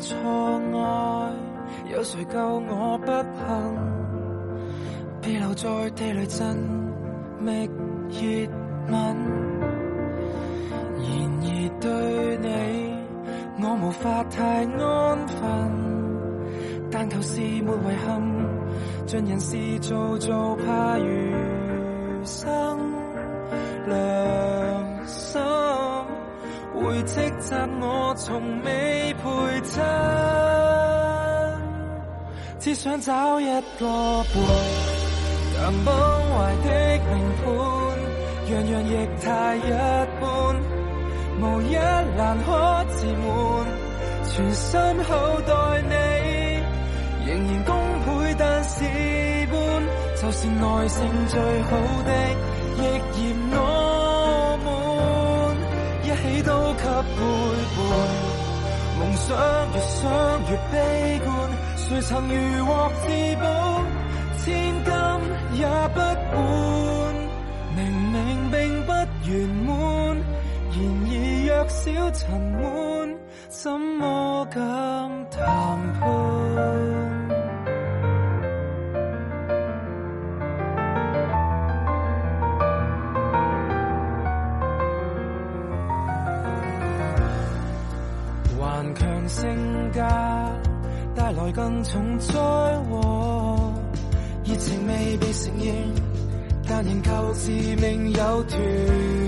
錯愛，有誰救我不幸？被留在地雷陣，覓熱吻。然而對你，我無法太安分，但求事沒遺憾，盡人事做做，怕餘生積攢我從未陪襯，只想找一個伴。但崩壞的評判，樣樣亦太一般，無一難可自滿。全心厚待你，仍然功倍，但事半，就是耐性最好的，亦嫌我。夢想越想越悲觀，誰曾如獲至寶，千金也不換。明明並不圓滿，然而弱小塵滿，怎麼敢談判？帶來更重災禍，熱情未被承認，但仍舊自命有團。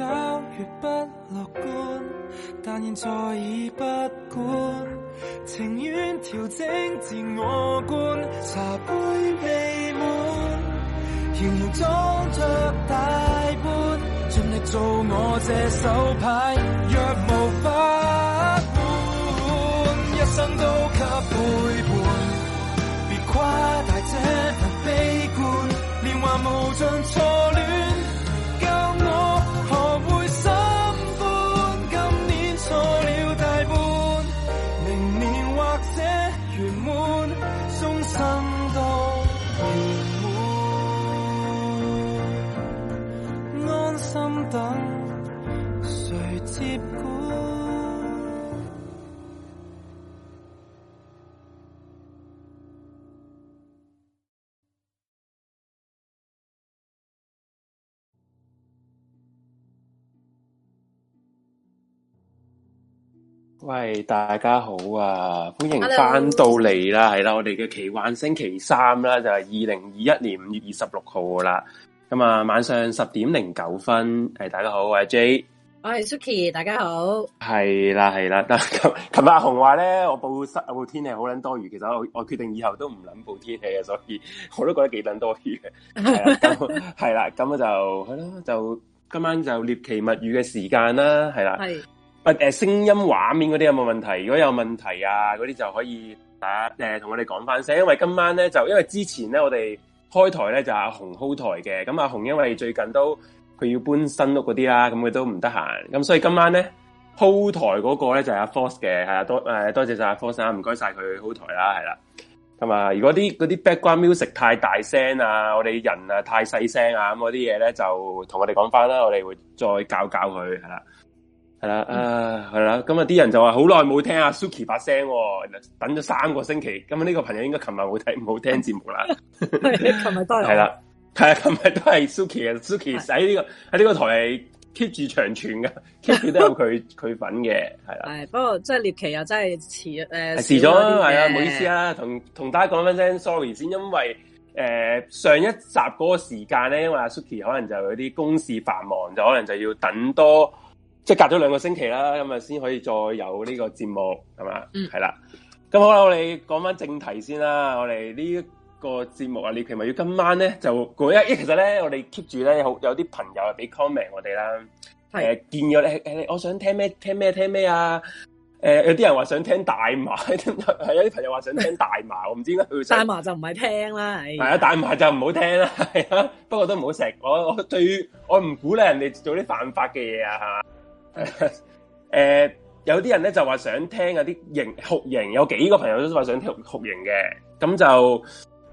越不樂觀，但現在已不管，情願調整自我觀，茶杯未滿，仍然裝著大半，盡力做我這手牌，若無法滿，一生都給背叛，別誇大這份悲觀，年華無盡。喂，大家好啊，歡迎翻到嚟啦，係啦，我哋嘅奇幻星期三啦，就係二零二一年五月二十六號啦，咁啊，晚上十點零九分，誒、哎，大家好，我係 Jay 我係 Suki，大家好，係啦，係啦，今琴晚阿紅話咧，我報室，我報天氣好捻多餘，其實我我決定以後都唔捻報天氣啊，所以我都覺得幾捻多餘嘅，係 啦，咁我就係啦，就今晚就獵奇物語嘅時間啦，係啦，係。不誒，聲音畫面嗰啲有冇問題？如果有問題啊，嗰啲就可以打誒同、呃、我哋講翻聲。因為今晚咧，就因為之前咧，我哋開台咧就係、阿雄鋪台嘅。咁阿雄因為最近都佢要搬新屋嗰啲啦，咁佢都唔得閒。咁所以今晚咧鋪台嗰個咧就係、阿 Force 嘅，係啊多誒、呃、多謝晒阿 Force 啊，唔該晒佢鋪台啦，係啦。咁啊，如果啲嗰啲 background music 太大聲啊，我哋人啊太細聲啊，咁嗰啲嘢咧就同我哋講翻啦，我哋會再教教佢係啦。係啦、嗯，啊，係啦，咁啊，啲人就話好耐冇聽阿 Suki 把聲、哦，等咗三個星期，咁呢個朋友應該琴日冇睇冇聽節目啦，係 啦是的，係 啊，琴日都係 Suki 啊，Suki 喺呢、這個喺呢個台 keep 住長存噶 keep 住都有佢佢 份嘅，係啦，係，不過即係獵奇又真係遲，誒、呃，遲咗，係啊，唔好意思啊，同同大家講翻聲 sorry 先、呃，因為誒上一集嗰個時間咧，因為阿 Suki 可能就有啲公事繁忙，就可能就要等多。即係隔咗兩個星期啦，咁啊先可以再有呢個節目係嘛？係、嗯、啦。咁好啦，我哋講翻正題先啦。我哋呢個節目啊，你譬如話要今晚咧就，一，其實咧我哋 keep 住咧好有啲朋友啊俾 comment 我哋啦，係、呃、見咗咧，誒、欸，我想聽咩聽咩聽咩啊，誒、呃，有啲人話想聽大麻，係 有啲朋友話想聽大麻， 我唔知點解佢會想。大麻就唔係聽啦，係、哎、啊，大麻就唔好聽啦，係啊，不過都唔好食。我我對於我唔鼓勵人哋做啲犯法嘅嘢啊，係嘛？誒、 呃、有啲人咧就話想聽嗰啲酷刑，有幾個朋友都話想聽酷刑嘅，咁就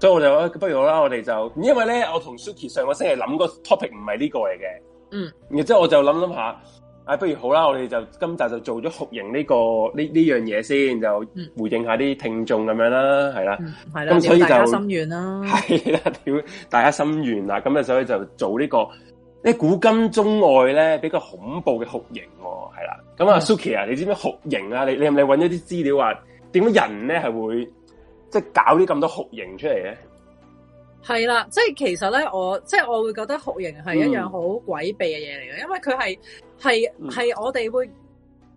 所以我就不如好啦，我哋就因為咧，我同 Suki 上個星期諗個 topic 唔係呢個嚟嘅，嗯，然之後我就諗諗下，不如好啦，我哋就今集就做咗酷刑呢，這個呢呢樣嘢先，就回應一下啲聽眾咁樣啦，係、嗯、啦，係、嗯、啦，咁所以就大家心願啦，係啦，大家心願啦，咁啊所以就做呢，這個。古今中外咧，比較恐怖嘅酷刑喎，哦，係啦。咁啊，Suki 啊，你知唔知酷刑啊？你你係唔係揾咗啲資料話點解人咧係會即係搞啲咁多酷刑出嚟咧？係啦，即係其實咧，我即係我會覺得酷刑係一樣好詭秘嘅嘢嚟嘅，因為佢係係係我哋會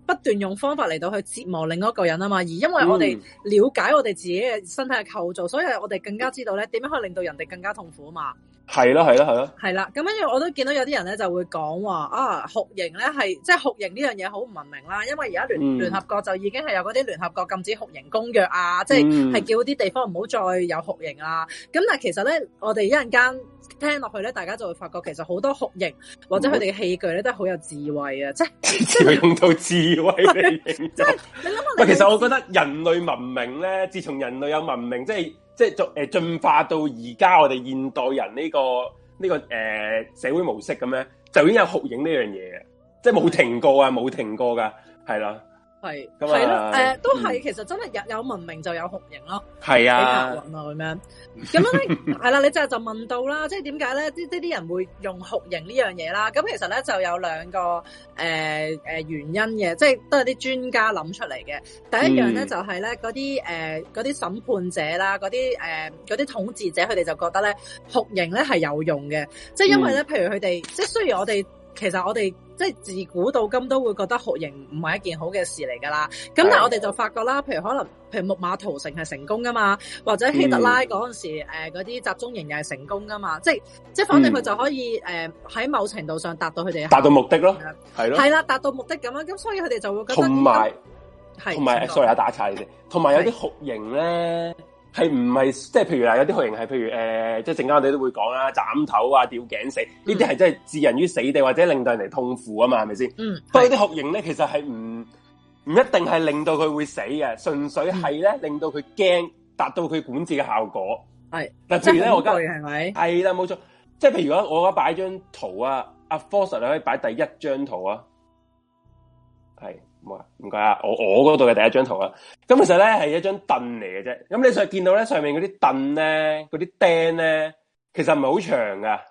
不斷用方法嚟到去折磨另外一個人啊嘛。而因為我哋了解我哋自己嘅身體嘅構造，所以我哋更加知道咧，點樣可以令到人哋更加痛苦啊嘛。係啦，係啦，係啦。係啦，咁跟住我都見到有啲人咧就會講話啊，酷刑咧係即係酷刑呢樣嘢好唔文明啦，因為而家聯、嗯、聯合國就已經係有嗰啲聯合國禁止酷刑公約啊，即係係叫啲地方唔好再有酷刑啊。咁但係其實咧，我哋一陣間聽落去咧，大家就會發覺其實好多酷刑或者佢哋嘅器具咧都係好有智慧啊，即係 用到智慧即係 你諗下其實我覺得人類文明咧，自從人類有文明即係。就是即係進化到而家我哋現代人呢、呢個呢、呢個誒、呃、社會模式咁咧，就已經有酷刑呢樣嘢嘅，即係冇停過啊，冇停過噶，係啦。係，係、嗯、咯，誒、呃，都係，其實真係有有文明就有酷刑咯，起頭啊咁樣，咁樣咧，係啦， 你即係就問到啦，即係點解咧？即啲啲人會用酷刑呢樣嘢啦？咁其實咧就有兩個誒誒、呃、原因嘅，即係都係啲專家諗出嚟嘅。第一樣咧、嗯、就係咧嗰啲誒嗰啲審判者啦，嗰啲誒嗰啲統治者，佢哋就覺得咧酷刑咧係有用嘅，即係因為咧、嗯，譬如佢哋，即係雖然我哋。其實我哋即係自古到今都會覺得酷刑唔係一件好嘅事嚟噶啦，咁但係我哋就發覺啦，譬如可能譬如木馬屠城係成功噶嘛，或者希特拉嗰陣時誒嗰啲集中營又係成功噶嘛，即係即係反正佢就可以誒喺、嗯呃、某程度上達到佢哋達到目的咯，係咯，係啦，達到目的咁啊，咁所以佢哋就會覺得同埋，同埋，sorry 啊，打岔你先，同埋有啲酷刑咧。係唔係即係譬如話，有啲酷刑係，譬如誒、呃，即係陣間我哋都會講啊，斬頭啊，吊頸死，呢啲係真係置人於死地，或者令到人哋痛苦啊嘛，係咪先？嗯。不過啲酷刑咧，其實係唔唔一定係令到佢會死嘅，純粹係咧、嗯、令到佢驚，達到佢管治嘅效果。係。嗱，譬如咧，我而家，係咪？係啦，冇錯。即係譬如我而家擺張圖啊，阿方 Sir 你可以擺第一張圖啊。唔啊，唔該啊，我我嗰度嘅第一張圖啦。咁其實咧係一張凳嚟嘅啫。咁你上見到咧，上面嗰啲凳咧，嗰啲釘咧，其實唔係好長噶，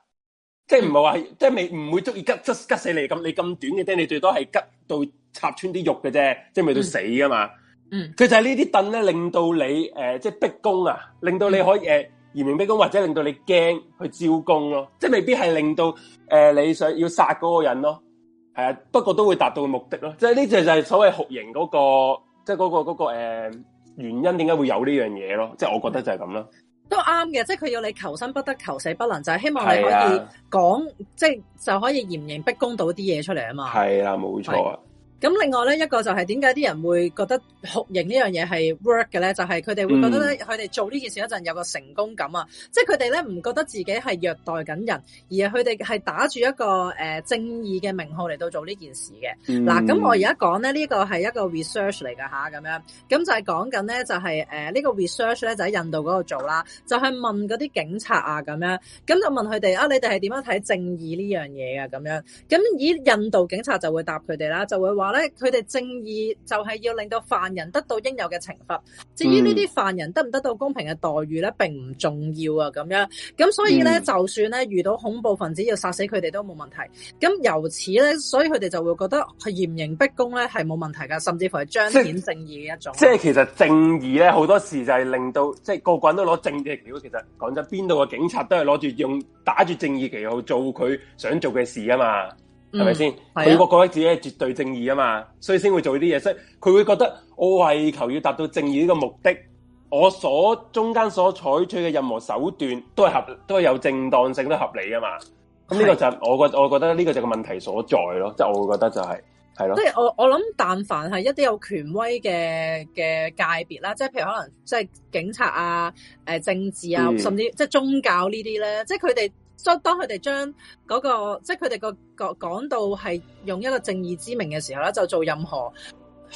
即係唔係話即係未唔會足以吉吉吉死你咁。你咁短嘅釘，你最多係吉到插穿啲肉嘅啫，即係未到死噶嘛。嗯，佢就係呢啲凳咧，令到你、呃、即係逼供啊，令到你可以誒、嗯呃、言明逼供，或者令到你驚去招供咯。即係未必係令到誒、呃、你想要殺嗰個人咯。係啊，不過都會達到嘅目的咯。即係呢隻就係所謂酷刑嗰個，即係嗰個嗰個誒原因，點解會有呢樣嘢咯？即係我覺得就係咁咯。都啱嘅，即係佢要你求生不得，求死不能，就係希望你可以講，即係就可以嚴刑逼供到啲嘢出嚟啊嘛。係啦，冇錯啊。咁另外咧，一個就係點解啲人會覺得酷刑呢樣嘢係 work 嘅咧？就係佢哋會覺得咧，佢哋做呢件事一陣有個成功感啊！Mm. 即係佢哋咧唔覺得自己係虐待緊人，而係佢哋係打住一個誒、呃、正義嘅名號嚟到做呢件事嘅。嗱、mm. 啊，咁我而家講咧，呢個係一個 research 嚟噶吓，咁樣咁就係講緊咧，就係誒呢個 research 咧就喺、是、印度嗰度做啦，就係、是、問嗰啲警察啊咁樣，咁就問佢哋啊，你哋係點樣睇正義呢樣嘢啊？咁樣咁以印度警察就會答佢哋啦，就會話。咧，佢哋正義就係要令到犯人得到應有嘅懲罰。至於呢啲犯人得唔得到公平嘅待遇咧，並唔重要啊。咁樣，咁所以咧，就算咧遇到恐怖分子要殺死佢哋都冇問題。咁由此咧，所以佢哋就會覺得係嚴刑逼供咧係冇問題噶，甚至乎係彰顯正義嘅一種。即係其實正義咧，好多時就係令到即係個個人都攞正義嘅旗。其實講真，邊度嘅警察都係攞住用打住正義旗號做佢想做嘅事啊嘛。係咪先？佢個覺得自己係絕對正義啊嘛，所以先會做呢啲嘢。所以佢會覺得，我為求要達到正義呢個目的，我所中間所採取嘅任何手段都係合，都係有正當性，都合理啊嘛。咁呢個就我、是、覺，我覺得呢個就是個問題所在咯。即、就、係、是、我會覺得就係、是，係咯。即係我我諗，但凡係一啲有權威嘅嘅界別啦，即係譬如可能即係警察啊、誒、呃、政治啊，嗯、甚至即係宗教這些呢啲咧，即係佢哋。所以當佢哋將嗰個即係佢哋個講講到係用一個正義之名嘅時候咧，就做任何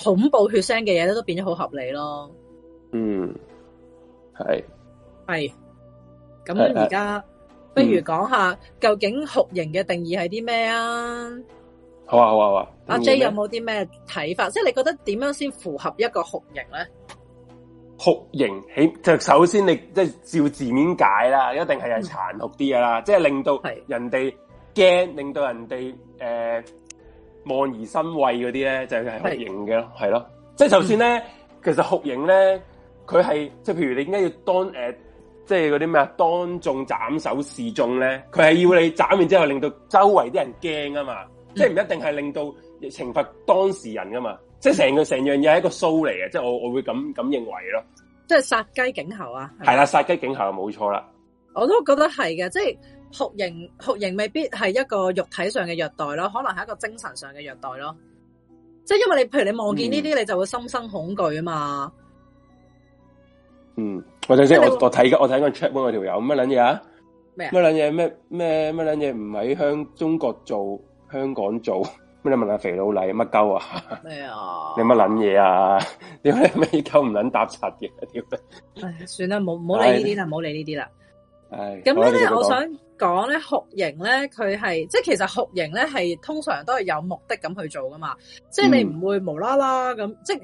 恐怖血腥嘅嘢咧，都變咗好合理咯。嗯，係係咁而家，不如講下究竟酷刑嘅定義係啲咩啊？好啊好啊好啊！阿 J 有冇啲咩睇法？即係你覺得點樣先符合一個酷刑咧？酷刑起，就首先你即係、就是、照字面解啦，一定係係殘酷啲噶啦，即、嗯、係、就是、令到人哋驚，令到人哋誒、呃、望而生畏嗰啲咧，就係、是、酷刑嘅，係咯。即係就算、是、咧、嗯，其實酷刑咧，佢係即係譬如你應該要當誒，即係嗰啲咩啊，當眾斬首示眾咧，佢係要你斬完之後，令到周圍啲人驚啊嘛，即係唔一定係令到懲罰當事人噶嘛。即係成個成樣嘢係一個 show 嚟嘅，即係我我會咁咁認為咯。即係殺雞儆猴啊！係啦，殺雞儆猴冇錯啦。我都覺得係嘅，即係酷刑酷刑未必係一個肉體上嘅虐待咯，可能係一個精神上嘅虐待咯。即係因為你譬如你望見呢啲、嗯，你就會心生恐懼啊嘛。嗯，我頭先我我睇我睇嗰個 check 我條友乜捻嘢啊？咩？乜捻嘢？咩咩乜捻嘢？唔喺香中國做，香港做。你問下肥佬有乜鳩啊？你乜卵嘢啊？點解美狗唔卵搭柒嘅？點唉，算啦，冇冇理，這些理這些呢啲啦，冇理呢啲啦。咁咧，我想講咧，酷型咧，佢係即係其實酷型咧，係通常都係有目的咁去做噶嘛。嗯、即係你唔會無啦啦咁，即係。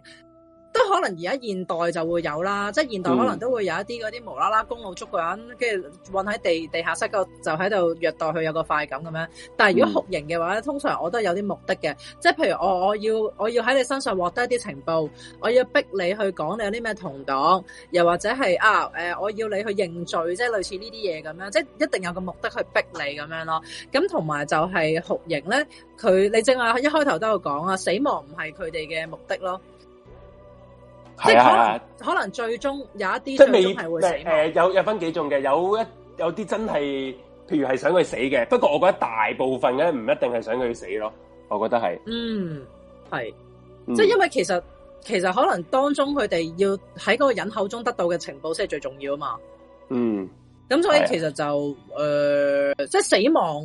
都可能而家現代就會有啦，即係現代可能都會有一啲嗰啲無啦啦公路捉個人，跟住韞喺地地下室個就喺度虐待佢有個快感咁樣。但係如果酷刑嘅話咧，通常我都係有啲目的嘅，即係譬如我要我要我要喺你身上獲得一啲情報，我要逼你去講你有啲咩同黨，又或者係啊、呃、我要你去認罪，即係類似呢啲嘢咁樣，即係一定有個目的去逼你咁樣咯。咁同埋就係酷刑咧，佢你正話一開頭都有講啊，死亡唔係佢哋嘅目的咯。係啊，可能最終有一啲即係未會死誒，有有分幾種嘅，有一有啲真係，譬如係想佢死嘅。不過我覺得大部分咧，唔一定係想佢死咯。我覺得係，嗯，係，即係因為其實其實可能當中佢哋要喺嗰個人口中得到嘅情報先係最重要啊嘛。嗯，咁、嗯、所以其實就誒、呃，即係死亡，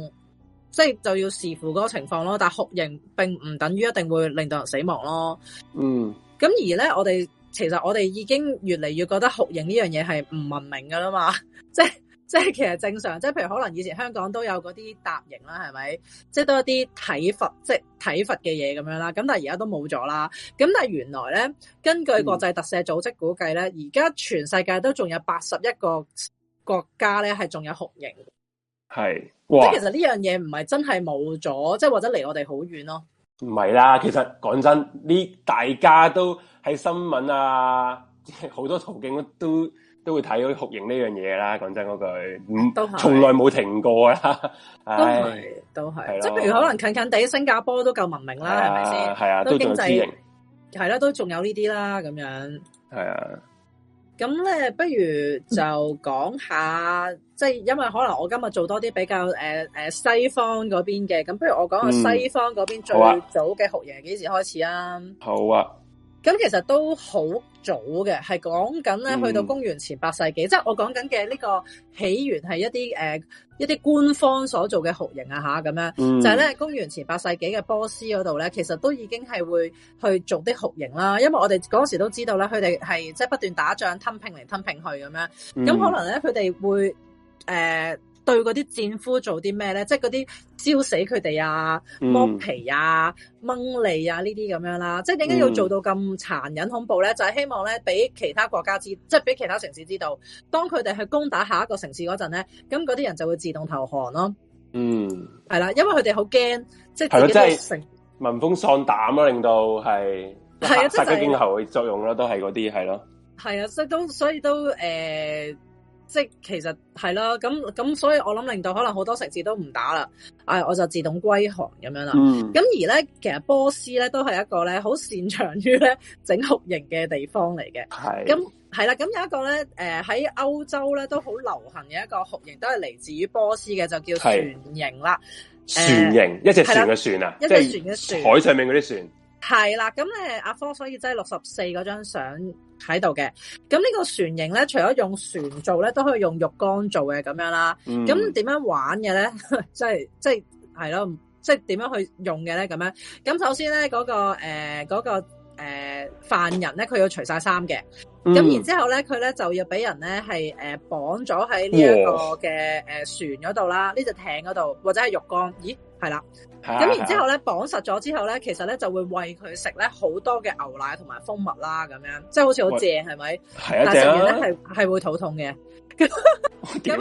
即係就要視乎嗰個情況咯。但係酷刑並唔等於一定會令到人死亡咯。嗯，咁而咧，我哋。其實我哋已經越嚟越覺得酷刑呢樣嘢係唔文明嘅啦嘛，即係即係其實正常，即係譬如可能以前香港都有嗰啲笞刑啦，係咪？即係都有一啲體罰，即係體罰嘅嘢咁樣啦。咁但係而家都冇咗啦。咁但係原來咧，根據國際特赦組織估計咧，而、嗯、家全世界都仲有八十一個國家咧係仲有酷刑的。係，即係其實呢樣嘢唔係真係冇咗，即係或者離我哋好遠咯。唔係啦，其實講真，呢大家都喺新聞啊，好多途徑都都會睇到酷刑呢樣嘢啦。講真嗰句，唔，從來冇停過啦。都係，都係，即係譬如可能近近地新加坡都夠文明啦，係咪先？係啊，都仲經濟型係啦，都仲有呢啲啦，咁樣。係啊。咁咧，不如就講下，即、嗯、係、就是、因為可能我今日做多啲比較誒誒、啊啊、西方嗰邊嘅，咁不如我講下西方嗰邊最、啊、最早嘅酷刑幾時開始啊？好啊，咁其實都好。早嘅係講緊咧，去到公元前八世紀、嗯，即係我講緊嘅呢個起源係一啲誒、呃、一啲官方所做嘅酷刑啊，吓咁樣，嗯、就係、是、咧公元前八世紀嘅波斯嗰度咧，其實都已經係會去做啲酷刑啦，因為我哋嗰時候都知道咧，佢哋係即係不斷打仗吞併嚟吞併去咁樣，咁、嗯、可能咧佢哋會誒。呃對嗰啲戰俘做啲咩咧？即係嗰啲燒死佢哋啊，剝皮啊，掹、嗯、脷、啊呢啲咁樣啦、啊。即係點解要做到咁殘忍恐怖咧？就係、是、希望咧，俾其他國家知，即係俾其他城市知道，當佢哋去攻打下一個城市嗰陣咧，咁嗰啲人就會自動投降咯。嗯，係啦，因為佢哋好驚，即、就、係、是。係咯，即係聞風喪膽啦，令到係殺雞儆猴嘅作用啦，都係嗰啲係咯。係啊，所以都所以都誒。呃即係其實係啦，咁咁所以我諗令到可能好多城市都唔打啦，哎，我就自動歸降咁樣啦。咁、嗯、而咧，其實波斯咧都係一個咧好擅長於咧整酷刑嘅地方嚟嘅。係咁係啦，咁有一個咧，誒喺歐洲咧都好流行嘅一個酷刑，都係嚟自於波斯嘅，就叫船刑啦。船刑，一隻船嘅船啊，一隻船嘅船,船，海上面嗰啲船。.係啦，咁咧阿科所以即係六十四嗰張相喺度嘅，咁呢個船型咧，除咗用船做咧，都可以用浴缸做嘅咁樣啦。咁、嗯、點樣玩嘅咧？即係即係係咯，即係點樣去用嘅咧？咁樣咁首先咧，嗰、嗰個誒嗰、呃嗰個誒、呃呃、犯人咧，佢要除晒衫嘅，咁、嗯、然之後咧，佢咧就要俾人咧係誒綁咗喺呢一、呃、個嘅誒船嗰度啦，呢隻、呢個、艇嗰度或者係浴缸，咦？係啦，咁然之後咧，綁實咗之後咧，其實咧就會餵佢食咧好多嘅牛奶同埋蜂蜜啦，咁樣即係好似好正係咪？係啊，但係食完咧係係會肚痛嘅。咁、 哦、 樣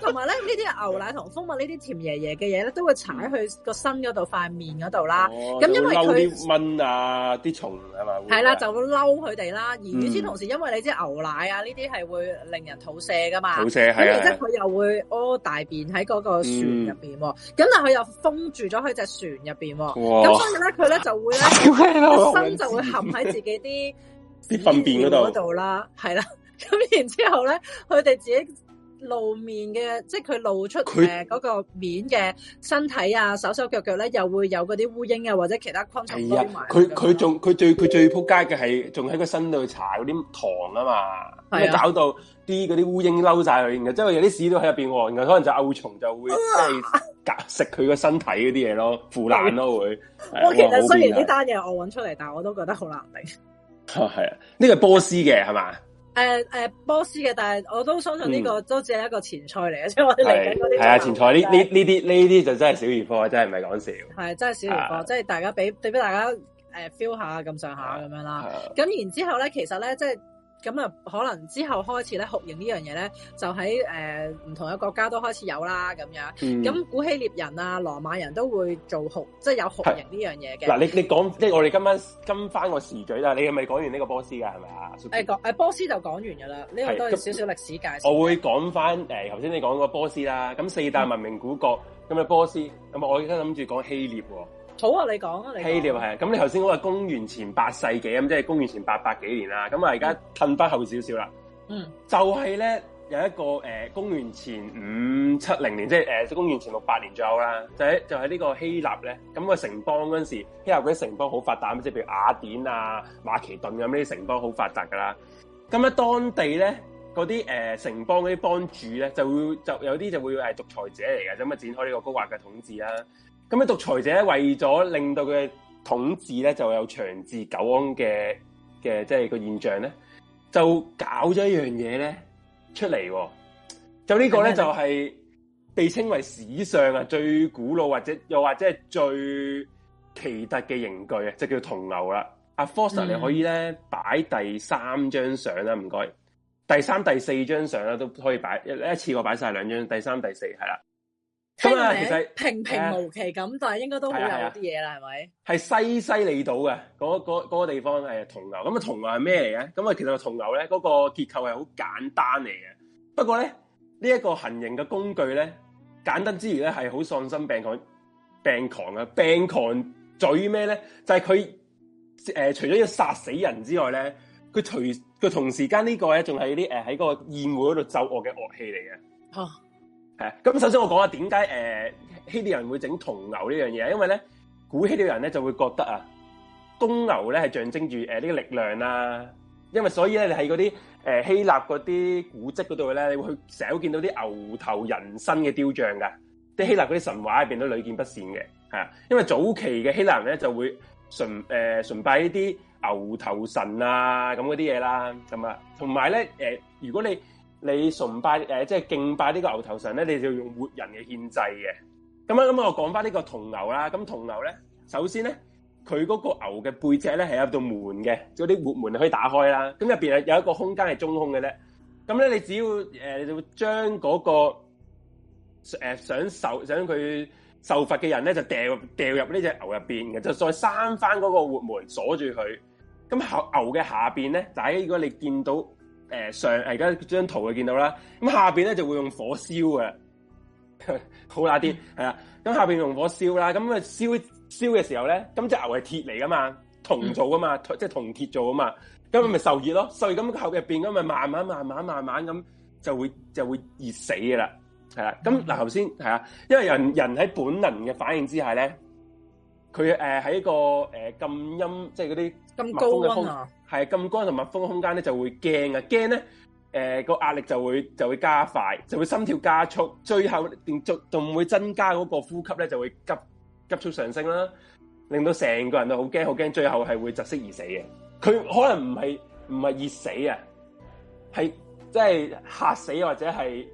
同埋咧，呢啲牛奶同蜂蜜甜甜甜甜呢啲甜爺爺嘅嘢咧，都會踩去個身嗰度、塊面嗰度啦。咁因為佢啲蚊啊，啲蟲係嘛？係啦，就會嬲佢哋啦。而與此同時，因為你知牛奶啊呢啲係會令人吐瀉噶嘛，吐瀉係。即佢又會屙大便喺嗰個船入邊，咁但佢又封住咗佢隻船入邊。咁所以咧，佢咧就會咧，個 身就會含喺自己啲啲糞便嗰度啦，係啦。咁然之後咧，佢哋自己露面嘅，即係佢露出誒嗰個面嘅身體啊，手手腳腳咧又會有嗰啲烏蠅啊，或者其他昆蟲都埋佢佢仲佢最佢最撲街嘅係，仲喺個身度搽嗰啲糖啊嘛，咁搞、啊、到啲嗰啲烏蠅嬲晒佢，嘅即係有啲屎都喺入邊，然後可能就漚蟲就會即係食佢個身體嗰啲嘢咯，腐爛咯會、 啊。我其實雖然呢單嘢我揾出嚟， 但我都覺得好難頂。係、哦、啊，呢個波斯嘅係嘛？誒誒，波斯嘅，但係我都相信呢個都只係一個前菜嚟，嗯，所以我哋嚟緊啲係啊前菜，呢呢呢啲呢啲就真係小兒科，真係唔係講笑，係真係小兒科。即、uh, 係大家俾對俾大家誒 feel 下咁上下咁樣啦，咁、uh, uh, 然之後咧，其實咧即係。就是咁啊，可能之後開始咧，酷刑呢樣嘢咧，就喺誒唔同嘅國家都開始有啦，咁樣。咁、嗯、古希臘人啊、羅馬人都會做酷，即、就、係、是、有酷刑呢樣嘢嘅。嗱，你你講即係我哋今晚跟翻個時序啦，你係咪講完呢個波斯噶？係咪啊？誒講、欸、波斯就講完噶啦，呢個都係少少歷史界。我會講翻誒頭先你講個波斯啦，咁四大文明古國咁啊、嗯、波斯，咁啊我而家諗住講希臘喎。好啊！你講啊，你。希臘係啊，咁你頭先講嘅公元前八世紀啊，咁即係公元前八百幾年啦。咁啊，而家褪翻後少少啦。嗯，就係咧有一個誒公元前五七零年，即係誒公元前六百年左右啦。就喺就喺呢個希臘咧，咁個城邦嗰陣時，希臘嗰啲城邦好發達，即係譬如雅典啊、馬其頓咁呢啲城邦好發達噶啦。咁咧當地咧嗰啲誒城邦嗰啲幫主咧就會就有啲就會係獨裁者嚟嘅，咁啊展開呢個高壓嘅統治啦。咁樣，獨裁者為咗令到佢嘅統治咧，就有長治久安嘅嘅，即係個現象咧，就搞咗一樣嘢咧出嚟，哦。就個呢個咧，就係、是、被稱為史上啊最古老或者又或者係最奇特嘅刑具啊，就叫銅牛啦。阿、嗯、Foster，你可以咧擺第三張相啦，唔該。第三、第四張相啦都可以擺，一一次過擺晒兩張，第三、第四係啦。咁啊，其實平平無奇咁、啊，但係應該都好有啲嘢啦，係咪、啊？係西西里島嘅嗰個地方，誒，銅牛咁啊，銅牛係咩嚟嘅？咁啊，其實銅牛咧，嗰個結構係好簡單嚟嘅。不過咧，呢、這、一個行刑嘅工具咧，簡單之餘咧，係好喪心病狂、病狂啊！病狂嘴咩咧？就係佢誒，除咗要殺死人之外咧，佢除佢同時間呢個咧，仲係啲誒喺個宴會嗰度奏樂嘅樂器嚟嘅。好、啊。誒，咁首先我講下點解誒，希臘人會整銅牛呢樣嘢，因為咧古希臘人咧就會覺得啊，公牛咧係象徵住誒呢個力量啦。因為所以咧，你喺嗰啲誒希臘嗰啲古蹟嗰度咧，你會成日都見到啲牛頭人身嘅雕像噶。啲希臘嗰啲神話入邊都屢見不鮮嘅，吓。因為早期嘅希臘人咧就會崇誒崇拜呢啲牛頭神啊咁嗰啲嘢啦，咁啊。同埋咧誒，如果你。你崇拜誒，即係敬拜呢個牛頭神咧，你就用活人嘅獻祭嘅。咁啊，咁我講翻呢個銅牛啦。咁銅牛咧，首先咧，佢嗰個牛嘅背脊咧係有道門嘅，嗰啲活門可以打開啦。咁入邊啊有一個空間係中空嘅咧。咁咧，你只要誒，就將嗰個誒想受想佢受罰嘅人咧，就掉掉入呢隻牛入邊嘅，就再閂翻嗰個活門鎖住佢。咁後牛嘅下邊咧，大家如果你見到誒、呃、上，而家張圖就見到啦，咁下邊咧就會用火燒嘅，好辣啲係啦。咁、嗯、下邊用火燒啦，咁啊燒燒嘅時候咧，咁隻牛係鐵嚟噶嘛銅做噶嘛嗯、即係銅鐵做噶嘛，咁咪受熱咯、嗯，受熱咁個喉入邊咁咪慢慢慢慢慢慢咁就會就會熱死噶啦，係啦。咁嗱頭先係啊，因為人人喺本能嘅反應之下咧。佢誒喺個誒、呃、禁音，即係嗰啲咁高溫啊，係咁乾同密封嘅空間咧就會驚啊，驚咧誒個壓力就會就會加快，就會心跳加速，最後連續仲會增加嗰個呼吸咧就會急急速上升啦，令到成個人都好驚好驚，最後係會窒息而死嘅。佢可能唔係唔係熱死啊，係即係嚇死或者係。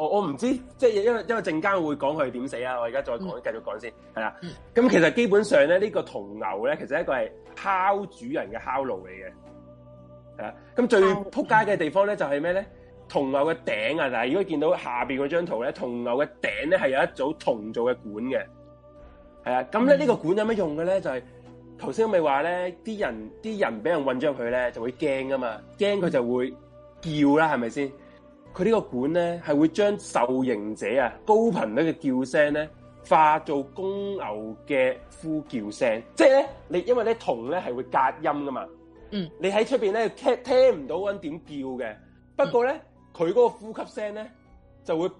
我我唔知，即係因為因為陣間會講佢點死啊！我而家再講，繼續講先，係啦。咁其實基本上咧，這個、呢個銅牛咧，其實一個係烤主人嘅烤爐嚟嘅。係、就是、啊，咁最撲街嘅地方咧就係咩咧？銅牛嘅頂啊！嗱，如果見到下邊嗰張圖咧，銅牛嘅頂咧係有一組銅做嘅管嘅。係啊，咁咧呢、嗯、個管有乜用嘅咧？就係頭先咪話咧，啲人啲人俾人韞咗佢入去咧，就會驚噶嘛，驚佢就會叫啦，係咪先？佢呢個管咧，係會將受刑者啊高頻率嘅叫聲咧，化做公牛嘅呼叫聲，即係咧你因為咧銅咧係會隔音噶嘛。嗯，你在外面，你喺出邊咧聽聽唔到溫點叫嘅，不過咧佢嗰個呼吸聲咧就會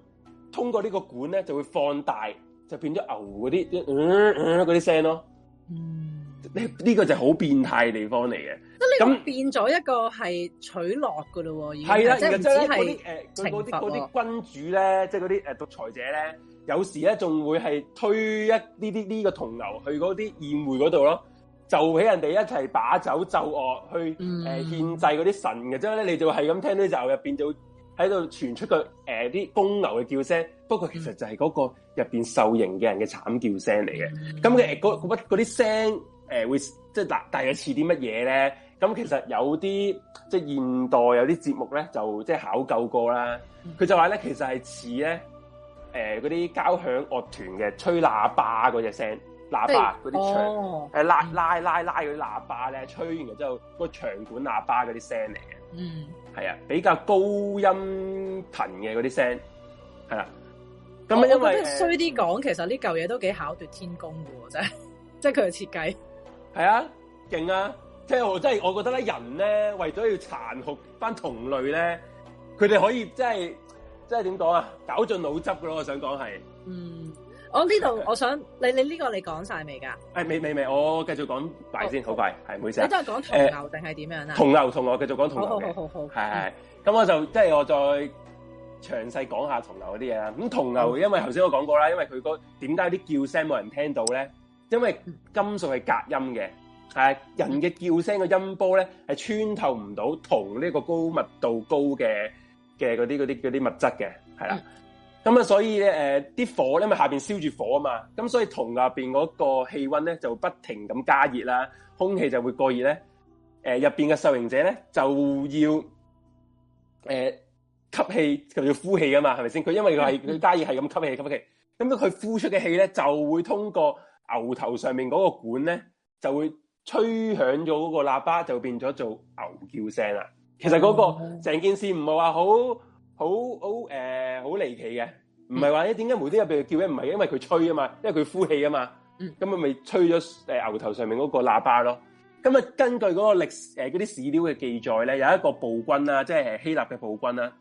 通過這個呢個管咧就會放大，就變咗牛嗰啲嗰啲聲咯。嗯呢、這個個就好變態嘅地方嚟嘅，咁、這個、變咗一個係取樂嘅咯喎，係啦，即係嗰啲啲君主咧、呃，即係嗰啲獨裁者咧、嗯，有時咧仲會係推一呢啲呢個銅牛去嗰啲宴會嗰度咯，就俾人哋一齊把酒奏樂去誒、呃、獻祭嗰啲神嘅，之後咧你就係咁聽到裏面就入邊就喺度傳出個誒啲公牛嘅叫聲，不過其實就係嗰個入邊受刑嘅人嘅慘叫聲嚟嘅，咁嘅嗰啲聲。誒、呃、會即係嗱，但係似啲乜嘢咧？咁其實有啲即現代有啲節目咧，就即係考究過啦。佢、嗯、就話咧，其實係似咧誒嗰啲交響樂團嘅吹喇叭嗰隻聲，喇叭嗰啲長誒拉拉拉拉嗰啲喇叭咧，吹完之後、個長管喇叭嗰啲聲嚟嘅。嗯，係啊，比較高音頻嘅嗰啲聲係啦。咁、啊、因為衰啲講，其實呢嚿嘢都幾巧奪天工嘅喎，真係，即係佢嘅設計。係啊，勁啊！即係我真，即係我覺得咧，人咧為咗要殘酷返同類咧，佢哋可以即係，即係點講啊？搞盡腦汁噶咯！我想講係。嗯，我呢度我想，你你呢個你講晒未噶？誒、哎，未未未，我繼續講埋先，好快，係、哦、唔好意思。我即係講同牛定係點樣啊？同牛，同我繼續講同牛。好好好好好，係係。咁、嗯嗯、我就即係我再詳細講下同牛嗰啲嘢啦。咁同牛，因為頭先我講過啦，因為佢個點解啲叫聲冇人聽到咧？因為金屬係隔音嘅，係人嘅叫聲個音波咧係穿透唔到同呢個高密度高嘅嘅嗰啲嗰啲嗰啲物質嘅，係啦。咁啊，所以咧誒啲火咧，咪下邊燒住火啊嘛。咁所以銅下邊嗰個氣溫咧就會不停咁加熱啦，空氣就會過熱咧。誒入邊嘅受刑者咧就要誒、呃、吸氣，就要呼氣啊嘛，係咪先？佢因為係佢加熱係咁吸氣吸氣，咁樣佢呼出嘅氣咧就會通過。牛頭上面嗰個管咧，就會吹響咗嗰個喇叭，就變咗做牛叫聲啦。其實嗰、那個成件事唔係話好好好誒，好離、呃、奇嘅，唔係話一，點解蝴蝶入邊叫咩？唔係因為佢吹啊嘛，因為佢呼氣啊嘛。咁、嗯、啊，咪吹咗誒、呃、牛頭上面嗰個喇叭咯。咁啊，根據嗰個歷史誒嗰啲史料嘅記載咧，有一個暴君啊，即係希臘嘅暴君啊，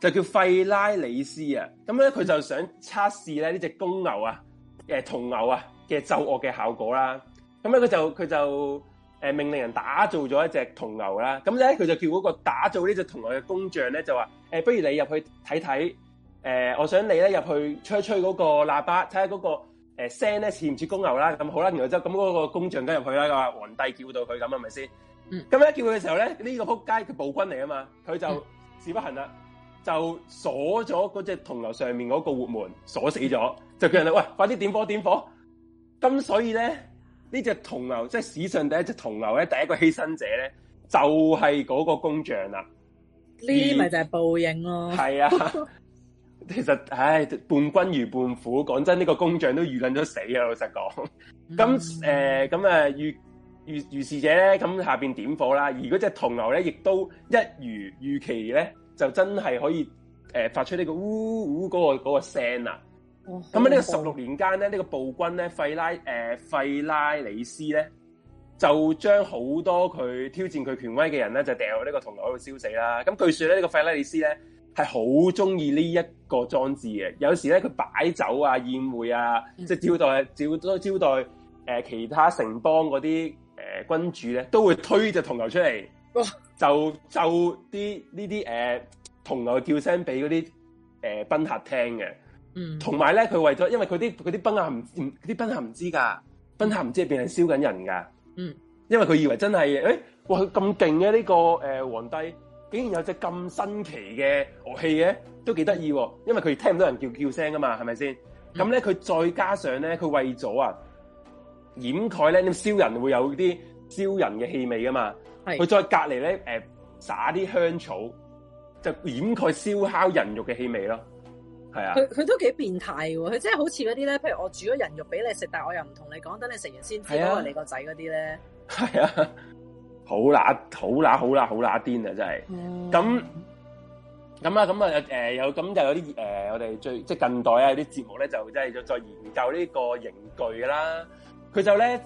就叫費拉里斯啊。咁咧，佢就想測試咧呢隻公牛啊，誒、呃，銅牛啊。嘅奏樂嘅效果啦，咁咧佢就佢就誒命令人打造咗一隻銅牛啦，咁咧佢就叫嗰個打造呢隻銅牛嘅工匠咧就話誒、欸，不如你入去睇睇，誒、欸，我想你咧入去吹一吹嗰個喇叭，睇下嗰個誒聲咧似唔似公牛啦，咁好啦，然後之後咁嗰個工匠跟入去啦，佢話皇帝叫到佢咁係咪先？咁樣、嗯、叫佢嘅時候咧，呢、這個仆街嘅暴君嚟啊嘛，佢就事不行啦、嗯，就鎖咗嗰隻銅牛上面嗰個活門鎖死咗、嗯，就叫人哋：「喂，快啲點火點火！點火咁所以咧，呢隻銅牛即係史上第一隻銅牛咧，第一個犧牲者咧，就係、是、嗰個工匠啦。呢咪就係報應咯。係 啊，其實唉，伴君如伴虎，講真，呢、這個工匠都預諗咗死啊。老實講，咁 誒、 嗯，咁誒如如如是者咧，咁下邊點火啦。而嗰隻銅牛咧，亦都一如預期咧，就真係可以誒、呃、發出呢個嗚嗚嗰個嗰、那個聲啊。咁喺呢個十六年間咧，呢、這個暴君咧費拉誒費、呃、拉里斯咧，就將好多佢挑戰佢權威嘅人咧，就掟喺呢個銅牛嗰度燒死啦。咁據說咧，呢、這個費拉里斯咧係好中意呢一個裝置嘅。有時咧，佢擺酒啊、宴會啊，即、就、係、是、招待、招招待誒、呃、其他城邦嗰啲誒君主咧，都會推隻銅牛出嚟，就就啲呢啲誒銅牛叫聲俾嗰啲誒賓客聽嘅。嗯，同埋咧，佢為咗，因為佢啲佢啲賓客唔唔，啲賓客唔知噶，賓客唔知變係燒緊人噶，嗯，因為佢以為真係，誒、欸，哇，咁勁嘅呢個誒、呃、皇帝，竟然有隻咁新奇嘅樂器嘅、啊，都幾得意，因為佢聽唔到人叫叫聲啊嘛，係咪先？咁咧佢再加上咧，佢為咗啊掩蓋咧，咁燒人會有啲燒人嘅氣味噶嘛，係，佢再隔籬咧誒撒啲香草，就掩蓋燒烤人肉嘅氣味咯。佢佢、啊、都幾變態喎，佢即係好似嗰啲咧，譬如我煮咗人肉俾你食，但係我又唔同你講，等你食完先知嗰個你個仔嗰啲咧。係啊，好乸好乸好乸好乸癲啊！真係，咁咁啦，咁啊誒，又咁又有啲誒、呃，我哋最即係近代啊有啲節目咧，就即係再研究呢個刑具啦。佢就咧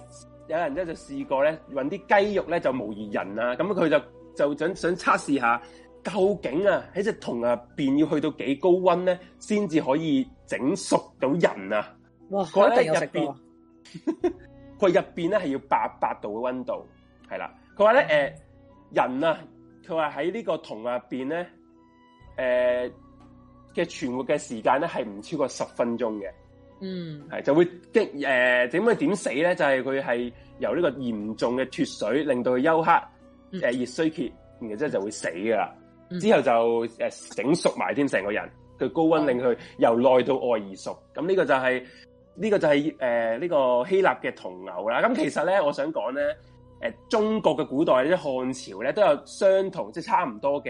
有人咧就試過咧，搵啲雞肉咧就模擬人啊，咁佢就就想想測試下。究竟啊喺隻銅啊，入邊要去到幾高溫咧，先至可以整熟到人啊？哇！嗰一入邊，佢入邊咧係要八百度嘅溫度，係啦。佢話咧，誒、嗯呃，人啊，佢話喺呢個銅入邊咧，誒、呃、嘅存活嘅時間咧係唔超過十分鐘嘅。嗯，係就會激誒點樣點死咧？就係佢係由呢個嚴重嘅脫水，令到佢休克，誒、呃、熱衰竭，嗯、然之後就會死噶啦。嗯、之後就整熟埋添，成個人佢高溫令佢由內到外而熟。咁呢個就係、是、呢、這個就係、是、呢、呃這個希臘嘅銅牛啦。咁其實咧，我想講咧、呃，中國嘅古代啲漢朝咧都有相同即係、就是、差唔多嘅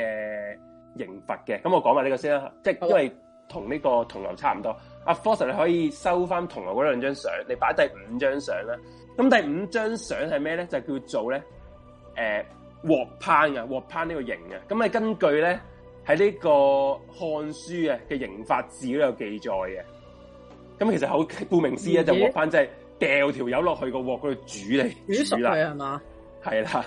刑罰嘅。咁我講埋呢個先啦，即係都係同呢個銅牛差唔多。阿 Foster 你可以收翻銅牛嗰兩張相，你擺第五張相啦。咁第五張相係咩咧？就叫做咧、呃鑊烹啊，鑊烹呢個刑嘅，咁啊根據咧喺呢這個《漢書》啊嘅刑法志都有記載嘅，咁其實好顧名思義就鑊烹即係掉條友落去個鑊嗰度煮嚟煮啦係嘛，係啦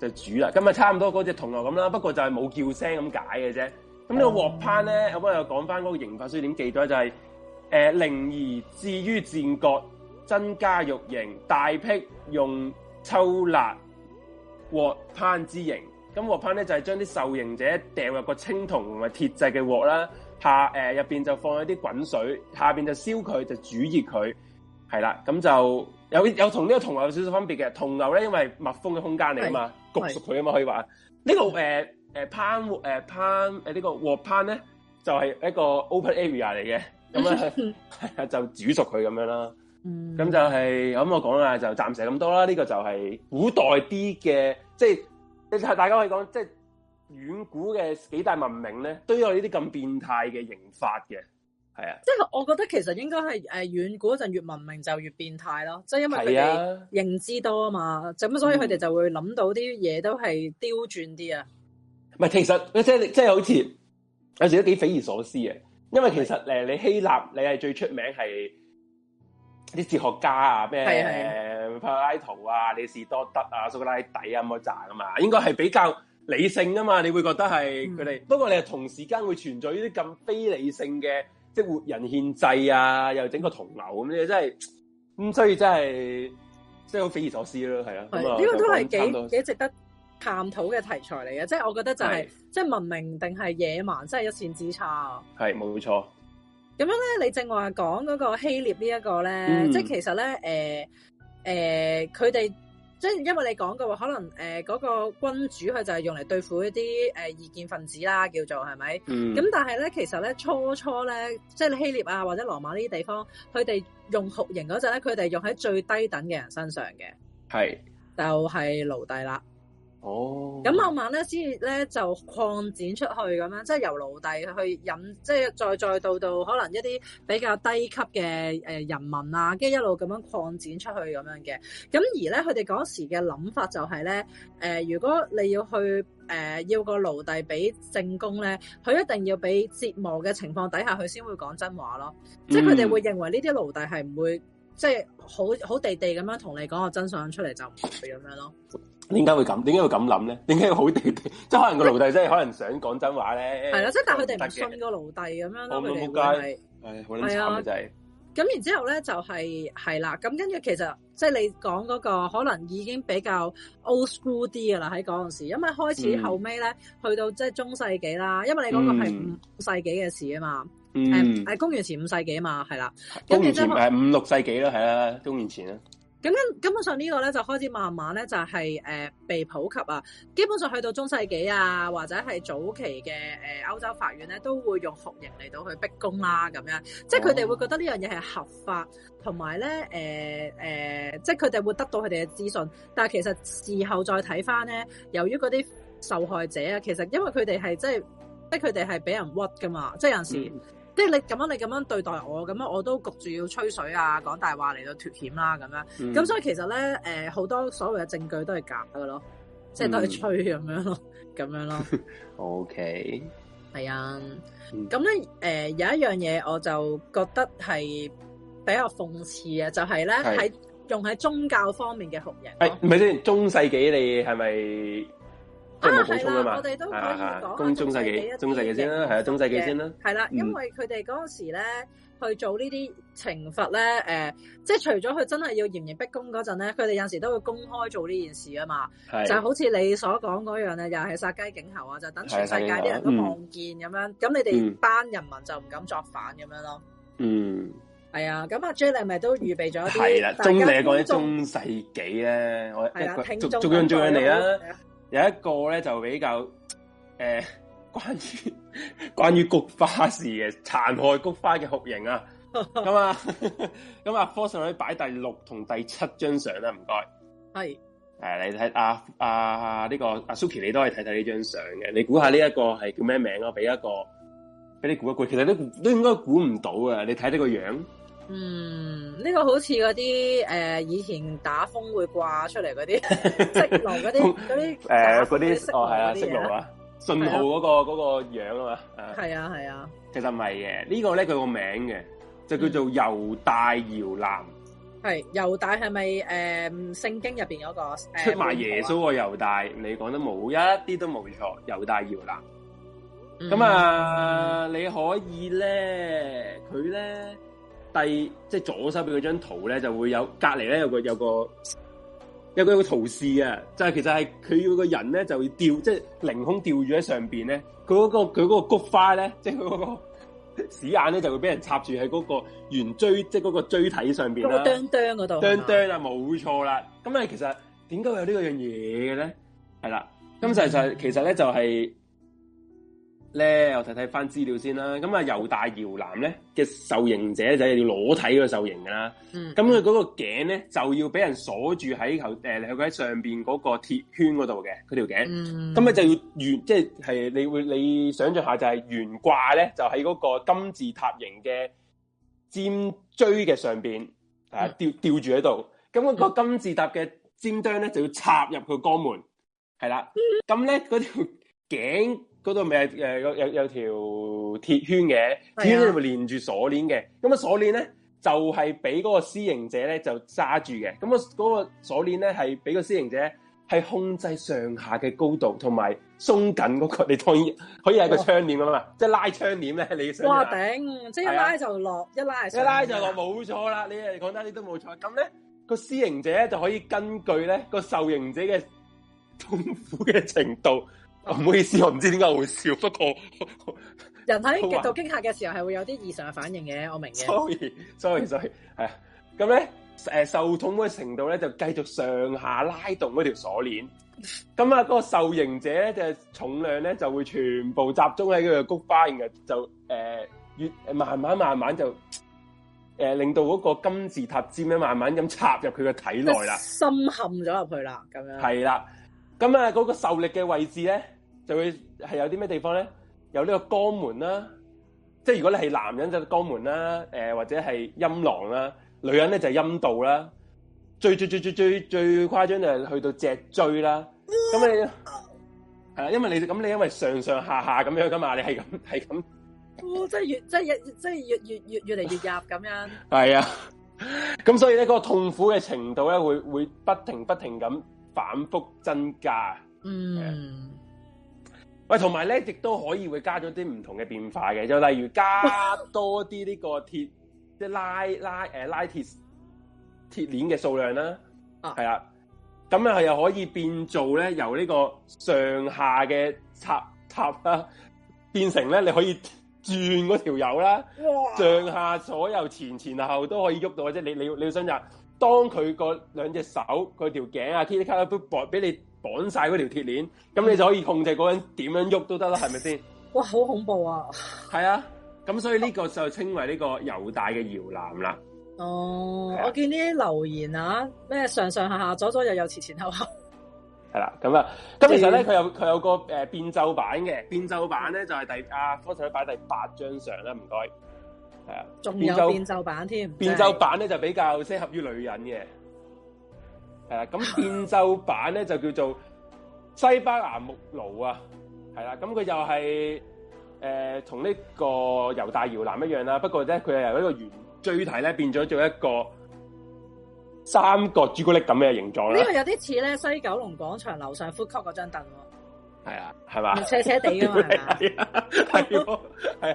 就煮啦，咁啊差唔多嗰隻銅牛咁啦，不過就係冇叫聲咁解嘅啫，咁呢個鑊烹咧，可唔可以又講翻嗰個刑法書點記載就係誒陵夷至於戰國增加肉刑大辟用抽辣。鑊烹之刑。咁鑊烹咧就係將啲受刑者掟入個青銅同埋鐵製嘅鑊啦，下誒，入邊就放一啲滾水，下邊就燒佢就煮熱佢，係啦，咁就有有同呢個銅牛有少少分別嘅，銅牛咧因為密封嘅空間嚟啊嘛，焗熟佢啊嘛可以話，這個呃呃呃呃這個、呢個誒誒烹誒烹誒呢個鑊烹咧就係、是、一個 open area 嚟嘅，咁啊 就煮熟佢咁樣啦。咁、嗯、就係、是、咁我講啊，就暫時咁多啦。呢、這個就係古代啲嘅，即係你大家可以講，即係遠古嘅幾大文明咧，都有呢啲咁變態嘅刑法嘅，係啊。即係我覺得其實應該係誒遠古嗰陣越文明就越變態咯，即係因為佢哋、啊、認知多啊嘛，咁所以佢哋就會諗到啲嘢都係刁鑽啲啊。唔、嗯、係，其實即係即係好似有時都幾匪夷所思嘅，因為其實誒你希臘你係最出名係。啲哲學家啊，咩柏拉圖啊、李士多德啊、蘇格拉底啊嗰扎啊嘛，應該係比較理性啊嘛，你會覺得係佢哋。不過你係同時間會存在呢啲咁非理性嘅，即活人獻祭啊，又整個屠牛咁，即係咁，所以真係即係好匪夷所思咯，係啊。係，呢個都係幾幾值得探討嘅題材嚟嘅，即係我覺得就係即係文明定係野蠻，真係一線之差。係冇錯。咁樣咧，你正話講嗰個希臘呢一個咧，即係其實咧，誒、呃、誒，佢、呃、哋即係因為你講嘅話，可能誒嗰、呃那個君主佢就係用嚟對付一啲誒異見分子啦，叫做係咪？咁、嗯、但係咧，其實咧，初初咧，即係希臘啊或者羅馬呢啲地方，佢哋用酷刑嗰陣咧，佢哋用喺最低等嘅人身上嘅，係就係、是、奴隸啦。哦，咁慢慢咧，先至咧就擴展出去咁樣，即係由奴隸去引，即係再再到到可能一啲比較低級嘅誒人民啊，跟住一路咁樣擴展出去咁樣嘅。咁而咧，佢哋嗰時嘅諗法就係、是、咧，誒、呃，如果你要去誒、呃、要個奴隸俾正宮咧，佢一定要俾折磨嘅情況底下，佢先會講真話咯。嗯、即係佢哋會認為呢啲奴隸係唔會，即係好好地地咁樣同你講個真相出嚟就唔會咁樣咯。點解會咁？點解會咁諗咧？點解會好即係？ 可能個奴隸真係可能想講真話咧。係啦，即係但係佢哋唔信個奴隸咁樣咯。咁都冇計，係、嗯嗯哎、啊，好慘。咁然之後咧就係係啦。咁跟住其實即係、就是、你講嗰、那個可能已經比較 old school 啲噶啦。喺嗰陣時候，因為開始後尾咧、嗯，去到即係中世紀啦。因為你講個係五世紀嘅事啊嘛。誒、嗯、公元前五世紀啊嘛，係啦。公元前係、就是、五六世紀啦，係啦，公元前啊。咁樣根本上呢個咧就開始慢慢咧就係、是、誒、呃、被普及啊，基本上去到中世紀啊，或者係早期嘅誒、呃、歐洲法院咧都會用酷刑嚟到去逼供啦，咁樣、哦、即係佢哋會覺得呢樣嘢係合法，同埋咧誒即係佢哋會得到佢哋嘅資訊，但係其實事後再睇翻咧，由於嗰啲受害者啊，其實因為佢哋係即係逼佢哋係俾人屈噶嘛，即係有時。嗯即係你咁樣，你咁樣對待我，咁樣我都焗住要吹水啊，講大話嚟到脫險啦，咁樣。咁、嗯、所以其實咧，誒、呃，好多所謂嘅證據都係假嘅咯，即係都係吹咁、嗯、樣咯，咁、嗯、樣咯。O K，係啊。咁咧，誒、呃，有一樣嘢我就覺得係比較諷刺啊，就係咧喺用喺宗教方面嘅形容。誒、欸，唔係先，中世紀你係咪？係啦，我哋都可以講下中世紀，中世紀先啦，係啊，中世紀先啦。係啦，因為佢哋嗰時咧去做呢啲懲罰咧，誒，即係除咗佢真係要嚴刑逼供嗰陣咧，佢哋有陣時都會公開做呢件事啊嘛，就係好似你所講嗰樣咧，又係殺雞儆猴啊，就等全世界啲人都望見咁樣，咁你哋班人民就唔敢作反咁樣咯。嗯，係啊，咁阿 J 咪都預備咗啲，係啦，中你講啲中世紀咧，我中中中中你啊。有一個咧就比較誒、呃，關於關於菊花事嘅殘害菊花嘅酷刑啊！咁啊咁啊，科上去擺第六同第七張相啦，唔該。係誒，你睇阿阿呢個阿 Suki，你都可以睇睇呢張相嘅。你估下呢一個係叫咩名啊？俾一個俾你估一估，其實都都應該估唔到啊！你睇呢個樣子。嗯，呢、這個好似嗰啲誒，以前打風會掛出嚟嗰啲色狼嗰啲嗰啲誒啲哦係、哦、啊，色狼啊，信號嗰、那個、啊那個樣啊嘛，係啊係啊，其實唔係嘅，這個、呢個咧佢個名嘅就叫做猶大搖籃，係、嗯、猶大係咪誒聖經入邊有個、呃、出賣耶穌個猶大、呃、大？你講得冇一啲都冇錯，猶大搖籃，咁、嗯、啊、嗯、你可以咧，佢咧。第即係、就是、左手邊嗰張圖咧，就會有隔籬咧有個有個有有個圖示啊，就係、是、其實係佢要個人咧就會吊即係、就是、凌空吊住喺上邊咧，佢嗰、那個佢嗰個菊花咧，即係嗰個 屎眼咧就會俾人插住喺嗰個圓錐即係嗰個錐體上邊、啊那個啊、啦。嗰個釘釘嗰度，釘釘啊，冇錯啦。咁係其實點解會有呢個樣嘢嘅咧？係啦，咁就係其實咧就係、是。咧，我睇睇翻資料先啦。咁啊，猶大搖籃咧嘅受刑者就係要裸體嗰個受刑噶啦。咁佢嗰個頸咧就要俾人鎖住喺頭喺、呃、上邊嗰個鐵圈嗰度嘅嗰條頸。咁、嗯、啊就要懸，即、就、係、是、你會你，你想像下就係懸掛咧，就喺嗰個金字塔形嘅尖錐嘅上面、嗯、啊吊吊住喺度。咁嗰個金字塔嘅尖端咧就要插入佢肛門，係啦。咁咧嗰條頸。嗰度咪有有，有條鐵圈嘅，鐵圈係咪連住鎖鏈嘅？咁啊鎖鏈咧就係俾嗰個施刑者咧就揸住嘅。咁啊嗰個鎖鏈咧係俾個施刑者係控制上下嘅高度同埋鬆緊嗰、那個，你當然可以係個窗簾啊嘛，即、哦、係、就是、拉窗簾咧，你哇頂！即係一、啊、一拉就落，一拉一拉就落，冇錯啦。你你講得啲都冇錯。咁咧個施刑者咧就可以根據咧個受刑者嘅痛苦嘅程度。唔好意思，我唔知點解我會笑，不過人喺極度驚嚇嘅時候係會有啲異常嘅反應嘅，我明嘅。Sorry，sorry，sorry，係啊，咁咧誒受痛嘅程度咧就繼續上下拉動嗰條鎖鏈，咁啊嗰個受刑者嘅重量咧就會全部集中喺佢個菊花入邊，就誒、呃、越慢慢慢慢就誒、呃、令到嗰個金字塔尖咧慢慢咁插入佢嘅體內啦，深陷咗入去啦，咁樣係啦，咁啊嗰個受力嘅位置咧。就會係有啲咩地方咧？有呢個肛門啦，即係如果你係男人就肛門啦，誒、呃、或者係陰囊啦，女人咧就陰道啦。最最最最最最誇張就係去到脊椎啦。咁你係啦、啊，因為你咁你因為上上下下咁樣噶嘛，你係咁係咁。即係越即係越即係越越越越嚟越入咁樣。 係啊，咁所以咧嗰、嗰個痛苦嘅程度咧會會不停不停咁反覆增加。嗯。喂，同埋咧，亦都可以會加咗啲唔同嘅變化嘅，就例如加多啲呢個鐵，即係拉拉誒鐵鏈嘅數量啦，係啊，咁又可以變做咧由呢個上下嘅插插啦、啊，變成咧你可以轉嗰條油啦，上下左右前前後都可以喐到，即係你你你要想像當佢個兩隻手、佢條頸啊，TikTok 俾你。綁晒嗰條鐵鏈，咁你就可以控制嗰人點樣喐都得啦，係咪先？哇，好恐怖啊！係啊，咁所以呢個就稱為呢個猶大嘅搖籃啦。哦，啊、我見呢啲留言啊，咩上上下下，左左右右，前前後後，係啦。咁啊，咁、啊、其實咧，佢有佢有個誒變奏版嘅變奏版咧，就係、是、第啊科長，擺第八張相啦，唔該。係啊，仲有變奏版添。變、就、奏、是、版咧就比較適合於女人嘅。係啦，咁變奏版咧就叫做西班牙木爐啊，係啦，咁佢又係誒，同、呃、呢個猶大搖籃一樣啦，不過咧佢係由一個圓錐體咧變咗做一個三角朱古力咁嘅形狀啦。像呢個有啲似咧西九龍廣場樓上 food court 嗰張凳，係啊，係嘛，斜斜哋噶嘛，係啊，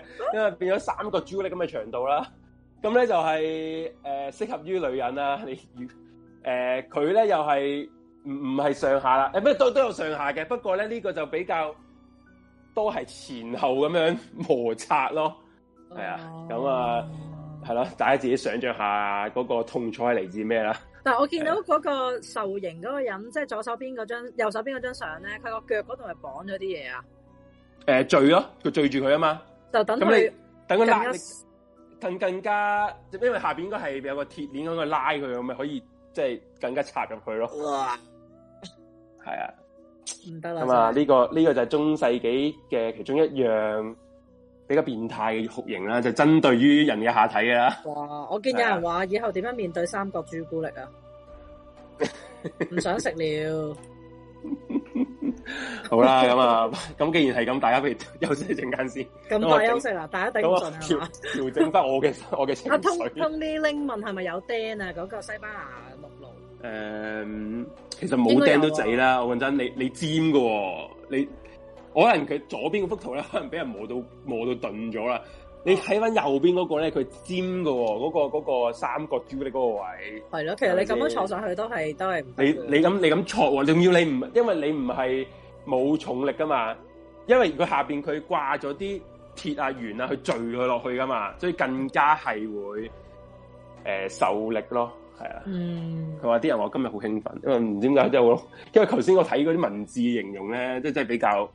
因為變咗三角朱古力咁嘅長度啦，咁咧就係誒適合於女人啦、啊，你。誒、呃，佢咧又係唔唔係上下啦？誒、欸，咩都都有上下嘅，不過咧呢、這個就比較多係前後咁樣摩擦咯。係、嗯、啊，咁啊，係咯、啊，大家自己想象下嗰、那個痛楚係嚟自咩啦？但係我見到嗰個受刑嗰個人，啊、即係左手邊嗰張、右手邊嗰張相咧，佢個腳嗰度係綁咗啲嘢啊？誒、呃，墜咯，佢墜住佢啊嘛，就等佢等佢等更更加，那更加因為下邊應該係有個鐵鏈喺度拉佢，咁咪可以。即係更加插入去咯，係啊，唔得啦，咁啊呢個呢、這個就係中世紀嘅其中一樣比較變態嘅酷刑啦，就針、是、對於人嘅下體嘅啦。哇、啊！我見有人話以後點樣面對三角朱古力啊？唔 想食吃了。 好啦，咁啊，咁既然係咁，大家不如休息陣間先，咁快休息啊！ 大家頂住係嘛，調翻我嘅 我嘅情緒。阿通通呢 ling 問係咪有釘啊？嗰、啊，那個西班牙六路。誒、嗯，其實冇釘都滯啦、啊，我講真，你你尖㗎、哦，你可能佢左邊幅圖咧，可能俾人磨到磨到鈍咗啦。你睇翻右邊嗰個咧，佢尖嘅喎、哦，嗰、嗰個嗰個三角柱嘅嗰個位。係咯，其實你咁樣坐上去都係都係唔。你你咁你咁坐，仲要你唔，因為你唔係冇重力噶嘛，因為佢下邊佢掛咗啲鐵啊、鉛啊去墜佢落去噶嘛，所以更加係會誒、呃、受力咯，係啊。佢話啲人話今日好興奮，因為唔知點解就因為頭先我睇嗰啲文字形容咧，即係即係比較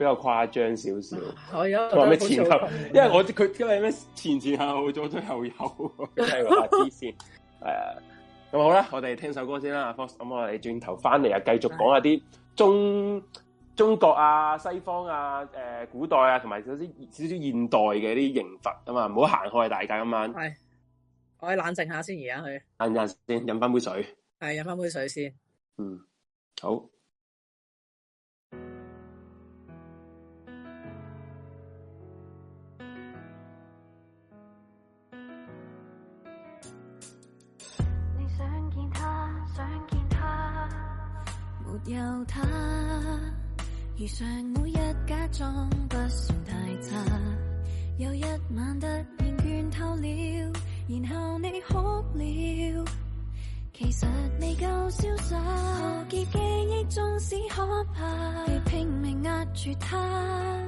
比較誇張少少，同埋咩前頭，因為我佢因為咩前前後後左左右右，真係個大痴線，係啊。咁好啦，我哋聽首歌先啦，咁我哋轉頭翻嚟啊，繼續講下啲中中國啊、西方啊、誒、呃、古代啊，同埋少少少少現代嘅啲刑罰啊嘛，唔好行開大家今晚。係，我哋冷靜下先而家去。冷靜先，飲翻杯水。係，飲翻杯水先。嗯，好。沒有他，如常每日假裝不算太差。 有一晚突然倦透了，然後你哭了，其實未夠瀟灑。 何結記憶，縱使可怕，你 拼命壓住他，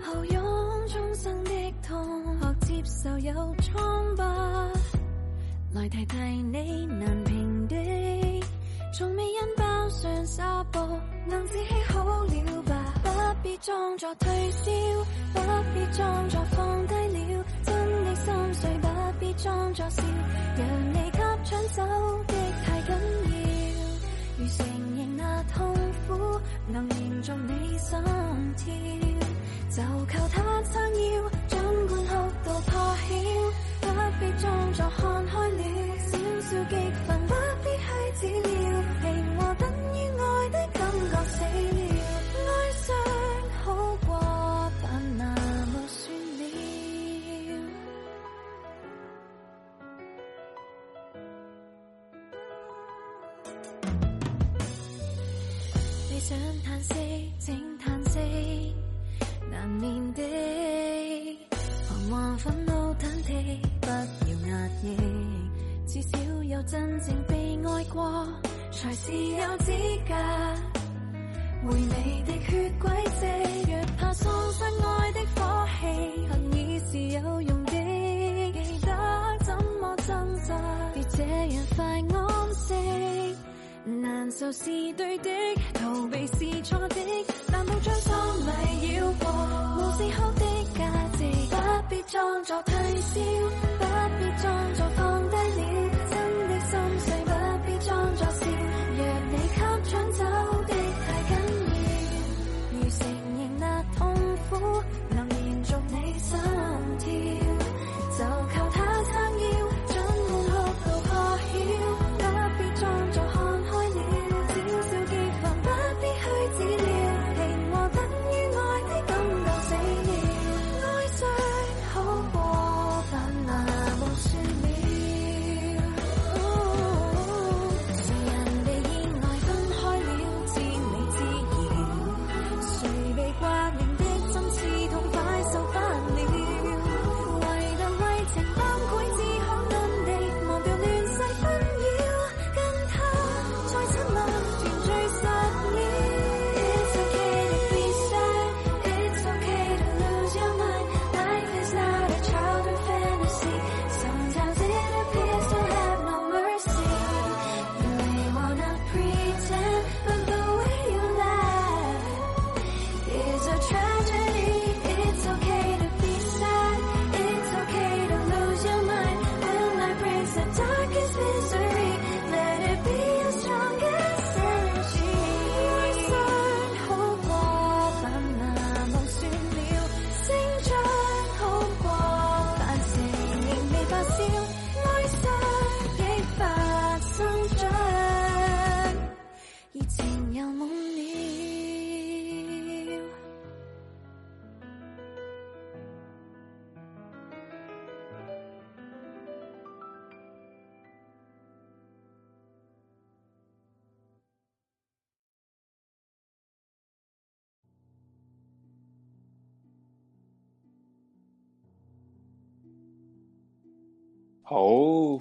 何 用終生的痛，學 接受有瘡疤， 來替代你難平的，從未因。上沙暴，能自欺好了吧？不必裝作退燒，不必裝作放低了，真的心碎，不必裝作笑，讓你給搶走的太緊要。如承認那痛苦，能延續你心跳，就靠他撐腰，盡管哭到破曉，不必裝作看開了，少少激憤，不必去。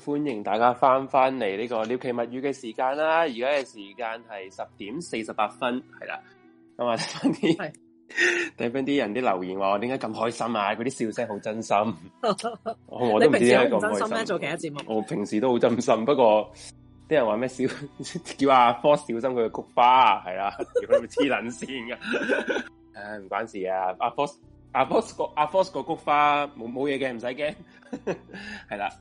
歡迎大家翻翻嚟，呢個獵奇物語嘅時間啦！而家嘅時間係十點四十八分，係啦。咁啊，睇翻啲、睇翻啲人啲留言話，點解咁開心啊？佢啲笑聲好真心， 我都唔知係咁真心咧。做其他節目，我平時都好真心，不過啲人話咩小 叫阿科小心佢嘅菊花， uh, 係啦，佢黐撚線噶。唉，唔關事啊，阿科，阿科，個阿科，個菊花冇、冇嘢嘅，唔使驚，係啦。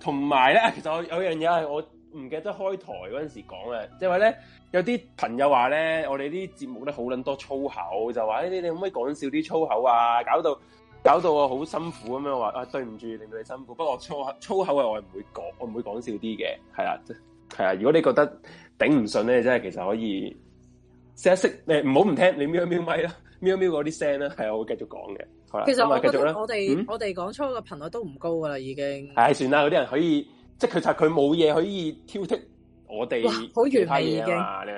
同埋咧，其實我有樣嘢係我唔記得開台嗰陣時講啦，即係話咧有啲朋友話咧，我哋啲節目咧好撚多粗口，就話呢：「你你可唔可以講少啲粗口啊？搞到搞到我好辛苦咁樣」，話啊，對唔住令到你辛苦。不過粗口粗口係我係唔會講，我唔會講少啲嘅，係啦，係啊。如果你覺得頂唔順咧，即係其實可以識一識誒，唔好唔聽，你喵喵咪麥喵喵嗰啲聲啦，係我會繼續講嘅。其實我覺得我哋、嗯、我哋講粗嘅頻率都唔高噶啦，已經。唉，算啦，有啲人可以，即係其實佢冇嘢可以挑剔。我哋好完美已經，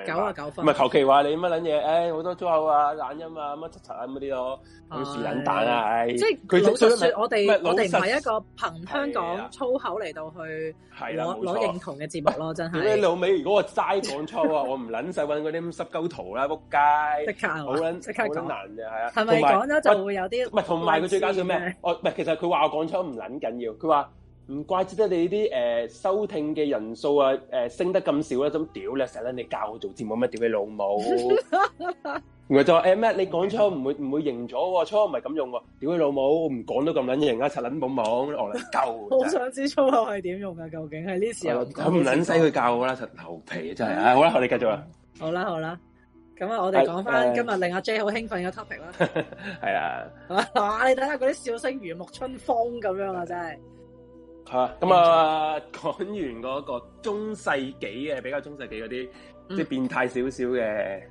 九啊九分。唔係求其話你乜撚嘢，唉、哎，好多粗口啊、懶音啊、乜柒柒啊，嗰啲咯，好似卵蛋啊，唉！即係老實說我哋我哋唔係一個憑香港粗口嚟到去攞攞、啊、認同嘅節目咯，真係。你老味如果我齋講粗啊，我唔撚使揾嗰啲咁濕鳩圖啦，撲街，好撚真難嘅，係啊。係咪講咗就會有啲？唔係，同埋佢最搞笑咩？我唔係，其實佢話我講粗唔撚緊要，佢話。唔怪之得你啲誒收聽嘅人數啊誒升得咁少啦，咁屌你，成日咧你教我做節目咩屌你老母，咪就話誒咩？你講粗口唔會唔會認咗？粗口唔係咁用喎，屌你老母，我唔講都咁卵型啊，柒卵懵懵戇嚟鳩。好想知粗口係點用噶，究竟係呢時佢唔卵使佢教我啦，實頭皮真係啊！好啦，我哋繼續啦。好啦好啦，咁啊，我哋講翻今日令阿 J 好興奮嘅 topic 啦。係啊，哇！你睇下嗰啲笑聲如沐春風咁樣啊，真係～係咁啊，講、嗯嗯啊、完嗰個中世紀嘅比較中世紀嗰啲即係變態少少嘅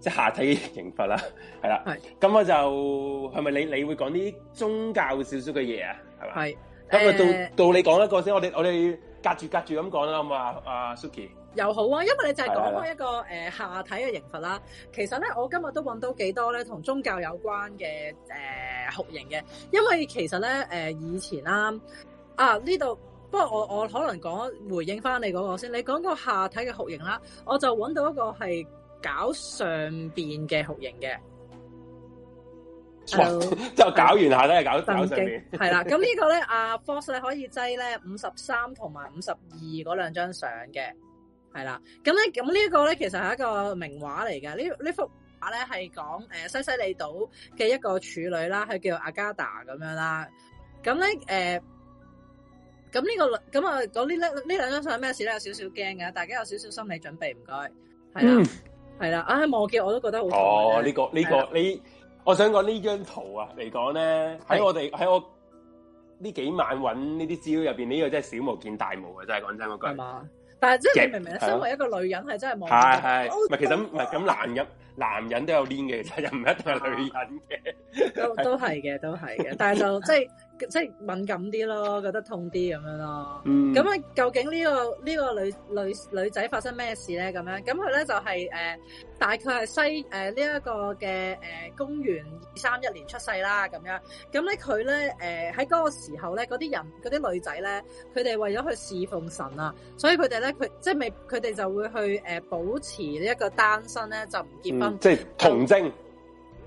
即係下體刑罰啦，係啦。係，咁、嗯、我就係咪你你會講啲宗教少少嘅嘢啊？係嘛。係，咁、呃、啊，到到你講一個先，我哋我哋隔住隔住咁講啦。咁啊 Suki，又好啊，因為你就係講開一個誒下體嘅刑罰啦。其實咧，我今日都揾到幾多咧同宗教有關嘅誒酷刑嘅，因為其實咧誒、呃、以前啦、啊。啊！呢度不過我我可能講回應翻你嗰個先，你講個下，下體嘅酷刑啦，我就揾到一個係搞上邊嘅酷刑嘅，即係、啊、搞完下體又搞上邊，係啦。咁呢個咧 啊，Boss 可以擠咧五十三同埋五十二嗰兩張相嘅，係啦。咁咧咁呢個咧其實係一個名畫嚟㗎。幅畫呢呢幅畫咧係講誒西西里島嘅一個處女啦，係叫阿加達咁樣啦。咁咧誒。呃咁呢、這個咁啊講呢呢兩張相咩事咧？有少少驚嘅，大家有少少心理準備，唔該，係啦，係、嗯、啦，啊望見我都覺得好哦。呢個呢個，這個、你我想講呢張圖啊，嚟講咧，喺我哋喺我呢幾晚揾呢啲資料入邊，呢、這個真係小巫見大巫啊。真係講真嗰句。係嘛？但係即係你明唔明身為一個女人真，係真係望見係係，係、哦、其實唔係咁男男人都有黏嘅，其實又唔一定係女人嘅，都都係嘅，都係嘅，但係就 即係。即係敏感啲咯，覺得痛啲咁樣咯。咁、嗯、啊，究竟呢、呢個呢、呢個女女女仔發生咩事咧？咁樣，咁佢咧就係、是、誒、呃，大概係西誒呢一個嘅誒、呃、公元二三一年出世啦。咁樣，咁咧佢咧誒喺嗰個時候咧，嗰啲人嗰啲女仔咧，佢哋為咗去侍奉神啊，所以佢哋咧佢即係未，佢哋就會去誒、呃、保持呢一個單身咧，就唔結婚，嗯、即係童貞。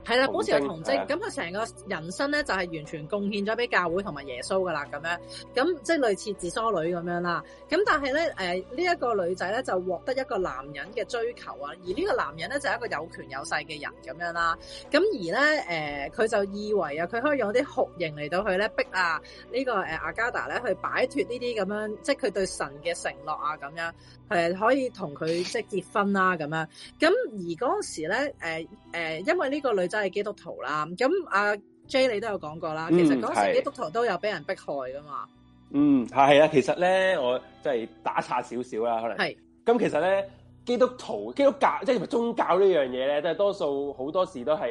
係啦，嗰時有童貞，咁佢成個人生咧就係完全貢獻咗俾教會同埋耶穌噶啦，咁樣，咁即係類似自梳女咁樣啦。咁但係咧，呢、呃、一、這個女仔咧就獲得一個男人嘅追求啊，而呢個男人咧就係一個有權有勢嘅人咁樣啦。咁而咧，誒、呃、佢就以為啊，佢可以用啲酷刑嚟到去咧逼啊呢、這個誒阿、啊、加達咧去擺脱呢啲咁樣，即係佢對神嘅承諾啊咁樣，誒可以同佢即係結婚啦、啊、咁樣。咁而嗰時咧、呃，因為呢個女，都、就、係、是、基督徒啦，咁阿 J 你都有講過啦。嗯、其實嗰時基督徒都有俾人迫害噶嘛。嗯，係啊，其實咧我即係打岔少少啦，可能係。咁其實咧，基督徒、基督教即係、就是、宗教呢樣嘢咧，都係多數好多時都係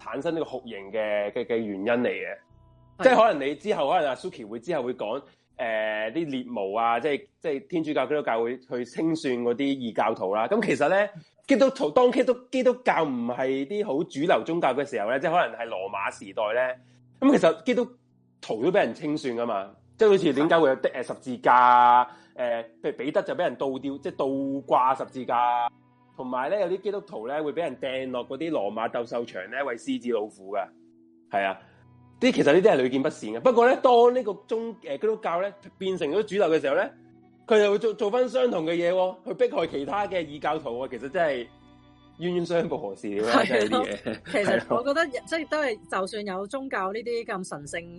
產生呢個酷刑嘅嘅嘅原因嚟嘅。即係可能你之後可能阿 Suki 會之後會講誒啲獵巫啊，即係即係天主教、基督教會去清算嗰啲異教徒啦。咁其實咧。基督徒當基督基督教唔係啲好主流宗教嘅時候咧，即係可能係羅馬時代咧，咁其實基督徒都俾人清算噶嘛，即係好似點解會有誒十字架誒，譬如彼得就俾人倒吊，即係倒掛十字架，同埋咧有啲基督徒咧會俾人掟落嗰啲羅馬鬥獸場咧餵獅子老虎噶，係啊，啲其實呢啲係屢見不鮮嘅。不過咧，當呢個宗誒基督教咧變成咗主流嘅時候咧。佢又會做做翻相同嘅嘢，去逼害其他嘅異教徒啊！其實真係冤冤相報何時了呢啲嘢。其實我覺得，即係都係，就算有宗教呢啲咁神聖、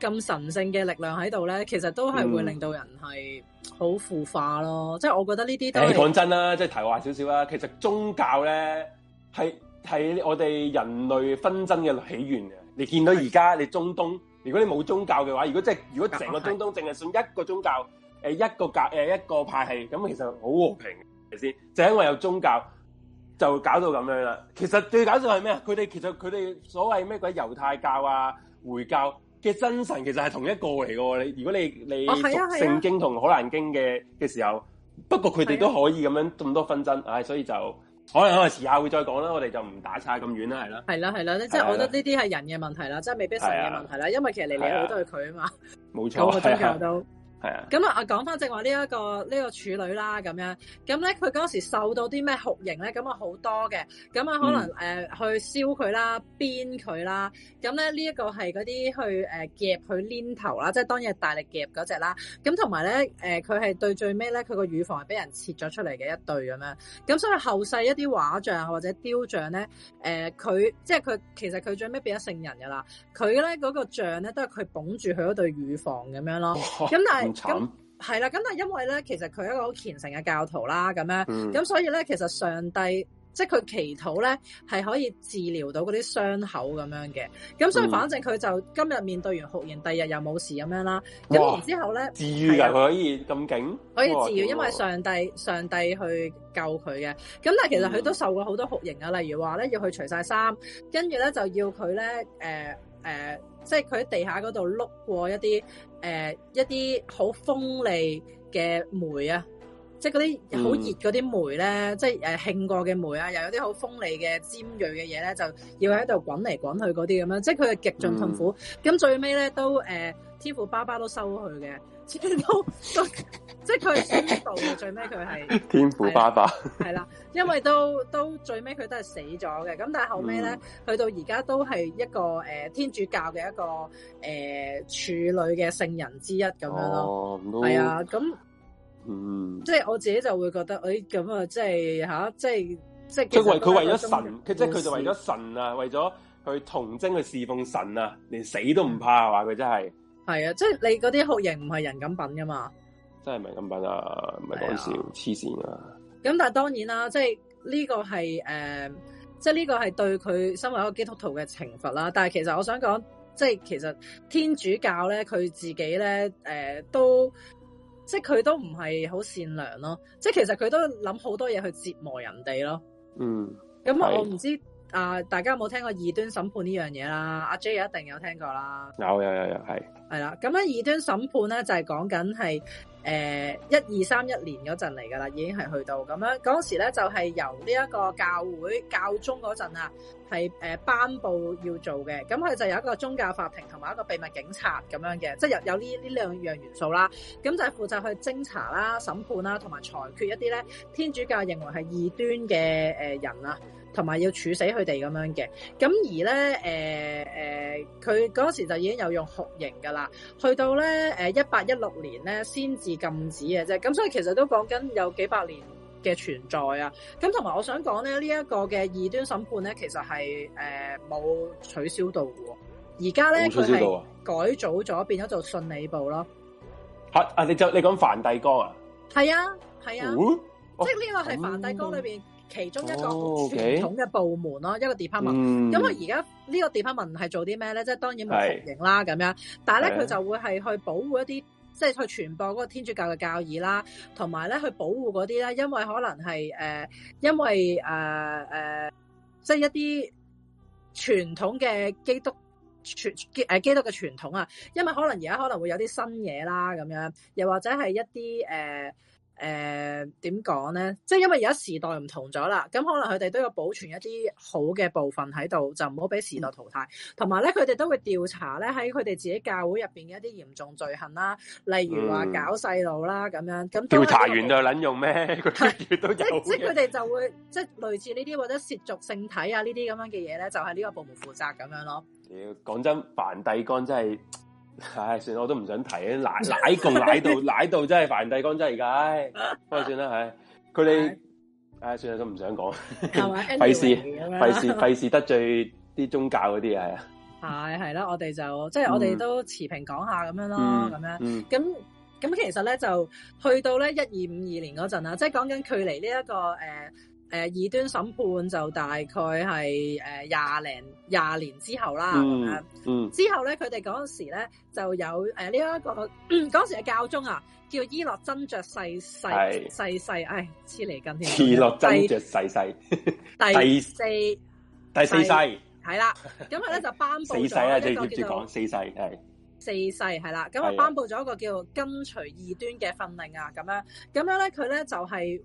咁神聖嘅力量喺度咧，其實都係會令到人係好腐化咯。即、嗯、係、就是，我覺得呢啲，誒，講真啦，即係提我話少少啦。其實宗教咧，係喺我哋人類紛爭嘅起源啊！你見到而家你中東，如果你冇宗教嘅話，如果即係如果成個中東淨係信一個宗教。誒，一個教誒，一個派系，咁其實好和平，係咪先？就因為有宗教，就搞到咁樣啦。其實最搞笑係咩啊？佢哋其實佢哋所謂咩鬼猶太教啊、回教嘅真神，其實係同一個嚟噶。你如果你你讀聖經同《可蘭經》嘅嘅時候，啊啊啊、不過佢哋都可以咁樣咁多紛爭，唉、啊，所以就、啊、可能可能遲下會再講啦。我哋就唔打岔咁遠啦，係啦、啊，係啦、啊，係啦、啊。即、就、係、是、我覺得呢啲係人嘅問題啦，即係未必神嘅問題啦、啊。因為其實嚟嚟去去都係佢啊嘛，各個宗教都。啊，咁啊、這個，講翻正話呢一個呢個處女啦，咁樣，咁咧佢嗰時受到啲咩酷刑咧？咁啊好多嘅，咁啊可能誒、嗯呃、去燒佢啦，鞭佢啦，咁咧呢一、這個係嗰啲去誒夾佢奶頭啦，即係當然係大力夾嗰隻啦。咁同埋咧誒，佢、呃、係對最尾咧，佢個乳房係俾人切咗出嚟嘅一對咁樣。咁所以後世一啲畫像或者雕像咧，誒、呃、佢即係佢其實佢最尾變咗聖人噶啦。佢咧嗰個像咧都係佢捧住佢嗰對乳房咁樣咯。咁但係。咁係啦，咁但係因為咧，其實佢係一個好虔誠嘅教徒啦，咁、嗯、樣，咁所以咧，其實上帝即係佢祈禱咧，係可以治療到嗰啲傷口咁樣嘅，咁所以反正佢就今日面對完酷刑，第二日又冇事咁樣啦，咁然後之後咧，治癒噶，佢可以咁勁，可以治癒，因為上帝上帝去救佢嘅，咁但係其實佢都受過好多酷刑啊，例如話咧要去除晒衫，跟住咧就要佢咧，誒、呃、誒。呃即係佢喺地下嗰度碌過一啲誒一啲好鋒利嘅煤啊，即係嗰啲好熱嗰啲煤咧，即係誒慶過嘅煤啊，又有啲好鋒利嘅尖銳嘅嘢咧，就要喺度滾嚟滾去嗰啲咁樣，即係佢係極盡痛苦，咁最尾咧都誒天父爸爸都收佢嘅，都都。即係佢係死到最尾，佢 係天父爸爸係啦，因為都都最尾，佢、嗯、都係死咗嘅。咁但係後尾咧，去到而家都係一個誒、呃、天主教嘅一個誒、呃、處女嘅聖人之一咁樣咯。係、哦、啊，咁嗯，即係我自己就會覺得，誒、哎、咁、就是、啊，即係吓，即係即係，即為佢為咗神，即係佢就為咗神啊，為咗去童貞去侍奉神啊，連死都唔怕，話、嗯、佢真係係啊，即係你嗰啲酷刑唔係人咁品噶嘛。真係唔係咁品啊！唔係講笑，黐線啊！咁但係當然啦，即係呢個係誒、呃，即係呢個係對佢身為一個基督徒嘅懲罰啦。但係其實我想講，即係其實天主教咧，佢自己咧誒、呃、都，即係佢都唔係好善良咯。即係其實佢都諗好多嘢去折磨人哋咯。嗯。咁我唔知啊、呃，大家有冇聽過異端審判呢樣嘢啦？阿 J 又一定有聽過啦。有有有有，係係啦。咁咧異端審判咧就係、是、講緊係。誒、呃，一二三一年嗰陣嚟噶啦，已經係去到咁樣，嗰時咧就係由呢一個教會教宗嗰陣啊，係誒頒布要做嘅。咁佢就有一個宗教法庭同埋一個秘密警察咁樣嘅，即係有有呢呢兩樣元素啦，咁就係負責去偵查啦、審判啦同埋裁決一啲咧天主教認為係異端嘅誒人啦。同埋要處死佢哋咁樣嘅，咁而咧，誒、呃、誒，佢、呃、嗰時就已經有用酷刑噶啦，去到咧，誒一八一六年咧，先至禁止嘅啫。咁所以其實都講緊有幾百年嘅存在啊。咁同埋我想講咧，呢、這、一個嘅異端審判咧，其實係誒冇取消到嘅。而家咧佢係改組咗，變咗做信理部咯。吓啊！你就你講梵蒂岡啊？係啊係啊，啊啊哦、即係呢個係梵蒂岡裏邊。嗯其中一個傳統嘅部門咯，oh, okay. 一個 department。咁、嗯、啊，而家呢個 department 係做啲咩咧？即係當然係服刑啦咁樣。但係咧，佢就會係去保護一啲，即係去傳播嗰個天主教嘅教義啦，同埋咧去保護嗰啲咧，因為可能係誒、呃，因為誒誒、呃呃，即係一啲傳統嘅基督傳誒基,、呃、基督嘅傳統啊。因為可能而家可能會有啲新嘢啦，咁樣又或者係一啲誒。呃誒、呃，點講咧？即係因為而家時代唔同咗啦，咁可能佢哋都要保存一啲好嘅部分喺度，就唔好俾時代淘汰。同埋咧，佢哋都會調查咧喺佢哋自己教會入邊嘅一啲嚴重罪行啦，例如話搞細路啦咁、嗯、樣。調、這個、查完就撚用咩？佢月都有。 即 即佢哋就會即類似呢啲或者褻瀆聖體啊這這呢啲咁樣嘅嘢咧，就係、是、呢個部門負責咁樣咯。講真，梵蒂岡真係。唉、哎，算啦，我都唔想提，奶奶共奶到奶到真係梵蒂岡真係而家。不過算啦，係佢哋，唉，算啦、 哎，都唔想講，係費事，費、anyway, 事， 費事得罪啲宗教嗰啲啊，係係啦，我哋就即係、就是、我哋都持平講下咁樣咯，咁、嗯嗯、樣，咁咁其實咧就去到咧一二五二年嗰陣啊。即係講緊距離呢一個誒。呃誒，異端審判就大概係誒廿零廿年之後啦，咁、嗯、樣、嗯。之後咧，佢哋嗰時咧就有誒呢一個，嗰時嘅教宗啊，叫依諾增爵世世世世，唉，黐嚟根添。依諾增爵世世，第， 第四第，第四世係啦。咁佢咧就頒布咗一個叫做講四世，係四世係啦。咁佢頒布咗一個叫跟隨異端嘅訓令啊，咁樣咁樣咧，佢咧就係、是。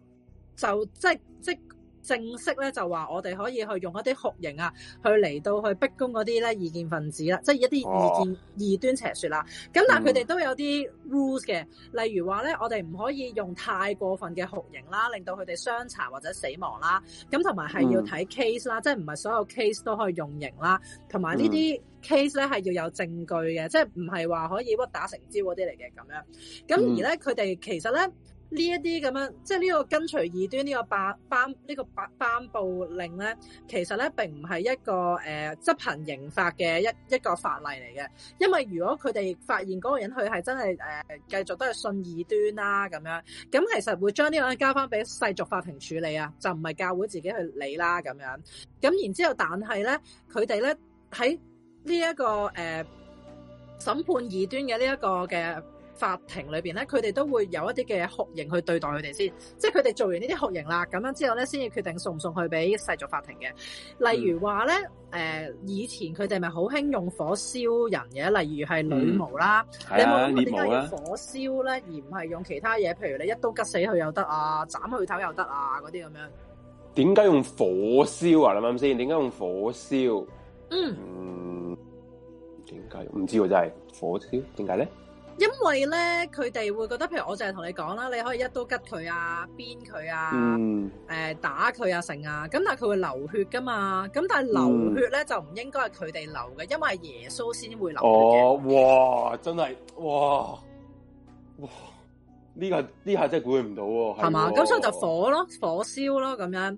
就即即正式咧，就話我哋可以去用一啲酷刑啊，去嚟到去逼供嗰啲咧異見分子啦，即係一啲異見異端邪説啦。咁但係佢哋都有啲 rules 嘅，例如話咧，我哋唔可以用太過分嘅酷刑啦，令到佢哋傷殘或者死亡啦。咁同埋係要睇 case 啦，mm. 即係唔係所有 case 都可以用刑啦。同埋呢啲 case 咧係要有證據嘅，mm. 即係唔係話可以屈打成招嗰啲嚟嘅咁樣。咁而咧佢哋其實咧。呢一啲咁樣，即係呢個跟隨異端呢個頒呢、呢個頒、呢個頒、布令咧，其實咧並唔係一個誒、呃、執行刑法嘅一一個法例嚟嘅。因為如果佢哋發現嗰個人佢係真係誒、呃、繼續都係信異端啦、啊，咁樣咁其實會將啲嘢交翻俾世俗法庭處理啊，就唔係教會自己去理啦咁樣。咁然之後，但係咧，佢哋咧喺呢一、呢個誒、呃、審判異端嘅呢一個嘅。法庭裏邊咧，佢哋都會有一啲嘅酷刑去對待佢哋先，即係佢哋做完呢啲酷刑啦，咁樣之後咧，先至決定送唔送去俾世俗法庭嘅。例如話咧，誒、嗯，以前佢哋咪好興用火燒人嘅，例如係女巫啦，你冇點解用火燒咧，而唔係用其他嘢，譬如你一刀吉死佢又得啊，斬佢頭又得啊，嗰啲咁樣。點解用火燒啊？諗諗先想想，點解用火燒？嗯，點、嗯、解？唔知喎，真係火燒，點解咧？因為咧，佢哋會覺得，譬如我淨係同你講啦，你可以一刀吉佢啊，鞭佢啊，誒、嗯呃，打佢啊，成啊，咁但係佢會流血㗎嘛，咁但係流血咧、嗯、就唔應該係佢哋流嘅，因為耶穌先會流血嘅哦，哇，真係，哇，哇，呢、這個呢下、這個、真係估佢唔到喎。係嘛，咁、哦、所以就火咯，火燒咯，咁樣。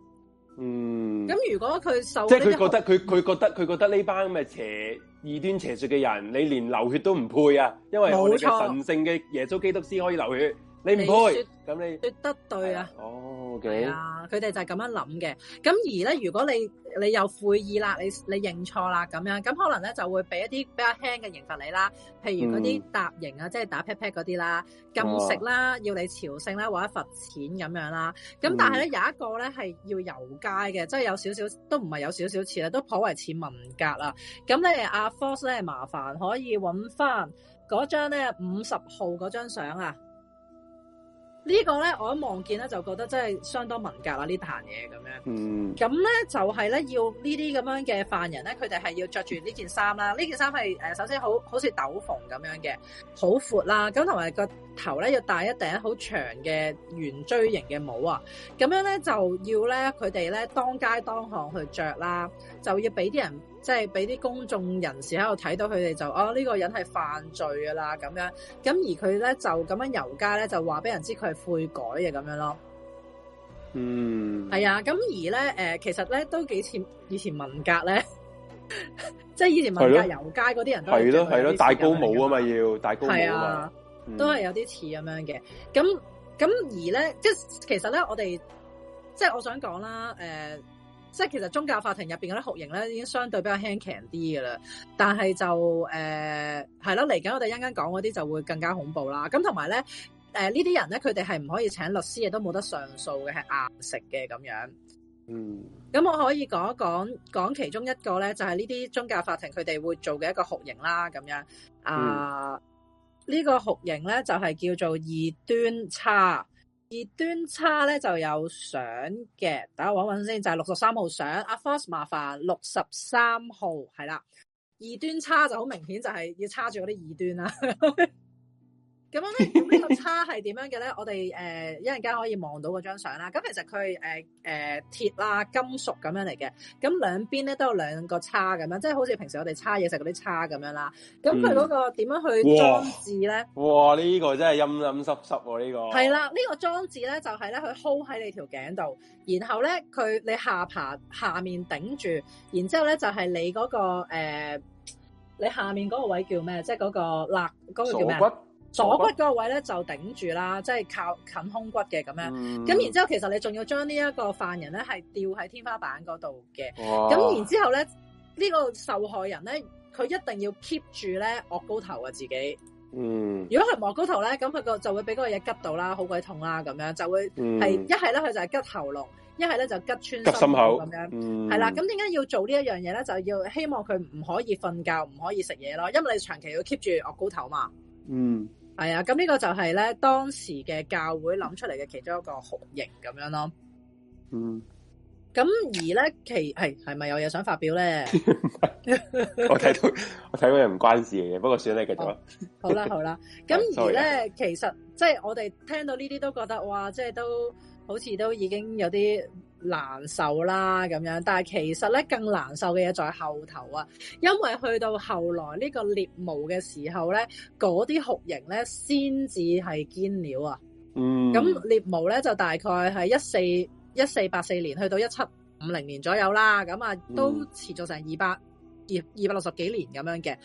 嗯。咁如果佢受，即係佢覺得佢佢覺得佢覺得呢班咁嘅邪。異端邪說嘅人，你連流血都唔配啊！因為我哋神聖嘅耶穌基督先可以流血，你唔配，咁你，那你得對啊？哦。啊、okay，佢哋就係咁樣諗嘅。咁而咧，如果你你有悔意啦，你你認錯啦，咁樣咁可能咧就會俾一啲比較輕嘅刑罰你啦，譬如嗰啲笞刑啊、嗯，即係打 pat pat 嗰啲啦，禁食啦、哦，要你朝聖啦，或者罰錢咁樣啦。咁但係咧有一個咧係要遊街嘅，即、嗯、係、就是、有少少都唔係有少少似啦都頗為似文革啦。咁咧阿 Force 咧係麻煩，可以揾翻嗰張咧五十號嗰張相啊。呢個咧，我一望見咧，就覺得真係相當文革啦呢壇嘢咁樣。嗯，咁咧就係咧，要呢啲咁樣嘅犯人咧，佢哋係要着住呢件衫啦。呢件衫係誒，首先好好似斗篷咁樣嘅，好闊啦。咁同埋個頭咧要戴一頂好長嘅圓錐型嘅帽啊。咁樣咧就要咧佢哋咧當街當巷去着啦，就要俾啲人。即係俾啲公眾人士喺度睇到佢哋就哦呢、啊呢個人係犯罪噶啦咁樣，咁而佢咧就咁樣遊街咧，就話俾人知佢係悔改嘅咁樣咯。嗯，係啊，咁而咧誒、呃，其實咧都幾似以前文革咧， 即係以前文革遊街嗰啲人都係咯係咯戴高帽啊嘛，要戴高帽啊，嗯、都係有啲似咁樣嘅。咁咁而咧即係其實咧我哋即係我想講啦誒。呃即係其實宗教法庭入邊嗰啲酷刑咧，已經相對比較輕鬆啲嘅啦。但係就誒係啦，嚟、呃、緊我哋一陣間講嗰啲就會更加恐怖啦。咁同埋咧，誒、呃、呢啲人咧，佢哋係唔可以請律師，亦都冇得上訴嘅，係硬食嘅咁樣。嗯。咁我可以講一講，講其中一個咧，就係呢啲宗教法庭佢哋會做嘅一個酷刑啦。咁樣啊，呢、呃嗯這個酷刑咧就係、是、叫做異端叉。二端差咧就有相嘅，大家搵搵先，就係六十三號相。阿 f o r c 麻煩六十三號係啦，二端差就好明顯，就係要叉住嗰啲二端啦。 咁樣咧，呢個叉係點樣嘅咧？我哋誒、呃、一陣間可以望到嗰張相啦。咁其實佢誒誒鐵啦，金屬咁樣嚟嘅。咁兩邊咧都有兩個叉咁樣，即係好似平時我哋叉嘢食嗰啲叉咁樣啦。咁佢嗰個點樣去裝置咧、嗯？哇！呢、這個真係陰陰濕濕喎！呢、這個係啦，這個、裝呢個裝置咧就係咧，佢 hold 喺你條頸度，然後咧佢你下巴下面頂住，然之後咧就係、是、你嗰、那個誒、呃，你下面嗰個位叫咩？即係嗰個肋嗰、那個叫咩？鎖骨嗰個位咧就頂住啦，即係靠近胸骨嘅咁樣。咁、嗯、然之後，其實你仲要將呢一個犯人咧係吊喺天花板嗰度嘅。咁然之後咧，呢、這個受害人咧，佢一定要 keep 住咧惡高頭啊自己。嗯。如果佢唔惡高頭咧，咁佢個就會俾嗰個嘢拮到啦，好鬼痛啦、啊。咁樣就會係一係咧佢就係拮喉嚨，一係咧就拮穿心，心口咁樣。係、嗯、啦，咁點解要做這件事呢一樣嘢咧？就要希望佢唔可以瞓覺，唔可以食嘢咯，因為你長期要 keep 住惡高頭嘛。嗯。係啊，咁呢個就係咧當時嘅教會諗出嚟嘅其中一個酷刑咁樣咯。嗯。咁而咧其係係咪有嘢想發表咧 ？我睇到我睇到有唔關事嘅嘢，不過算啦，繼續啦。好啦好啦，咁而咧 其實即係我哋聽到呢啲都覺得哇，即係都好似都已經有啲。難受啦咁樣，但係其實咧更難受嘅嘢在後頭啊！因為去到後來呢、呢個獵巫嘅時候咧，嗰啲酷刑咧先至係堅料啊！嗯，咁獵巫咧就大概係一四一四八四年去到一七五零年左右啦，咁啊都持續成二百、嗯、二二百六十幾年咁樣嘅。咁、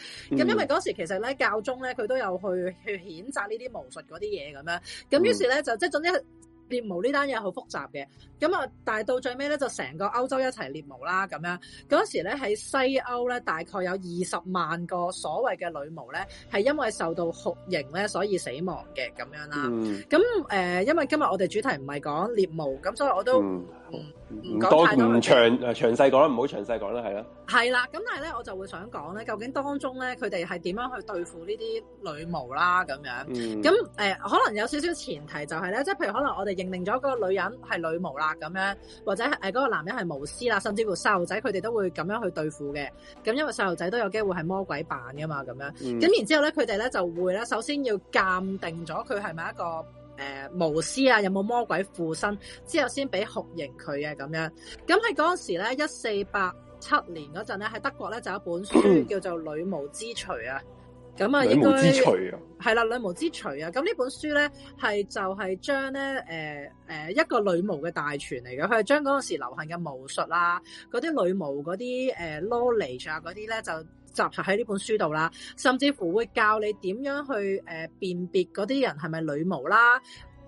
嗯、因為嗰時其實咧教宗咧佢都有去去譴責呢啲巫術嗰啲嘢咁樣，咁於是咧就即係總之。嗯獵巫呢單嘢好複雜嘅，咁啊，但係到最尾咧就成個歐洲一齊獵巫啦，咁樣嗰時咧喺西歐咧大概有二十萬個所謂嘅女巫咧係因為受到酷刑咧所以死亡嘅咁樣啦，咁、嗯、誒、呃、因為今日我哋主題唔係講獵巫，咁所以我都、嗯。唔多唔詳誒，詳細講啦，唔好詳細講啦，係啦，係啦。咁但係咧，我就會想講咧，究竟當中咧，佢哋係點樣去對付呢啲女巫啦？咁樣，咁、嗯、誒、呃，可能有少少前提就係咧，即係譬如可能我哋認定咗嗰個女人係女巫啦，咁樣，或者誒嗰個男人係巫師啦，甚至乎細路仔佢哋都會咁樣去對付嘅。咁因為細路仔都有機會係魔鬼扮噶嘛，咁樣。咁、嗯、然之後咧，佢哋咧就會咧，首先要鑒定咗佢係咪一個。誒、呃，巫師啊，有冇魔鬼附身之後先俾酷刑佢嘅咁樣，咁喺嗰陣時咧，一四八七年嗰陣咧，喺德國咧就有一本書叫做《女巫之錘》啊，咁啊應該係啦，《女巫之錘》啊，咁呢、啊啊、本書咧係就係將咧誒誒一個女巫嘅大全嚟嘅，佢係將嗰陣時流行嘅巫術啊，嗰啲女巫嗰啲誒 knowledge 啊嗰啲咧就。集合喺呢本書度啦，甚至乎會教你點樣去誒辨別嗰啲人係咪女巫啦，誒、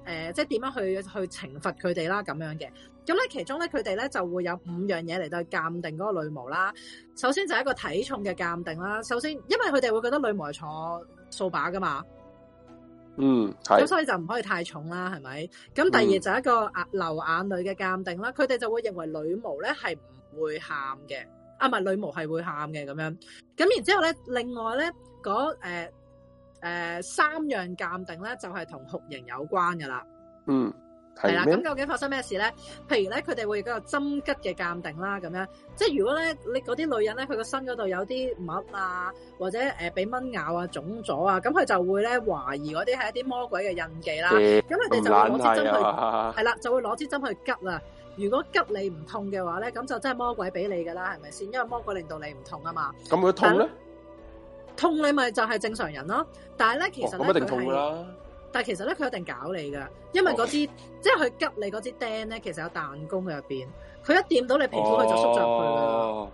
呃、即係點樣去去懲罰佢哋啦咁樣嘅。咁咧其中咧佢哋咧就會有五樣嘢嚟到去鑑定嗰個女巫啦。首先就係一個體重嘅鑑定啦。首先，因為佢哋會覺得女巫係坐掃把噶嘛，嗯，咁所以就唔可以太重啦，係咪？咁第二就係一個眼流眼淚嘅鑑定啦。佢、嗯、哋就會認為女巫咧係唔會喊嘅。啊，唔係女巫係會喊嘅咁樣，咁然之後咧，另外咧嗰誒誒三樣鑑定咧就係同酷刑有關噶啦，嗯係啦，咁究竟發生咩事咧？譬如咧，佢哋會嗰個針拮嘅鑑定啦，咁樣即係如果咧你嗰啲女人咧佢個身嗰度有啲物啊，或者誒俾蚊咬啊腫咗啊，咁佢就會咧懷疑嗰啲係一啲魔鬼嘅印記啦，咁佢哋就會攞支針去，係啦，就會攞支針去拮啦。如果急你唔痛嘅話咧，咁就真係魔鬼俾你噶啦，係咪先？因為魔鬼令到你唔痛啊嘛。咁佢痛咧？痛你咪就係正常人咯。但係咧，其實一定痛㗎啦、哦啊、但係其實咧，佢一定搞你噶。因為嗰支，okay。即係佢急你嗰支釘咧，其實有彈弓喺入邊。佢一掂到你皮膚，佢、哦、就縮咗去啦。咁、哦、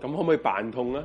可唔可以扮痛咧？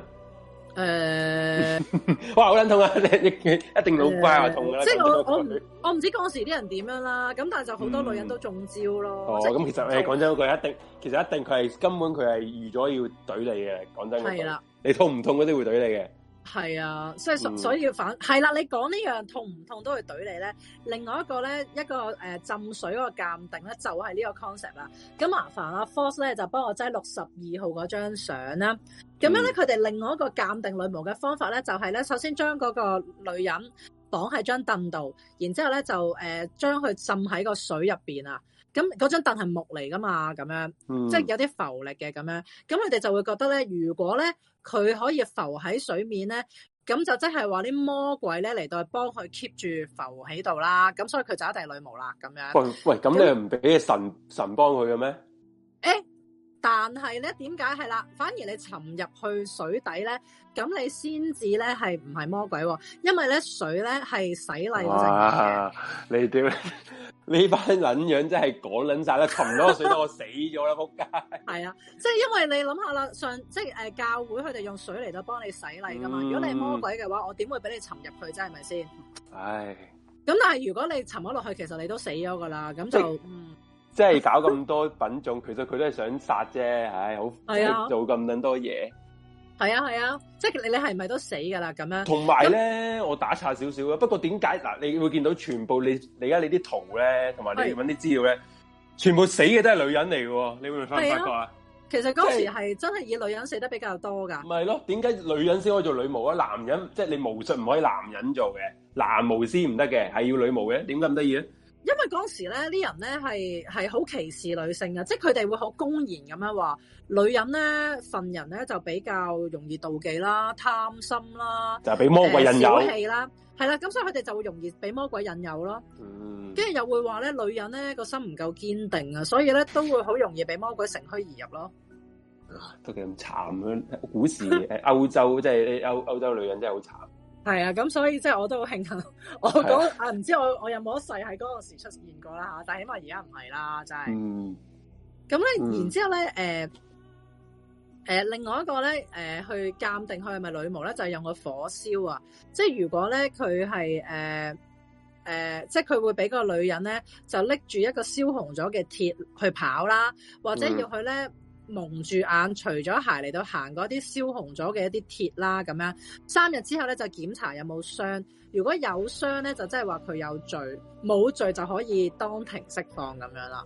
誒、uh, 哇，好撚痛啊！你一定好乖，uh, 我痛噶啦。即係我我我唔知嗰陣時啲人點樣啦，咁但係就好多女人都中招咯。嗯、哦，咁其實誒，講真，句，一定，其實一定佢係根本佢係預咗要懟你嘅。講真句，係啦，你痛唔痛嗰啲會懟你嘅。係啊，所以所以要反係啦、嗯，你講呢樣痛唔痛都會懟你咧。另外一個咧，一個誒、呃、浸水嗰個鑑定咧，就係、是、呢個 concept 啦。咁麻煩阿 Force 咧，就幫我擠六十二號嗰張相啦。咁樣咧，佢哋另外一個鑑定女巫嘅方法咧，就係咧，首先將嗰個女人綁喺張凳度，然之後咧就誒將佢浸喺個水入邊啊。咁嗰張凳係木嚟噶嘛，咁樣即係有啲浮力嘅。咁樣，咁佢哋就會覺得咧，如果咧佢可以浮喺水面咧，咁就即係話啲魔鬼咧嚟到幫佢 keep 住浮喺度啦。咁所以佢就一定係女巫啦。咁樣。喂喂，咁你唔俾神神幫佢嘅咩？誒、欸。但係咧，點解係啦？反而你沉入去水底咧，咁你先至咧係唔係魔鬼？因為咧水咧係洗禮嘅嘢。你屌呢班卵樣， 人真係講卵晒啦！沉咗個水底，我死咗啦！扑 街。係啊，即係因為你諗下啦，上即係誒教會佢哋用水嚟到幫你洗禮噶嘛、嗯。如果你係魔鬼嘅話，我點會俾你沉入去啫？係咪先？唉。咁但係如果你沉咗落去，其實你都死咗噶啦，咁就嗯。即、就、係、是、搞咁多品種， 其實佢都係想殺啫，唉，好做咁捻多嘢，係啊係啊，即係、啊啊就是、你你係咪都死噶啦咁樣？同埋咧，我打岔少少啊。不過點解嗱，你會見到全部你你而家你啲圖咧，同埋你搵啲資料咧、啊，全部死嘅都係女人嚟嘅，你會唔會分唔發覺啊？其實嗰時係真係以女人死得比較多噶。唔係咯？點、就、解、是、女人先可以做女巫啊？男人即係、就是、你巫術唔可以男人做嘅，男巫師唔得嘅，係要女巫嘅，點解唔得意啊？因為嗰時咧，啲人咧係係好歧視女性啊，即係佢哋會好公然咁樣話，女人咧份人咧就比較容易妒忌啦、貪心啦，就俾魔鬼引誘、呃、小氣啦，係、嗯、啦，咁所以佢哋就會容易俾魔鬼引誘咯。嗯，跟住又會話咧，女人咧個心唔夠堅定啊，所以咧都會好容易俾魔鬼乘虛而入咯。都幾咁慘啊！古時誒，歐 洲即係歐歐洲女人真係好慘。係啊，咁所以即係我都好慶幸，我講啊，唔知我我有冇一世喺嗰陣時出現過啦吓，但係起碼而家唔係啦，真係。咁、嗯、咧、嗯，然之後咧，誒、呃，誒、呃，另外一個咧，誒、呃，去鑑定佢係咪女巫咧，就係，用個火燒啊，即係如果咧佢係誒誒，即係佢會俾個女人咧就拎住一個燒紅咗嘅鐵去跑啦，或者要佢咧。嗯蒙住眼，除咗鞋嚟到行嗰啲燒紅咗嘅一啲鐵啦，咁樣三日之後咧就檢查有冇傷，如果有傷咧就即係話佢有罪，冇罪就可以當庭釋放咁樣啦。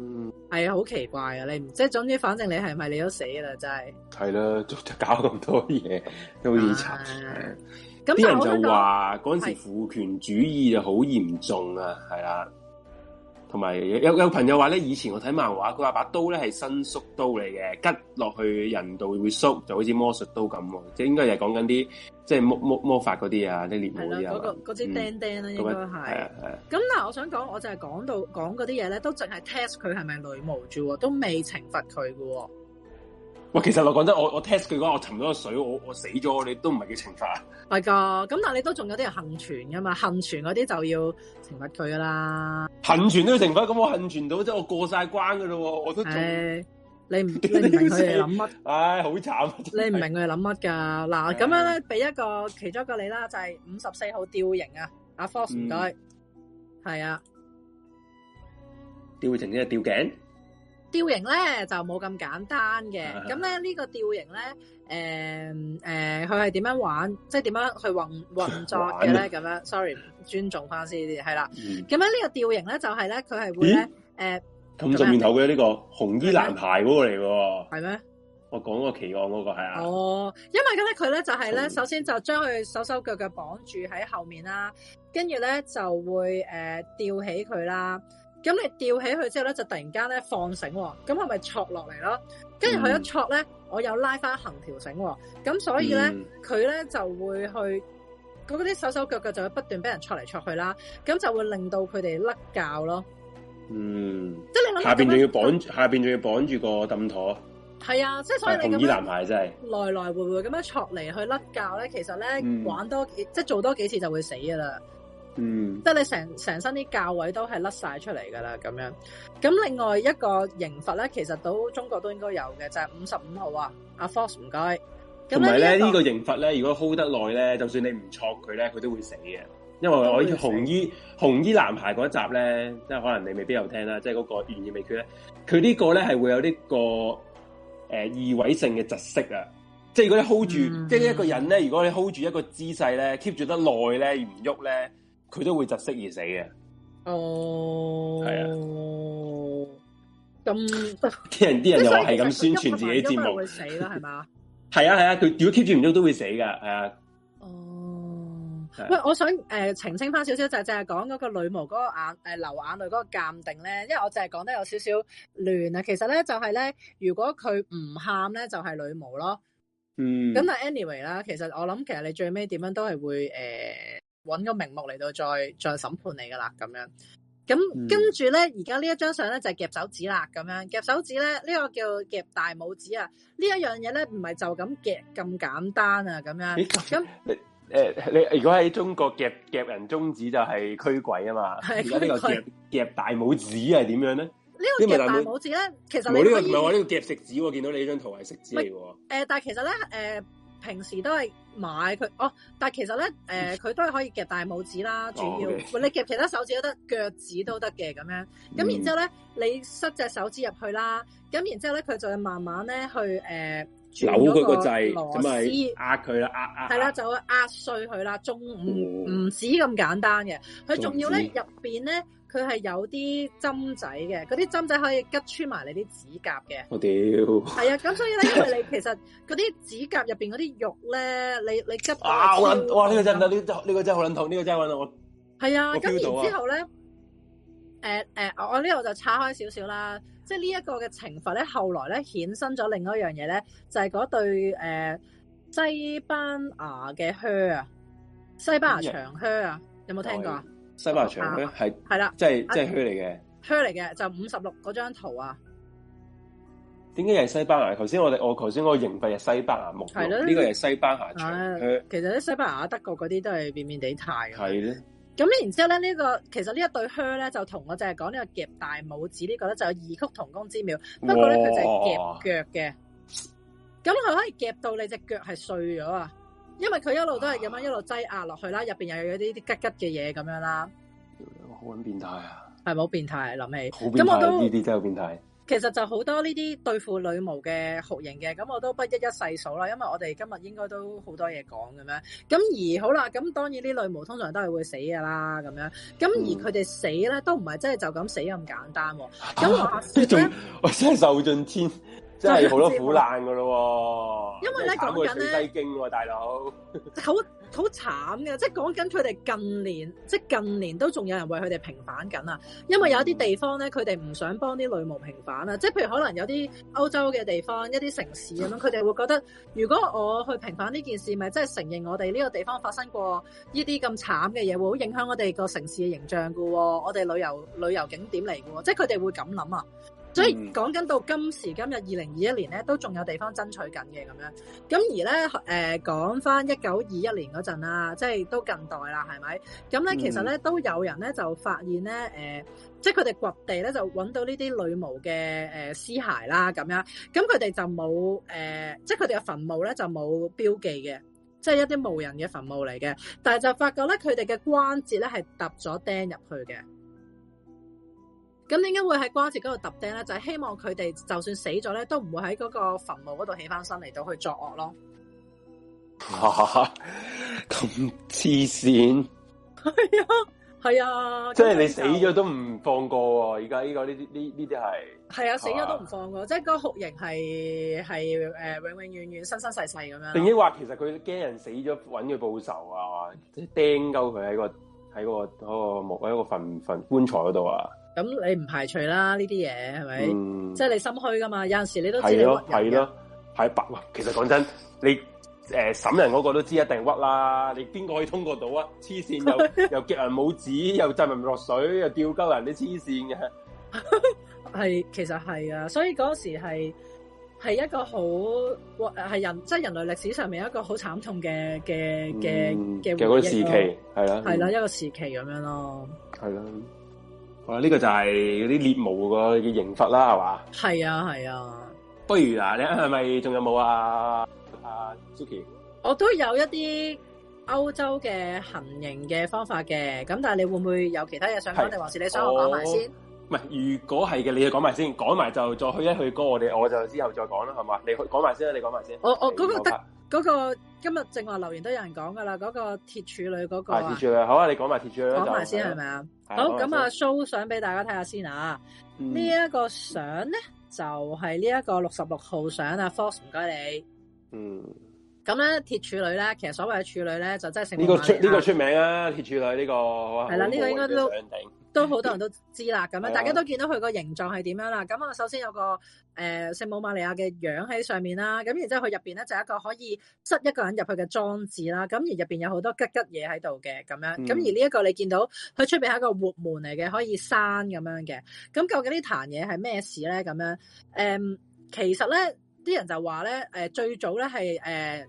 嗯，係啊，好奇怪啊，你唔即係總之，反正你係咪你都死啦，真係。係啦，就搞咁多嘢，都檢查。咁、啊、啲人就話嗰陣時父權主義就好嚴重啊，係啦。同埋有，有朋友話呢，以前我睇漫畫，佢話把刀呢係伸縮刀嚟嘅，拮落去人度會縮，就好似魔術刀咁，即係應該係講緊啲即係魔魔魔法嗰啲啊，啲獵魔嘅。係嗰、嗰個嗰支釘釘啦、啊嗯，應該係。咁嗱，我想講，我就係講到講嗰啲嘢呢，都淨係 test 佢係咪女巫住喎，都未懲罰佢喎。喂，其實我講真，我真我 test 佢講我沉咗個水，我我死咗，你都唔係叫懲罰啊？係噶，咁但係你都仲有啲人幸存噶嘛？幸存嗰啲就要懲罰佢噶啦。幸存都要懲罰，咁我幸存到即係我過晒關噶啦，我都。誒、哎，你唔明佢哋諗乜？唉，好慘。你唔明佢哋諗乜噶？嗱、哎，咁樣咧，俾、嗯嗯、一個其中一個你啦，就係五十四號吊刑啊，阿 Fox 唔該，係、嗯、啊，吊刑即係吊頸。吊刑咧就冇咁簡單嘅，咁 咧呢、這個吊刑咧，誒、呃、誒，佢係點樣玩？即係點樣去運運作嘅咧？咁 樣，sorry，尊重翻先啲，係啦。咁樣呢個吊刑咧，就係、是、咧，佢係會咧，誒、呃，咁上面頭嘅呢、這個紅衣男孩嗰個嚟喎，係咩？我講個奇案嗰、那個係啊，哦，因為咧佢咧就係、是、咧，首先就將佢手手腳腳綁住喺後面啦，跟住咧就會誒、呃、吊起佢啦。咁你吊起佢之後咧，就突然間咧放繩、喔，咁係咪戳落嚟咯？跟住佢一戳咧，我又拉翻橫條繩，咁、嗯、所以咧，佢咧就會去嗰啲手手腳腳就會不斷俾人戳嚟戳去啦，咁就會令到佢哋甩教咯。嗯，即係你下邊仲要綁下邊仲要綁住個凳台。係、嗯、啊，即係所以你咁樣。童男孩真係來來回回咁樣戳嚟去甩教咧，其實咧、嗯、玩多幾即係做多幾次就會死噶啦。嗯，即、就、係、是、你成成身啲教位都係甩晒出嚟噶啦，咁樣。咁另外一個刑罰咧，其實都中國都應該有嘅，就係五十五號啊，阿 Fox 唔該。同埋咧呢、這個刑罰咧，如果 hold 得耐咧，就算你唔戳佢咧，佢都會死嘅。因為我紅衣紅衣男孩嗰集咧，即係可能你未必有聽啦，即係嗰個懸疑未決咧，佢呢個咧係會有呢、這個誒異位性嘅窒息啊！即係如果你 hold 住，嗯、即係一個人咧，如果你 hold 住一個姿勢咧，keep 住得耐咧唔喐咧。佢都會窒息而死嘅。哦、嗯，係啊，咁、嗯、啲人啲、嗯、人又話係咁宣傳自己節目，自然會死啦，係 嘛？係啊，係啊，佢如果 keep 住唔到都會死㗎，係啊。哦、嗯，喂，我想誒、呃、澄清翻少少就是、就係講嗰個女巫嗰個眼誒、呃、流眼淚嗰個鑑定咧，因為我淨係講得有少少亂啊。其實咧就係、是、咧，如果佢唔喊咧，就係、是、女巫咯。嗯。咁但 anyway 啦，其實我諗其實你最尾點樣都係會誒。呃揾個名目嚟到再再審判你噶啦，咁樣咁跟住咧，而家呢一張相咧就係夾手指啦，咁樣夾手指咧，呢、這個叫夾大拇指啊，這一呢一樣嘢咧唔係就咁夾咁簡單啊，咁樣咁誒，你、欸欸、如果喺中國夾夾人中指就係驅鬼啊嘛，而家呢個夾夾大拇指係點樣咧？呢、這個夾大拇指咧，其實冇呢、這個唔係話呢個夾食指，我見到你呢張圖係食指嚟喎。誒、呃，但係其實咧，誒、呃。平時都係買佢哦，但係其實咧，誒、呃，佢都係可以夾大拇指啦，主要，oh, okay. 你夾其他手指都得，腳趾都得嘅咁樣。咁、嗯、然之後咧，你塞隻手指入去啦，咁然之後咧，佢就會慢慢咧去誒扭嗰個掣螺絲，壓佢啦，壓，壓係啦，就會壓碎佢啦，仲唔止咁簡單嘅，佢仲要咧入邊咧。佢係有啲針仔嘅，嗰啲針仔可以拮穿埋你啲指甲嘅。我、oh, 屌！ 係啊，咁所以咧，因為你其實嗰啲指甲入邊嗰啲肉咧，你你拮啊！好捻，哇！呢、這個真係，呢、這、呢個真係好捻痛，呢、這個真係捻痛。我。係啊，咁然之後咧，誒誒，我呢度、呃呃呃這個、就岔開少少啦。即係呢一個嘅懲罰咧，後來咧衍生咗另外一樣嘢咧，就係、是、嗰對誒、呃、西班牙嘅靴啊，西班牙長靴啊，嗯、沒有冇聽過？西班牙長靴咩？係係啦，即係即係靴嚟嘅，靴嚟嘅，就五十六嗰張圖啊。點解又係西班牙？頭先我哋我頭先我形容係西班牙木，呢、這個係西班牙長靴。誒、啊，其實咧西班牙、德國嗰啲都係面面地態。係咧。咁然之後咧，呢、這個其實呢一對靴咧，就同我淨係講呢個夾大拇指呢、這個咧，就有異曲同工之妙。不過咧，佢淨係夾腳嘅。咁佢可以夾到你隻腳係碎咗啊！因為佢一路都係咁樣一路擠壓落去啦，入邊又有啲啲吉吉嘅嘢咁樣啦。好撚變態啊！係咪好變態、啊？諗起咁我都呢啲真係變態。其實就好多呢啲對付女巫嘅酷刑嘅，咁我都不一一細數啦。因為我哋今日應該都好多嘢講咁樣。咁而好啦，咁當然呢女巫通常都係會死噶啦，咁樣。咁而佢哋死咧、嗯、都唔係真係就咁死咁簡單、啊。咁、啊、話說我真係受盡天。真係好多苦難噶咯喎！因為咧講緊咧《西經》大佬，好好慘嘅，即係講緊佢哋近年，即係近年都仲有人為佢哋平反緊啊！因為、就是就是、有啲地方咧，佢哋唔想幫啲女巫平反啊！即係譬如可能有啲歐洲嘅地方，一啲城市咁樣，佢哋會覺得，如果我去平反呢件事，咪即係承認我哋呢個地方發生過呢啲咁慘嘅嘢，會好影響我哋個城市嘅形象㗎喎，我哋旅遊旅遊景點嚟㗎喎，即係佢哋會咁諗啊！所以講緊到今時今日二零二一年咧，都仲有地方爭取緊嘅咁樣。咁而咧，誒講返一九二一年嗰陣啦，即係都近代啦，係咪？咁咧、嗯，其實咧都有人咧就發現咧、呃，即係佢哋掘地咧就揾到呢啲女巫嘅誒屍骸啦，咁樣。咁佢哋就冇誒、呃，即係佢哋嘅墳墓咧就冇標記嘅，即係一啲無人嘅墳墓嚟嘅。但係就發覺咧，佢哋嘅關節咧係揼咗釘入去嘅。咁點解會喺關節嗰度揼釘咧？就係、是、希望佢哋就算死咗咧，都唔會喺嗰個墳墓嗰度起翻身嚟到去作惡咯。咁黐線，係啊係 啊，啊！即係你死咗都唔放過。而家呢個呢啲呢呢啲係係啊死咗都唔放過，即係個酷刑係係誒永永遠遠、生生世世咁樣。定抑話其實佢驚人死咗揾佢報仇啊？即係釘鳩佢喺個喺、嗰個、嗰個木喺、嗰個墳墳棺材嗰度啊？咁你唔排除啦，呢啲嘢係咪？即係你心虛噶嘛？有陣時你都知道你屈人嘅。係咯，係咯，係白話。其實講真，你誒審、呃、人嗰個都知一定屈啦。你邊個可以通過到啊？黐線 又又夾人拇指，又浸人落水，又吊鳩人啲黐線嘅。係， 其實係啊。所以嗰時係係一個好係、呃、人，即、就、係、是、人類歷史上面一個好慘痛嘅嘅嘅嘅時期，係啦，係啦、嗯，一個時期咁樣咯，係啦。呢、這個就係啲獵巫嘅刑罰啦，係嘛？係啊，係啊。不如嗱，你係咪仲有冇啊？啊，Suki，我都有一啲歐洲嘅行刑嘅方法嘅，咁但係你會唔會有其他嘢想講？定還是你想我講埋先？唔係，如果係嘅，你要講埋先講，講埋就再去一去歌，我哋我就之後再講啦，係嘛？你去講埋先講，你講埋先講。我我嗰個即個。今日正話留言都有人講噶啦，嗰個鐵處女，嗰個鐵處女好啊，你講埋鐵處女，講埋先係咪啊？好，咁啊，show 相俾大家睇下先啊，呢一個相咧就係呢一個六十六號相啊，Fox 唔該你，嗯。咁咧，鐵處女咧，其實所謂嘅處女咧，就真係聖母瑪利亞。呢個出呢、這個出名啊，鐵處女呢、這個係啦，呢、啊這個應該都都好多人都知啦。咁 樣大家都見到佢個形狀係點樣啦。咁我、啊、首先有個誒、呃、聖母瑪利亞嘅樣喺上面啦。咁然之後佢入邊咧就一個可以塞一個人入去嘅裝置啦。咁而入邊有好多吉吉嘢喺度嘅咁樣。咁而呢一個你見到佢出邊係一個活門嚟嘅，可以閂咁樣嘅。咁究竟壇呢壇嘢係咩事咧？咁樣、嗯、其實咧啲人就話咧、呃、最早咧係、呃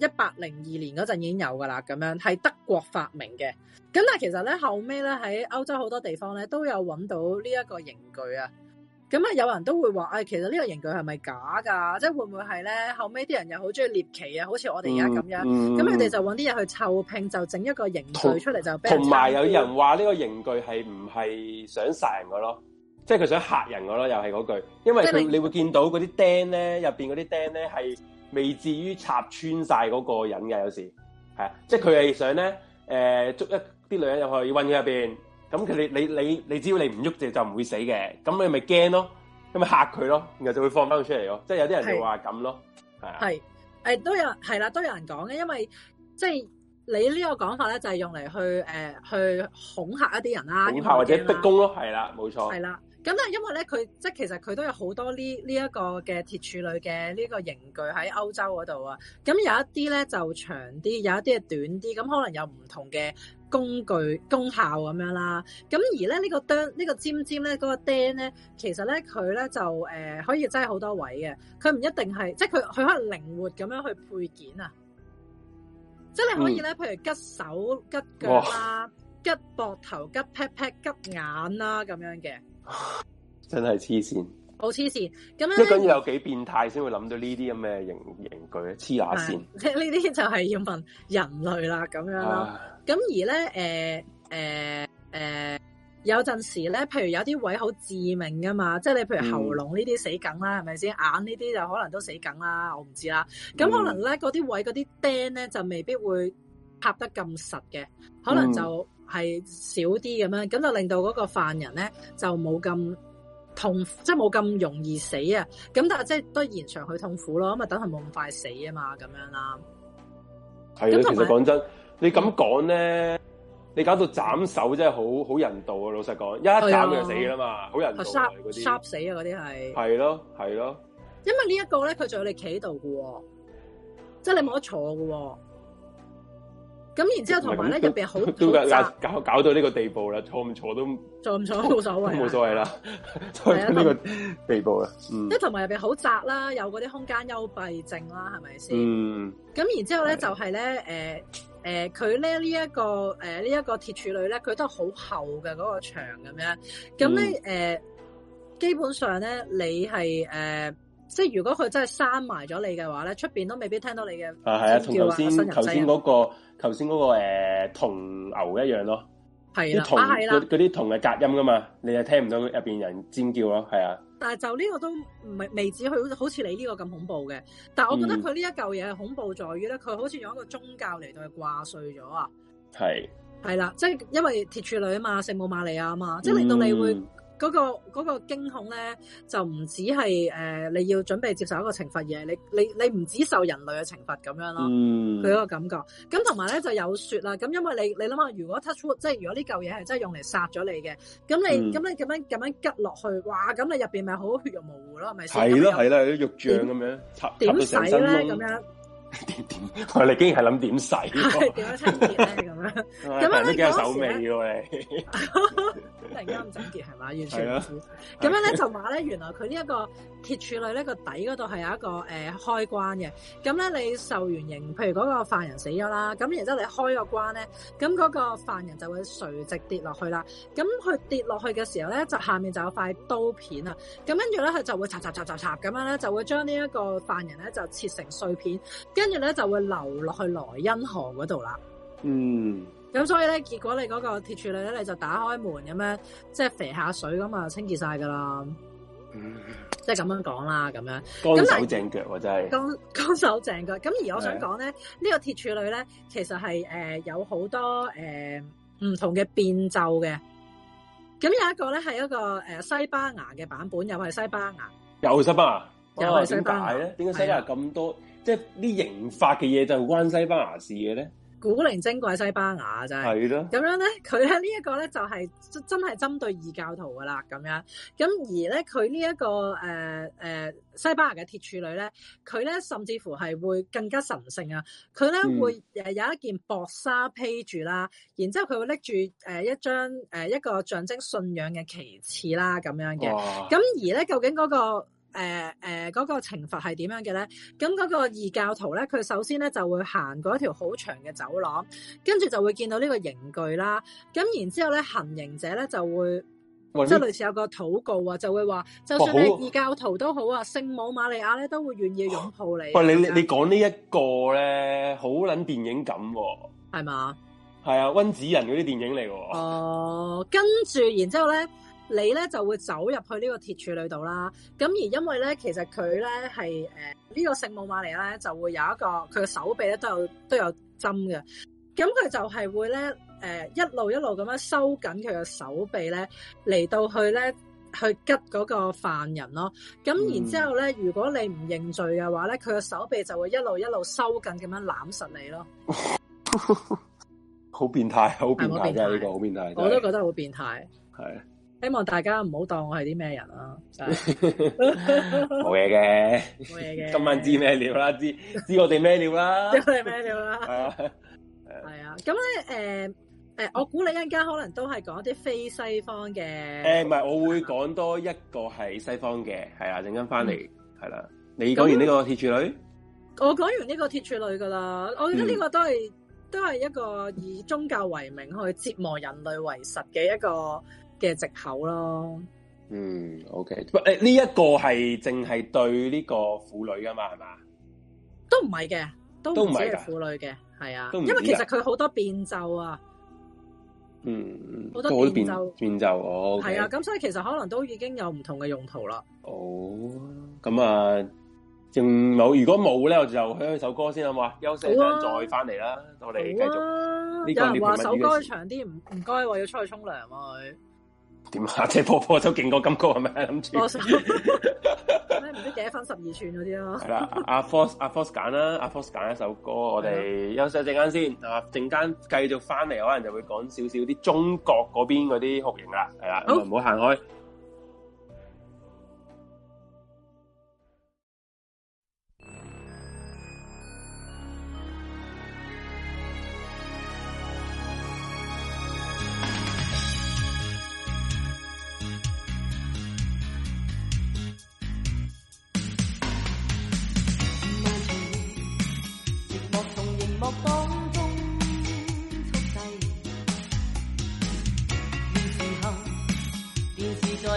一百零二年嗰陣已經有噶啦，咁樣係德國發明嘅。咁但係其實咧後尾咧喺歐洲好多地方咧都有揾到呢一個刑具啊。咁啊有人都會話，唉、哎、其實呢個刑具係咪假噶？即係會唔會係咧後尾啲人又好中意獵奇啊？好似我哋而家咁樣，咁佢哋就揾啲嘢去湊拼，就整一個刑具出嚟就被了同埋有人話呢個刑具係唔係想殺人噶咯？即係佢想吓人噶咯？又係嗰句，因為你，你會見到嗰啲釘咧入邊嗰啲釘咧係。未至於插穿晒嗰個人嘅，有時係啊，即係佢係想咧誒、呃、捉一啲女人入去，困佢入邊。咁佢你你你你，只要你唔喐就就唔會死嘅。咁你咪驚咯，咁咪嚇佢咯，然後就會放翻佢出嚟咯。即係有啲人就話咁咯，係啊，係誒都有係啦，都有人講嘅，因為即係你呢個講法咧，就係、是、用嚟去誒、呃、去恐嚇一啲人啦，恐嚇或者逼供咯，係啦，冇錯，係啦。咁、嗯、咧，因為咧，佢即係其實佢都有好多呢呢一個嘅鐵柱類嘅呢個刑具喺歐洲嗰度啊。咁有一啲咧就長啲，有一啲係短啲，咁可能有唔同嘅工具功效咁樣啦。咁而咧呢個釘呢、呢個尖尖咧嗰個釘咧，其實咧佢咧就誒、呃、可以擠好多位嘅，佢唔一定係即係佢佢可能靈活咁樣去配件啊，即係你可以咧、嗯，譬如拮手拮腳啦，拮膊頭拮 pat pat、拮眼啦咁樣嘅。 真係黐線，好黐線。咁、嗯、樣即係要有幾變態先會諗到呢啲咁嘅刑刑具咧？黐下線，呢啲就係要問人類啦，咁樣啦。咁而咧，誒誒誒，有陣時咧，譬如有啲位好致命噶嘛，即係你譬如喉嚨、嗯、呢啲死梗啦，係咪先？眼呢啲就可能都死梗啦，我唔知啦。咁可能咧，嗰啲位嗰啲釘咧，就未必會拍得咁實嘅，可能就。嗯係少啲咁樣，咁就令到嗰個犯人咧就冇咁痛，即係冇咁容易死啊！咁但係即係都延長佢痛苦咯，咁啊等佢冇咁快死啊嘛，咁樣啦。係啊，其實講真，你咁講咧，你搞到斬首真係好好人道啊！老實講，一一斬就死啦嘛，好人道嗰啲，殺死啊嗰啲係。係咯，係咯，因為呢一個咧，佢仲有你企喺度嘅喎，即係你冇得坐嘅喎。咁然之後同埋咧入邊好都，面都搞搞到呢個地步啦，錯唔錯都錯唔錯都冇所謂啦，錯喺呢個地步啦。即係同埋入邊好窄啦，有嗰啲空間幽閉症啦，係咪先？咁、嗯、然之後咧，就係、是、咧，誒、呃、誒，佢、呃、咧呢一、這個誒呢一個鐵處女咧，佢都係好厚嘅嗰、那個牆咁、嗯、樣咁咧誒，基本上咧，你係誒、呃，即係如果佢真係閂埋咗你嘅話咧，出邊都未必聽到你嘅。啊係啊，同頭先頭先嗰個。頭先嗰個誒、欸、銅牛一樣咯，啲銅嗰嗰啲銅係隔音噶嘛，你就聽唔到入邊人尖叫咯，係啊。但係就呢個都未未止佢好似你呢個咁恐怖嘅，但係我覺得佢呢一嚿嘢恐怖在於咧，佢、嗯、好似用一個宗教嚟到去掛碎咗啊。係係啦，即係因為鐵處女啊嘛，聖母瑪利亞啊嘛，即係令到你會。嗯嗰、那個嗰個驚恐咧，就唔止係誒，你要準備接受一個懲罰嘢，你你你唔止受人類嘅懲罰咁樣咯，佢嗰個感覺。咁同埋咧就有說啦，咁因為你你諗下，如果 touch wood，即係如果呢嚿嘢係真係用嚟殺咗你嘅，咁你咁、嗯、你咁樣咁樣刉落去，哇！咁你入邊咪好血肉模糊咯，咪係咯係咯啲肉醬咁樣，點洗咧咁樣？點點，我、啊、哋竟然係諗點洗？係點樣清潔咧？咁樣咁啊，都幾有手尾嘅喎。 突然間咁整潔係嘛？完全唔似。咁樣咧就話咧，原來佢呢一個鐵柱裏咧個底嗰度係有一個誒、呃、開關嘅。咁咧你受完刑，譬如嗰個犯人死咗啦，咁然之後你開個關咧，咁嗰個犯人就會垂直跌落去啦。咁佢跌落去嘅時候咧，就下面就有塊刀片啊。咁跟住咧，佢就會插插插插插咁樣咧，就會將呢一個犯人咧就切成碎片。跟住咧就會流落去萊茵河嗰度啦。嗯，咁所以咧，結果你嗰個鐵處女咧，你就打開門咁樣，即係肥下水咁啊，清潔晒噶啦。嗯，即係咁樣講啦，咁樣。乾手正腳，啊，我真係乾乾手正腳。咁而我想講咧，呢、這個鐵處女咧，其實係誒、呃、有好多誒唔、呃、同嘅變奏嘅。咁有一個咧係一個誒西班牙嘅版本，又係西班牙，又係西班牙，又係西班牙咧？點解西班牙咁多？即係啲刑法嘅嘢就關西班牙事嘅咧，古靈精怪西班牙真係。係咯。咁樣咧，佢咧呢一個咧就係真係針對異教徒噶啦，咁樣。咁而咧佢呢一、這個誒誒、呃呃、西班牙嘅鐵處女咧，佢咧甚至乎係會更加神聖啊！佢咧會誒有一件薄紗披住啦、嗯，然之後佢會拎住誒一張誒、呃、一個象徵信仰嘅旗幟啦，咁樣嘅。咁而咧，究竟嗰、那個？誒、呃、誒、嗰、呃那個懲罰係點樣嘅咧？咁、那、嗰個異教徒咧，佢首先咧就會行過一條好長嘅走廊，跟住就會見到呢個刑具啦。咁然之後咧，行刑者咧就會即係類似有個禱告啊，就會話，就算你異教徒都好啊，聖母瑪利亞咧都會願意擁抱你。喂，你你講呢一個咧，好撚電影感，係嘛？係啊，溫子仁嗰啲電影嚟喎。哦、呃，跟住，然之後咧。你咧就會走入去呢個鐵柱裏度啦，咁而因為咧，其實佢咧係誒呢個聖母瑪麗咧就會有一個佢嘅手臂咧都有都有針嘅，咁佢就係會咧誒、呃、一路一路咁樣收緊佢嘅手臂咧嚟到呢去咧去拮嗰個犯人咯，咁然之後咧，如果你唔認罪嘅話咧，佢嘅手臂就會一路一路收緊咁樣攬實你咯， 好變態，好變態嘅呢個好變態、這個，我都覺得好變態，係。希望大家唔好當我係啲咩人啦，冇嘢嘅，冇嘢嘅。今晚知咩料啦？知知我哋咩料啦？知我哋咩料啦？係啊，係 啊。咁咧，誒誒、呃，我估你陣間可能都係講啲非西方嘅。誒、呃，唔係，我會講多一個係西方嘅。係啊，陣間翻嚟係啦。你講完呢個鐵處女，我講完呢個鐵處女噶啦。我覺得呢個都係、嗯、都係一個以宗教為名去折磨人類為實嘅一個。嘅藉口咯，嗯，OK，誒呢一個係淨係對呢個婦女噶嘛，係嘛？都唔係嘅，都唔止係婦女嘅，係啊，因為其實佢好多變奏啊，嗯，好多變奏變奏，哦。係、okay. 啊，咁所以其實可能都已經有唔同嘅用途啦。哦，咁啊，仲冇？如果冇咧，我就聽一首歌先好，好啊，休息再翻嚟啦，我哋繼續。又話首歌長啲，唔唔該，我要出去沖涼去。點 啊？即係波波都勁過金曲係咪？諗住咩唔知幾多分十二寸嗰啲咯？係啦，阿 Force 阿 Force 揀啦，阿 Force 揀一首歌，我哋休息一陣間先啊！陣間繼續翻嚟，可能就會講少少啲中國嗰邊嗰啲酷刑啦，係啦，唔好行開。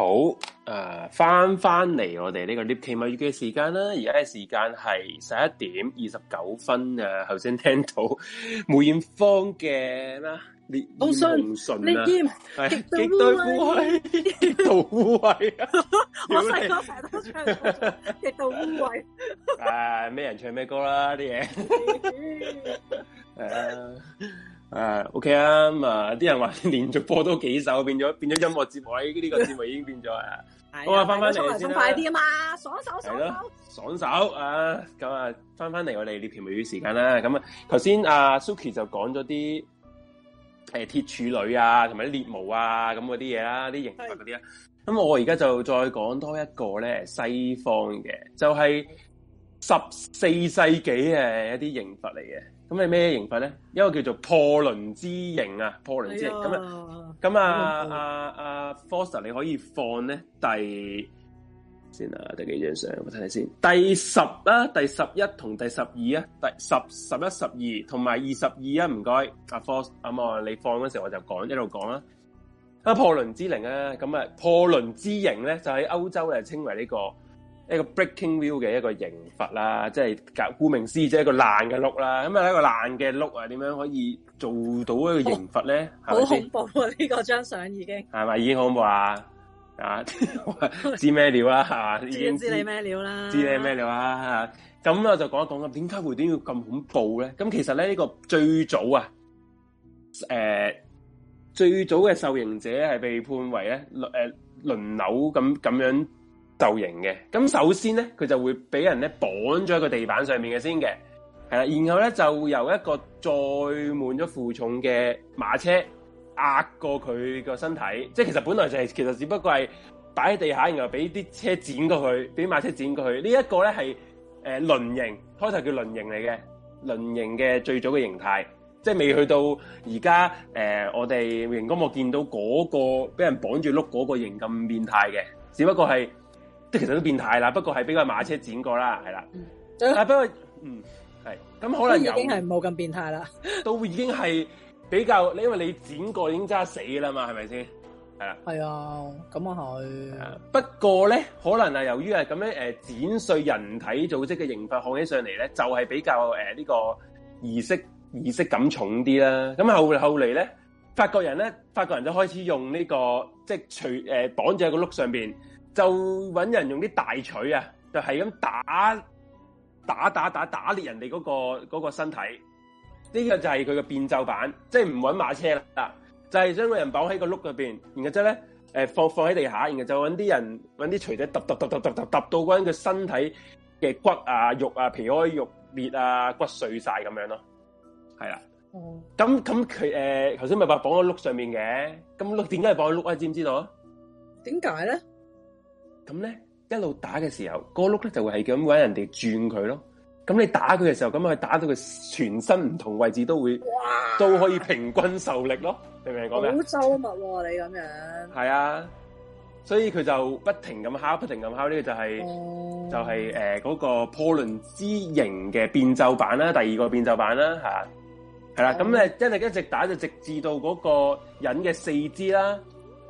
好，誒，翻翻嚟我哋呢個 lift 期蜜月嘅時間啦，而家嘅時間係十一點二十九分啊，頭先聽到梅艷芳嘅啦，紅唇，紅唇啊，極極到污穢，到污穢啊，我細個成日都唱極到污穢，誒，咩人唱咩歌啦啲嘢，係啊。誒、uh,，OK 啊，咁啊，啲人話連續播多幾首，變咗變咗音樂節目咧，呢個節目已經變咗啊！好啊，翻翻嚟，快啲啊嘛，爽手爽手、uh, 爽手啊！咁、uh, 啊，翻翻嚟我哋獵奇物語時間啦。咁啊，頭先阿 Suki 就講咗啲誒鐵處女啊，同埋啲獵巫啊，咁嗰啲嘢啦，啲刑罰嗰啲啦。咁我而家就再講多一個咧，uh, one, 西方嘅，mm -hmm. 就係十四世紀嘅一啲刑罰嚟嘅。咁你咩刑罰咧？一個叫做破輪之刑啊，破輪之刑咁、哎哎、啊，咁啊啊啊，Foster 你可以放咧第先啊，第幾張相我睇睇先看看。第十啦，第十一同第十二啊，第十、十一、十二同埋二十二啊，唔該，阿、啊、Foster 阿啊，啊，你放嗰時候我就講一路講啦。啊，破輪之刑啊，咁、嗯、啊，破輪之刑咧就喺歐洲咧稱為呢、這個。一個 Breaking Wheel 嘅一個刑罰啦，即係格，顧名思義，一個爛嘅碌啦。咁啊，一個爛嘅碌啊，點樣可以做到一個刑罰咧、哦？好恐怖啊！呢、這個張相已經係咪已經恐怖 啊、啊？啊，知咩料啦？係已經知你咩料啦，知你咩料啦？咁我就講一講啦。點解會點要咁恐怖咧？咁其實咧呢、這個最早啊，誒、呃，最早嘅受刑者係被判為咧，誒、呃，輪流咁咁樣。斗形嘅，咁首先咧，佢就會俾人咧綁咗喺個地板上面嘅先嘅，係啦，然後咧就由一個載滿咗負重嘅馬車壓過佢個身體，即係其實本來就係、是，其實只不過係擺喺地下，然後俾啲車剪過去。俾馬車剪過去、這個、呢一個咧係誒輪形，開頭叫輪形嚟嘅，輪形嘅最早嘅形態，即係未去到而家誒我哋熒光幕冇見到嗰個俾人綁住碌嗰個形咁變態嘅，只不過係。即其實都變態啦，不過係俾個馬車剪過啦，係啦，嗯，係不過，嗯，係咁可能已經係冇咁變態啦，都已經係比較，因為你剪過已經揸死啦嘛，係咪先？係啦，係啊，咁啊係，不過咧，可能係由於係咁樣誒、呃、剪碎人體組織嘅刑罰看起上嚟咧，就係、是、比較誒呢、呃這個儀式儀式感重啲啦。咁後後嚟咧，法國人咧，法國人就開始用呢、這個即係隨誒綁住喺個碌上邊。就搵人用啲大錘啊，就係咁打，打打打打打裂人哋嗰、嗰個、嗰個身體，呢個就係佢嘅變奏版，即係唔搵馬車啦，就係、是、將個人綁喺個碌入邊，然後之後咧誒放放喺地下，然後就搵啲人搵啲錘仔，揼揼揼揼揼揼到嗰個人，佢身體嘅骨啊、肉啊、皮開肉裂啊、骨碎晒咁樣咯，係啦，哦、嗯，咁咁佢誒頭先咪話綁喺碌上面嘅，咁碌點解係綁喺碌啊？知唔知道？點解咧？咁咧一路打嘅時候，嗰個碌咧就會係咁搵人哋轉佢咯。咁你打佢嘅時候，咁佢打到佢全身唔同位置都會哇，都可以平均受力咯。明唔明講好周密，啊，你咁樣係啊。所以佢就不停咁敲，不停咁敲。呢、這個就係、是哦、就係誒嗰個破輪之刑嘅變奏版啦，第二個變奏版啦吓係啦。咁咧、啊啊哦啊、一係一直打就直至到嗰個人嘅四肢啦。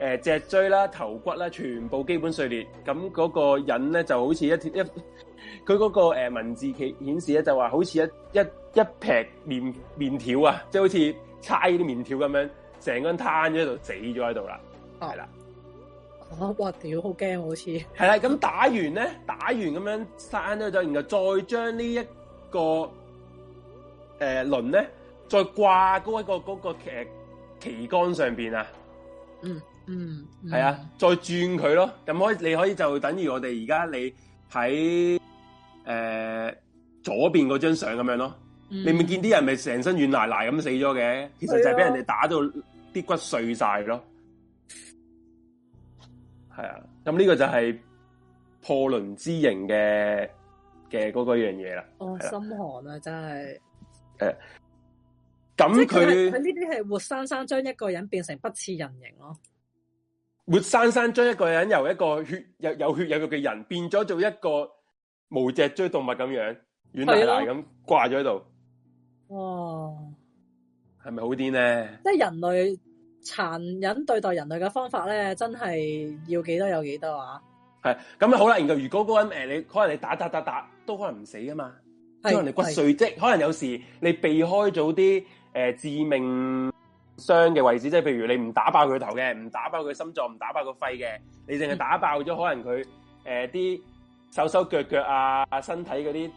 誒，脊椎啦、頭骨啦，全部基本碎裂。咁嗰個人咧，就好似一一，佢嗰個誒文字顯顯示咧，就話好似一一一劈麵麵條啊，即係好似差啲麵條咁樣，成個人癱咗喺度，死咗喺度啦。係啦，啊，哇，屌，好驚，好似係啦。咁打完咧，打完咁樣散咗咗，然後再將、這個呃、呢一個誒輪咧，再掛高一個嗰、那個旗旗杆上邊啊。嗯。嗯，係、嗯、啊，再轉佢咯，咁可以，你可以就等於我哋而家你喺誒、呃、左邊嗰張相咁樣咯，嗯、你咪見啲人咪成身軟賴賴咁死咗嘅、嗯，其實就係俾人哋打到啲骨碎晒咯，係、嗯、啊，咁、嗯、呢個就係破輪之刑嘅嘅嗰個樣嘢啦，哦，心、啊、寒啊，真係，誒、啊，咁佢佢呢啲係活生生將一個人變成不似人形咯。活生生將一個人由一個血有有血有肉嘅人變咗做一個無脊椎動物咁樣軟泥泥咁掛咗喺度，哇！係咪好癲？咧？即係人類殘忍對待人類嘅方法咧，真係要幾多有幾多啊！係咁啊，好啦，然後如果嗰個人誒，你可能你打打打打都可能唔死噶嘛，可能你骨碎即係可能有時你避開咗啲誒致命。傷嘅位置，即係譬如你唔打爆佢頭嘅，唔打爆佢心臟，唔打爆個肺嘅，你淨係打爆咗可能佢誒啲手手腳腳啊、身體嗰啲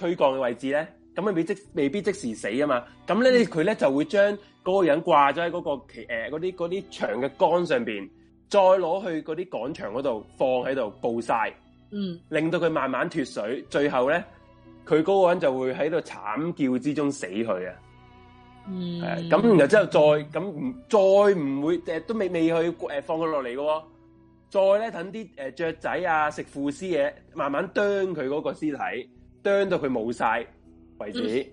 誒軀幹嘅位置咧，咁啊未即未必即時死啊嘛，咁咧佢咧就會將嗰個人掛咗喺嗰個誒啲嗰啲牆嘅桿上邊，再攞去嗰啲廣場嗰度放喺度暴曬，嗯，令到佢慢慢脱水，最後咧佢嗰個人就會喺度慘叫之中死去啊！係、嗯、咁、嗯，然後之後再咁，再唔會誒，都未未去誒放佢落嚟嘅，再咧等啲誒、呃、雀仔啊食腐屍嘢，慢慢啄佢嗰個屍體，啄到佢冇晒為止。誒、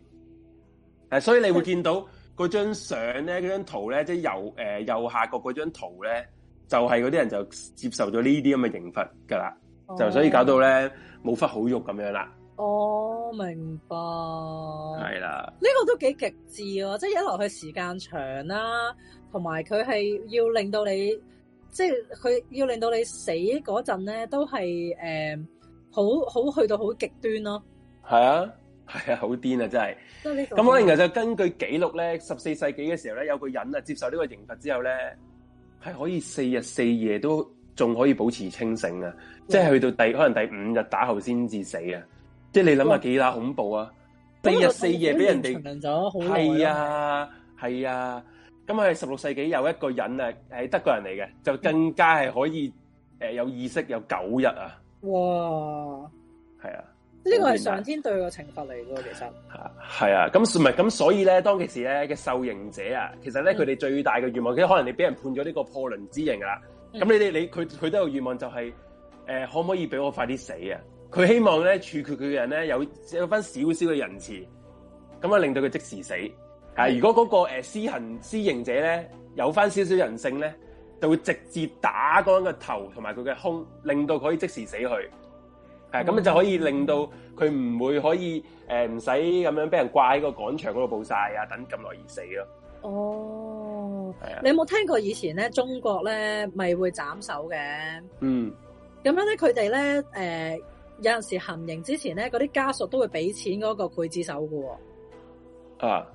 嗯，所以你會見到嗰張相咧，嗰張圖咧，即係右誒、呃、右下角嗰張圖咧，就係嗰啲人就接受咗呢啲咁嘅刑罰噶啦、哦，就所以搞到咧冇法好喐咁樣啦。哦、oh，明白，係啦，呢、這個都幾極致哦、啊，即係一落去時間長啦、啊，同埋佢係要令到你，即係佢要令到你死嗰陣咧，都係誒、嗯、好好去到好極端咯。係啊，係啊，好癲啊，啊，真係。咁我哋其實就根據記錄咧，十四世紀嘅時候咧，有個人啊接受呢個刑罰之後咧，係可以四日四夜都仲可以保持清醒啊，即係去到第可能第五日打後先至死啊。即係你諗下幾大恐怖啊！四日四夜俾人哋囚禁咗，係啊係啊！咁係十六世紀，有一個人啊，係德國人嚟嘅，就更加係可以誒、呃、有意識有九日啊！哇！係啊！呢個係上天對個懲罰嚟噶其實係啊！咁唔咁，所以咧當其時咧嘅受刑者啊，其實咧佢哋最大嘅願望，即、嗯、係可能你俾人判咗呢個破輪之刑啦。咁、嗯、你哋，你佢佢都有願望、就是，就係誒可唔可以俾我快啲死啊？佢希望咧，處決佢嘅人咧有有翻少少嘅仁慈，咁啊，令到佢即時死。啊、嗯，如果嗰個誒私行私刑者咧有翻少少人性咧，就會直接打嗰個人頭同埋佢嘅胸，令到佢可以即時死去。啊，咁就可以令到佢唔會可以誒唔使咁樣俾人掛喺個廣場嗰度暴曬啊，等咁耐而死咯。哦，係啊，你有冇聽過以前咧中國咧咪會斬首嘅？嗯，咁樣咧，佢哋咧誒。有陣時行刑之前咧，嗰啲家屬都會俾錢嗰個劊子手噶，uh, oh，啊！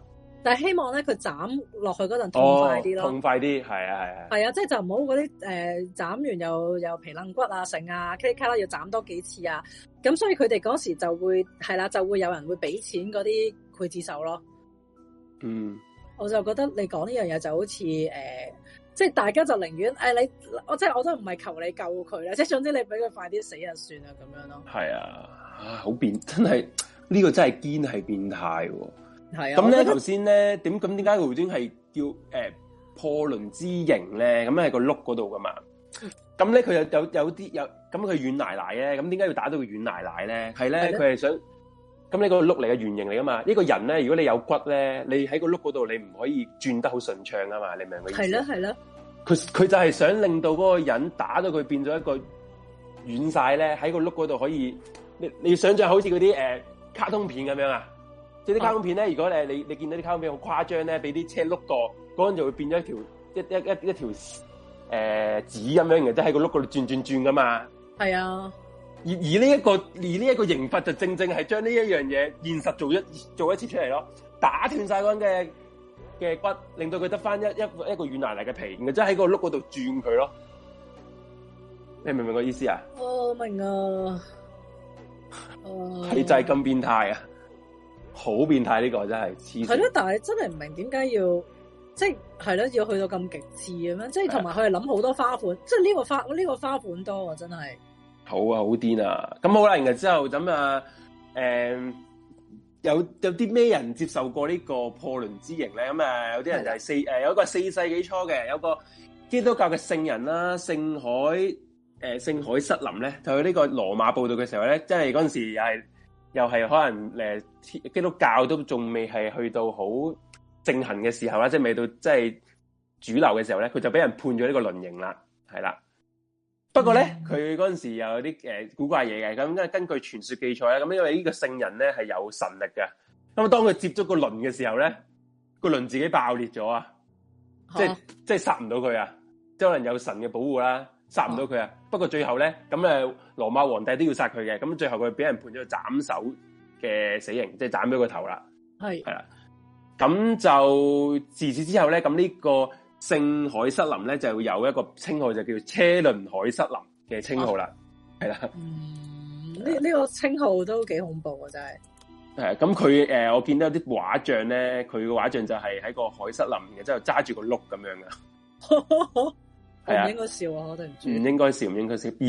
但係希望咧佢斬落去嗰陣痛快啲咯，痛快啲係啊係啊，係啊！即係就唔好嗰啲誒，斬、呃、完又又皮楞骨啊成啊，咔啦咔啦要斬多幾次啊！咁所以佢哋嗰時就會係啦、啊，就會有人會俾錢嗰啲劊子手咯。嗯、mm.，我就覺得你講呢樣嘢就好似誒。呃即係大家就寧願誒你我即係我都唔係求你救佢啦，即係總之你俾佢快啲死啊算啦咁樣咯。係啊，啊好變真係呢、這個真係堅係變態、啊。係咁咧，頭先咧點咁點解佢吳尊係叫誒、欸、破輪之刑咧？咁係個碌嗰度噶嘛？咁咧佢有有有啲有咁佢軟奶奶咧，咁點解要打到個軟奶奶咧？係咧，佢係想。咁你個碌嚟嘅圓形嚟噶嘛，呢個人咧，如果你有骨咧，你喺個碌嗰度，你唔可以轉得好順暢啊嘛？你明唔明？係啦，係啦，佢佢就係想令到嗰個人打到佢變咗一個軟晒咧，喺個碌嗰度可以，你你要想象好似嗰啲誒卡通片咁樣啊！即係啲卡通片咧，如果你你見到啲卡通片好誇張咧，俾啲車碌過，嗰陣就會變咗一條一一一一,一條、呃、紙咁樣嘅，即係喺個碌嗰度轉轉轉噶嘛。係啊。而呢一、這個而呢一個刑罰就正正係將呢一樣嘢現實做一做一次出嚟咯，打斷晒嗰人嘅嘅骨，令到佢得翻一一一個軟爛嚟嘅皮，然後即係喺個碌嗰度轉佢咯。你明唔明個意思啊、哦？我明啊，係就係咁變態啊，好變態呢、這個真係。係咯，但係真係唔明點解要，即係係咯，要去到咁極致咁樣，即係同埋佢係諗好多花款、啊，即係呢個花呢、這個花款多啊，真係。好啊，好癲啊！咁、嗯、好啦、啊，然後之後咁啊，誒、嗯，有有啲咩人接受過呢個破輪之刑咧？咁、嗯、啊，有啲人就係四誒，有一個四世紀初嘅，有個基督教嘅聖人啦，聖海誒、呃，聖海失林咧，就喺呢個羅馬報道嘅時候咧，即係嗰陣時又係又係可能誒，基督教都仲未係去到好盛行嘅時候啦，即係未到即係主流嘅時候咧，佢就俾人判咗呢個輪刑啦，係啦。不過咧，佢嗰陣時有啲誒古怪嘢嘅，咁跟根據傳說記載咧，咁因為呢個聖人咧係有神力嘅，咁當佢接觸個輪嘅時候咧，個輪自己爆裂咗啊，即係即係殺唔到佢啊，即係可能有神嘅保護啦，殺唔到佢啊。不過最後咧，咁誒羅馬皇帝都要殺佢嘅，咁最後佢俾人判咗斬首嘅死刑，即係斬咗個頭啦。係係啦，咁就自此之後咧，咁呢個。聖海瑟林咧就有一個稱號就叫車輪海瑟林嘅稱號啦，係、啊、啦。嗯，呢呢、這個稱號都幾恐怖啊！真係。係咁佢誒，我見到啲畫像咧，佢個畫像就係喺個海瑟林然之後揸住個碌咁樣噶。係啊，唔應該笑啊，我突然之間。唔應該笑，唔應該笑，笑。而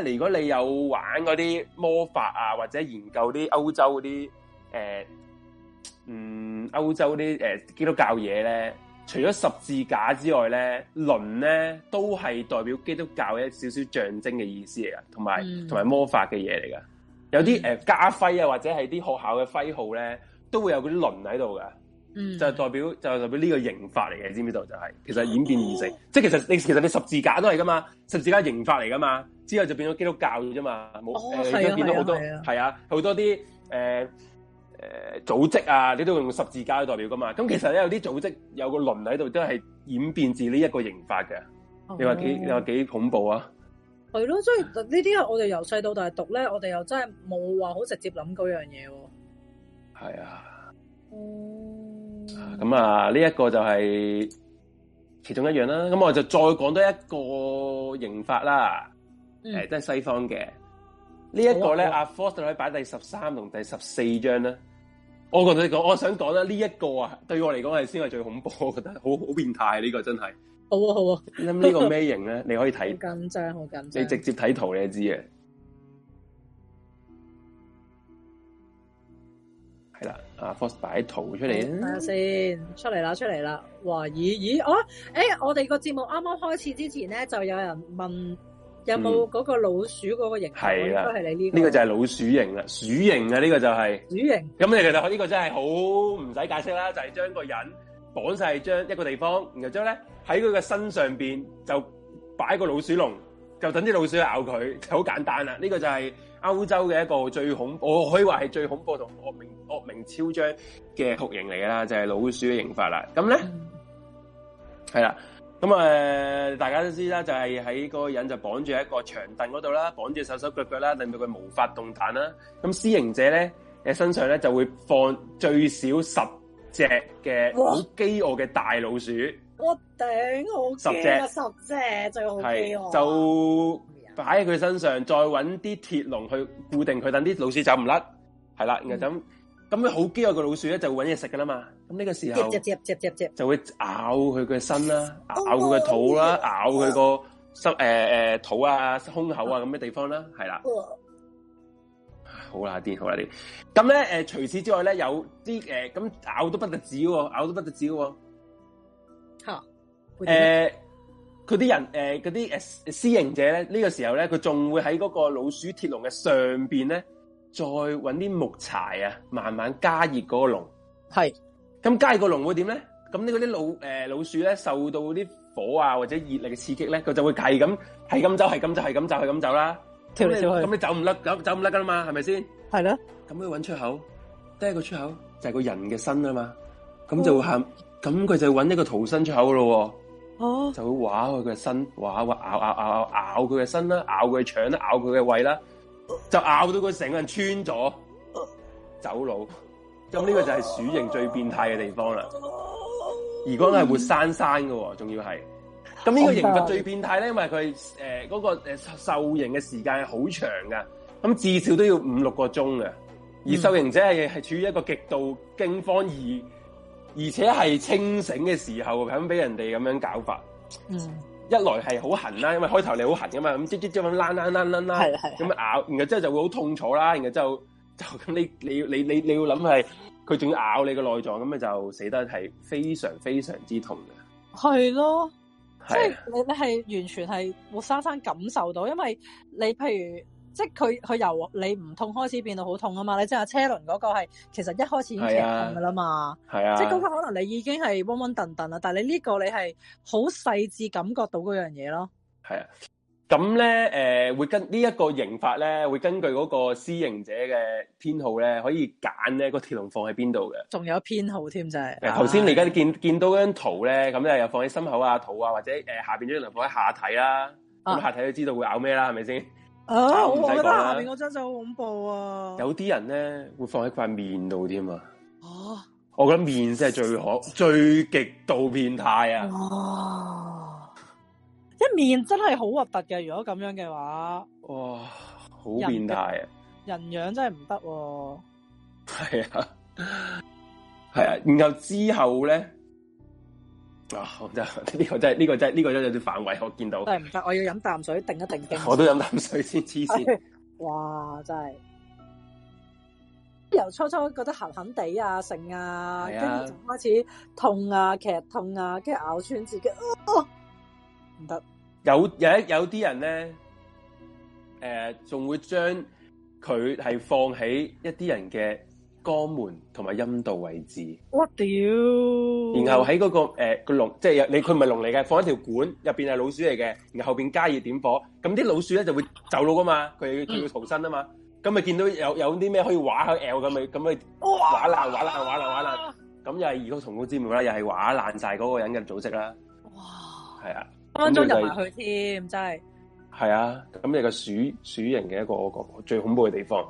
咧，如果你有玩嗰啲魔法啊，或者研究啲歐洲嗰啲誒，嗯，歐洲啲誒、呃、基督教嘢咧。除咗十字架之外咧，輪咧都係代表基督教嘅一少少象徵嘅意思嚟噶，同埋同埋魔法嘅嘢嚟噶。有啲誒、呃、家徽啊，或者係啲學校嘅徽號咧，都會有嗰啲輪喺度噶，就代表就代表呢個刑法嚟嘅。你知唔知道、就是？就係其實演變而成，嗯、即係其實你其實你十字架都係噶嘛，十字架刑法嚟噶嘛，之後就變咗基督教嘅啫嘛，冇誒而家變咗好多係啊，好、啊、多啲誒。誒，組織啊，你都用十字架代表噶嘛？咁其實咧，有啲組織有個輪喺度，都係演變自呢一個刑法嘅、oh.。你話幾你話幾恐怖啊？係咯，所以呢啲我哋由細到大讀咧，我哋又真係冇話好直接諗嗰樣嘢。係啊，咁、um... 啊，呢、這、一個就係其中一樣啦、啊。咁我就再講多一個刑法啦。誒、mm. 欸，都係西方嘅、這個、呢一個咧。阿 Force 可以擺第十三同第十四章啦。我覺得講，我想講咧，呢一個啊，對我嚟講係先係最恐怖的，我覺得好好變態呢、呢個真係。好啊好啊，咁 呢個咩型咧？你可以睇。好緊張好緊張。你直接睇圖你就知嘅。係啦，啊 Force 擺圖出嚟先，出嚟啦出嚟啦，哇咦咦，我，誒我哋個節目啱啱開始之前咧，就有人問。有冇嗰個老鼠嗰個刑？係、嗯、啊，係你呢個。呢、這個就係老鼠刑啦，鼠刑啊！呢、這個就係、是、鼠刑。咁你其實呢個真係好唔使解釋啦，就係將個人綁晒，將一個地方，然後將咧喺佢嘅身上邊就擺個老鼠籠，就等啲老鼠去咬佢，好簡單啦。呢、這個就係歐洲嘅一個最恐怖，我可以話係最恐怖同惡名惡名昭彰嘅酷刑嚟嘅啦，就係、是、老鼠嘅刑法啦。咁咧係啦。嗯是咁、嗯、誒，大家都知啦，就係喺嗰個人就綁住一個長凳嗰度啦，綁住手手腳腳啦，令到佢無法動彈啦。咁私刑者咧嘅身上咧就會放最少十隻嘅好飢餓嘅大老鼠。我頂好十隻，十隻最好飢餓。就擺喺佢身上，再搵啲鐵籠去固定佢，等啲老鼠走唔甩。係啦，然後就咁。咁樣好飢餓嘅老鼠咧，就搵嘢食噶啦嘛。咁呢個時候，就就會咬佢個身啦、啊，咬佢個肚啦、啊，咬佢個身誒誒肚啊、胸口啊咁嘅地方啦、啊，係啦。好啦，啲好啦啲。咁咧誒，除、呃、此之外咧，有啲誒咁咬都不特止，咬都不特止、啊。吓、啊，誒、啊，佢啲、呃、人誒，嗰啲誒私刑者咧，呢、這個時候咧，佢仲會喺嗰個老鼠鐵籠嘅上邊咧。再揾啲木柴啊，慢慢加熱嗰個籠。係，咁加熱個籠會點咧？咁呢個啲老誒、呃、老鼠咧，受到啲火啊或者熱力嘅刺激咧，佢就會係咁係咁走，係咁走，係咁走，係咁走啦。跳嚟跳去，咁你走唔甩，走走唔甩噶啦嘛，係咪先？係啦。咁佢揾出口，第一個出口就係個人嘅身啊嘛。咁就喊，咁、oh. 佢就揾一個逃生出口咯、啊。哦、oh。就會劃開佢嘅身，劃劃咬咬咬咬咬佢嘅身啦，咬佢嘅腸啦，咬佢嘅胃啦。就咬到佢成個人穿咗，走佬，咁呢個就係鼠刑最變態嘅地方啦。而嗰個係活生生喎，仲要係。咁呢個刑罰最變態咧，因為佢誒嗰個誒受刑嘅時間係好長噶，咁至少都要五六個鐘啊、嗯。而受刑者係係處於一個極度驚慌而而且係清醒嘅時候，噉俾人哋咁樣搞法。嗯一來係好痕啦，因為開頭你好痕噶嘛，咁即即即咁拉拉拉拉拉，咁咬，然後之後就會好痛楚啦，然後之後就就咁你你，你，你，你要你你你要諗係佢仲要咬你個內臟，咁咪就死得係非常非常之痛嘅。係咯，即係你你係完全係活生生感受到，因為你譬如。即係佢佢由你唔痛開始變到好痛啊嘛！你即係車輪嗰個係，其實一開始已經疼痛噶啦嘛。係啊，即係嗰個可能你已經係懵懵墩墩啦，但係你呢個你係好細緻感覺到嗰樣嘢咯。係啊，咁咧誒會跟、這個、型呢一個刑法咧會根據嗰個施刑者嘅偏好咧可以揀咧個鐵籠放喺邊度嘅，仲有偏好添就係。頭先你而家見見到嗰張圖咧，咁咧又放喺心口啊、肚啊，或者誒、呃、下邊嗰啲籠放喺下體啦、啊。咁、啊嗯、下體都知道會咬咩啦，係咪先？啊，我我啊！我覺得下邊嗰張就好恐怖啊！有啲人咧會放喺塊面度添啊！哦，我覺得面先係最可最極度變態啊！哇！一面真係好核突嘅，如果咁樣嘅話，哇，好變態啊人！人樣真係唔得，係啊，係啊，啊，然後之後咧。哦、啊，就呢、這個真係，呢、這個真係，呢、這個真係有啲反胃，我見到。真係唔得，我要飲啖水，定一定。 我都飲啖水先，黐線。哇，真係！由初初覺得痕痕地啊，剩啊，跟住、啊、就開始痛啊，劇痛啊，跟住咬穿自己。唔、啊、得，有有有啲人咧，誒、呃，仲會將佢係放喺一啲人嘅。肛門同埋陰道位置，那個，我、呃、屌！然後喺嗰個誒個籠，即係你佢唔係籠嚟嘅，放一條管入邊係老鼠嚟嘅，然後後邊加熱點火，咁啲老鼠咧就會走佬噶嘛，佢要佢逃生啊嘛，咁咪見到有有啲咩可以畫去 L 咁咪咁咪畫爛、畫爛、畫爛、畫爛，咁又係異曲同工之妙啦，又係畫爛晒嗰個人嘅組織啦，哇！係啊，分分鐘入埋去添，真係。係啊，咁你個鼠鼠刑嘅一個我覺得最恐怖嘅地方，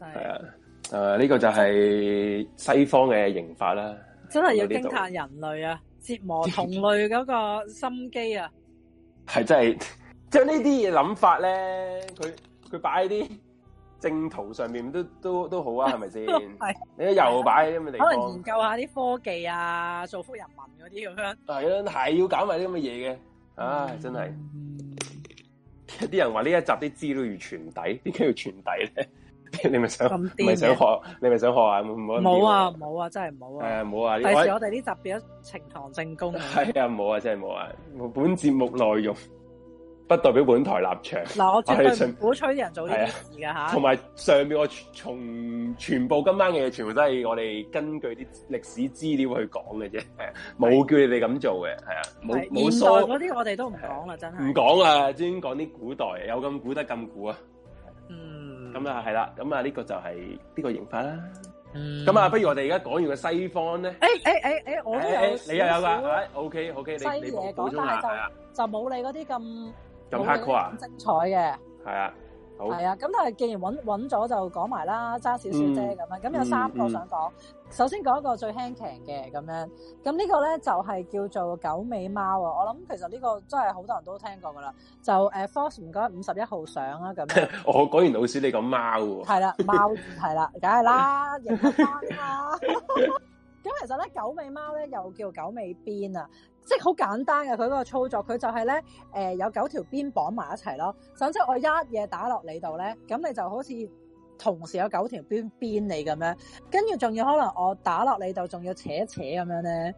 係啊。誒、呃、呢，這個就係西方嘅刑法啦，真係要驚嘆人類啊，折磨同類嗰個心機啊 真的，係真係將呢啲嘢諗法咧，佢佢擺喺啲正途上面都都都好啊，係咪先？ 你又擺喺啲咁嘅地方， 可能研究一下啲科技啊，造福人民嗰啲咁樣，係啊，係要搞埋啲咁嘅嘢嘅，唉、嗯，真係一啲人話呢一集啲資料要傳底，點解要傳底咧？ 你咪想，咪想學，你咪想學啊！唔好，冇啊，冇啊，真係冇啊！誒，冇啊！第時、啊、我哋啲特別呈堂證供，係啊，冇啊，真係冇啊！本節目內容不代表本台立場。嗱，我絕對鼓吹啲人做呢件事噶吓。同埋、啊、上邊我從全部今晚嘅嘢，全部都係我哋根據啲歷史資料去講嘅啫，冇、啊、叫你哋咁做嘅，係啊，冇冇、啊。現代嗰啲我哋都唔講啦，真係。唔講啊，專講啲古代，有咁古得咁古啊！咁啊，係啦，咁啊，呢個就係呢個刑法啦。咁啊，不如我哋而家講完個西方咧，誒誒誒誒，我都有，你又有噶，係咪？O K O K，西嘢講，但係就就冇你嗰啲咁咁 high cut 啊，精彩嘅。係啊，係啊，咁但係既然揾揾咗就講埋啦，揸少少啫咁啊。咁有三個想講。首先講一個最輕騎嘅咁樣，咁呢個咧就係、是、叫做九尾貓啊！我諗其實呢個真係好多人都聽過噶啦，就誒，force 唔該五十一號上啊咁。這樣 我講完老鼠，你講貓喎？係 啦，貓係啦，梗係啦，認翻啦。因 為其實咧，九尾貓咧又叫九尾鞭啊，即係好簡單嘅佢嗰個操作，佢就係咧誒有九條鞭綁埋一齊咯。總之我一嘢打落你度咧，咁你就好似～同時有九條邊邊你咁樣，跟住仲要可能我打落你度，仲要扯一扯咁樣咧，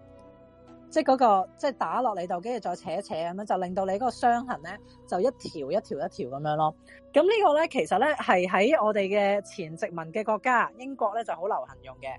即係、那、嗰個即係打落你度，跟住再扯一扯咁樣，就令到你嗰個傷痕咧，就一條一條一條咁樣咯。咁呢個咧，其實咧係喺我哋嘅前殖民嘅國家，英國咧就好流行用嘅。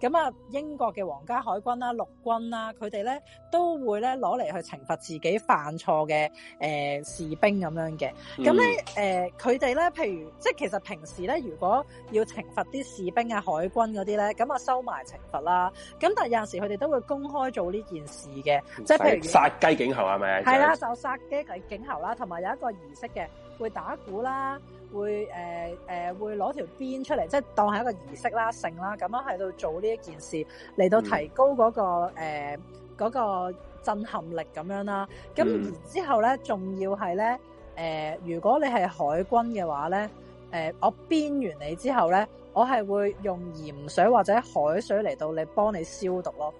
咁啊，英國嘅皇家海軍啦、陸軍啦，佢哋咧都會咧攞嚟去懲罰自己犯錯嘅誒士兵咁樣嘅。咁咧誒，佢哋咧，譬如即係其實平時咧，如果要懲罰啲士兵啊、海軍嗰啲咧，咁啊收埋懲罰啦。咁但係有陣時佢哋都會公開做呢件事嘅，即係譬如殺雞儆猴係咪？係啦，就殺雞儆猴啦，同埋有一個儀式嘅。會打鼓啦，會誒誒、呃呃、會攞條鞭出嚟，即係當係一個儀式啦、性啦，咁樣喺度做呢一件事，嚟到提高嗰、那個誒嗰、嗯呃那個震撼力咁樣啦。咁、嗯、然之後咧，仲要係咧，誒、呃，如果你係海軍嘅話咧，誒、呃，我鞭完你之後咧，我係會用鹽水或者海水嚟到你幫你消毒咯。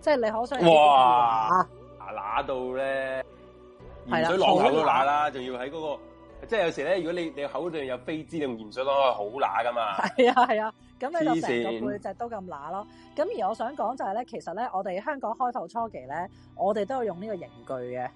即係你可想哇，拿到咧鹽水落口都拿啦，仲要喺嗰、那個。即係有時咧，如果你你口度有飛滋，你用鹽水攞，好乸噶嘛。係啊係啊，咁、啊、你就成個背脊都咁乸咯。咁而我想講就係、是、咧，其實咧我哋香港開頭初期咧，我哋都有用呢個刑具嘅、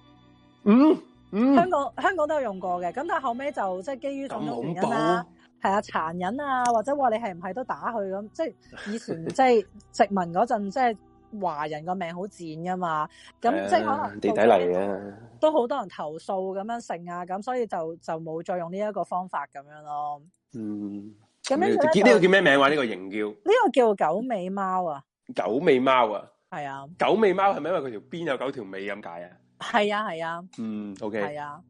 嗯。嗯，香港香港都有用過嘅。咁但係後尾就即係基於種種原因啦，係啊，殘忍啊，或者話你係唔係都打佢咁？即係以前即係殖民嗰陣即係。 華人個名好賤噶嘛，咁即係可能地底嚟嘅，都好多人投訴咁樣成啊，咁所以就就冇再用呢一個方法咁樣咯。嗯，咁樣呢、這個叫咩名話？呢、這個形叫呢個叫九尾貓啊，九尾貓啊，係啊，九尾貓係咪因為佢條邊有九條尾咁解啊？係啊係啊，嗯，OK，係啊。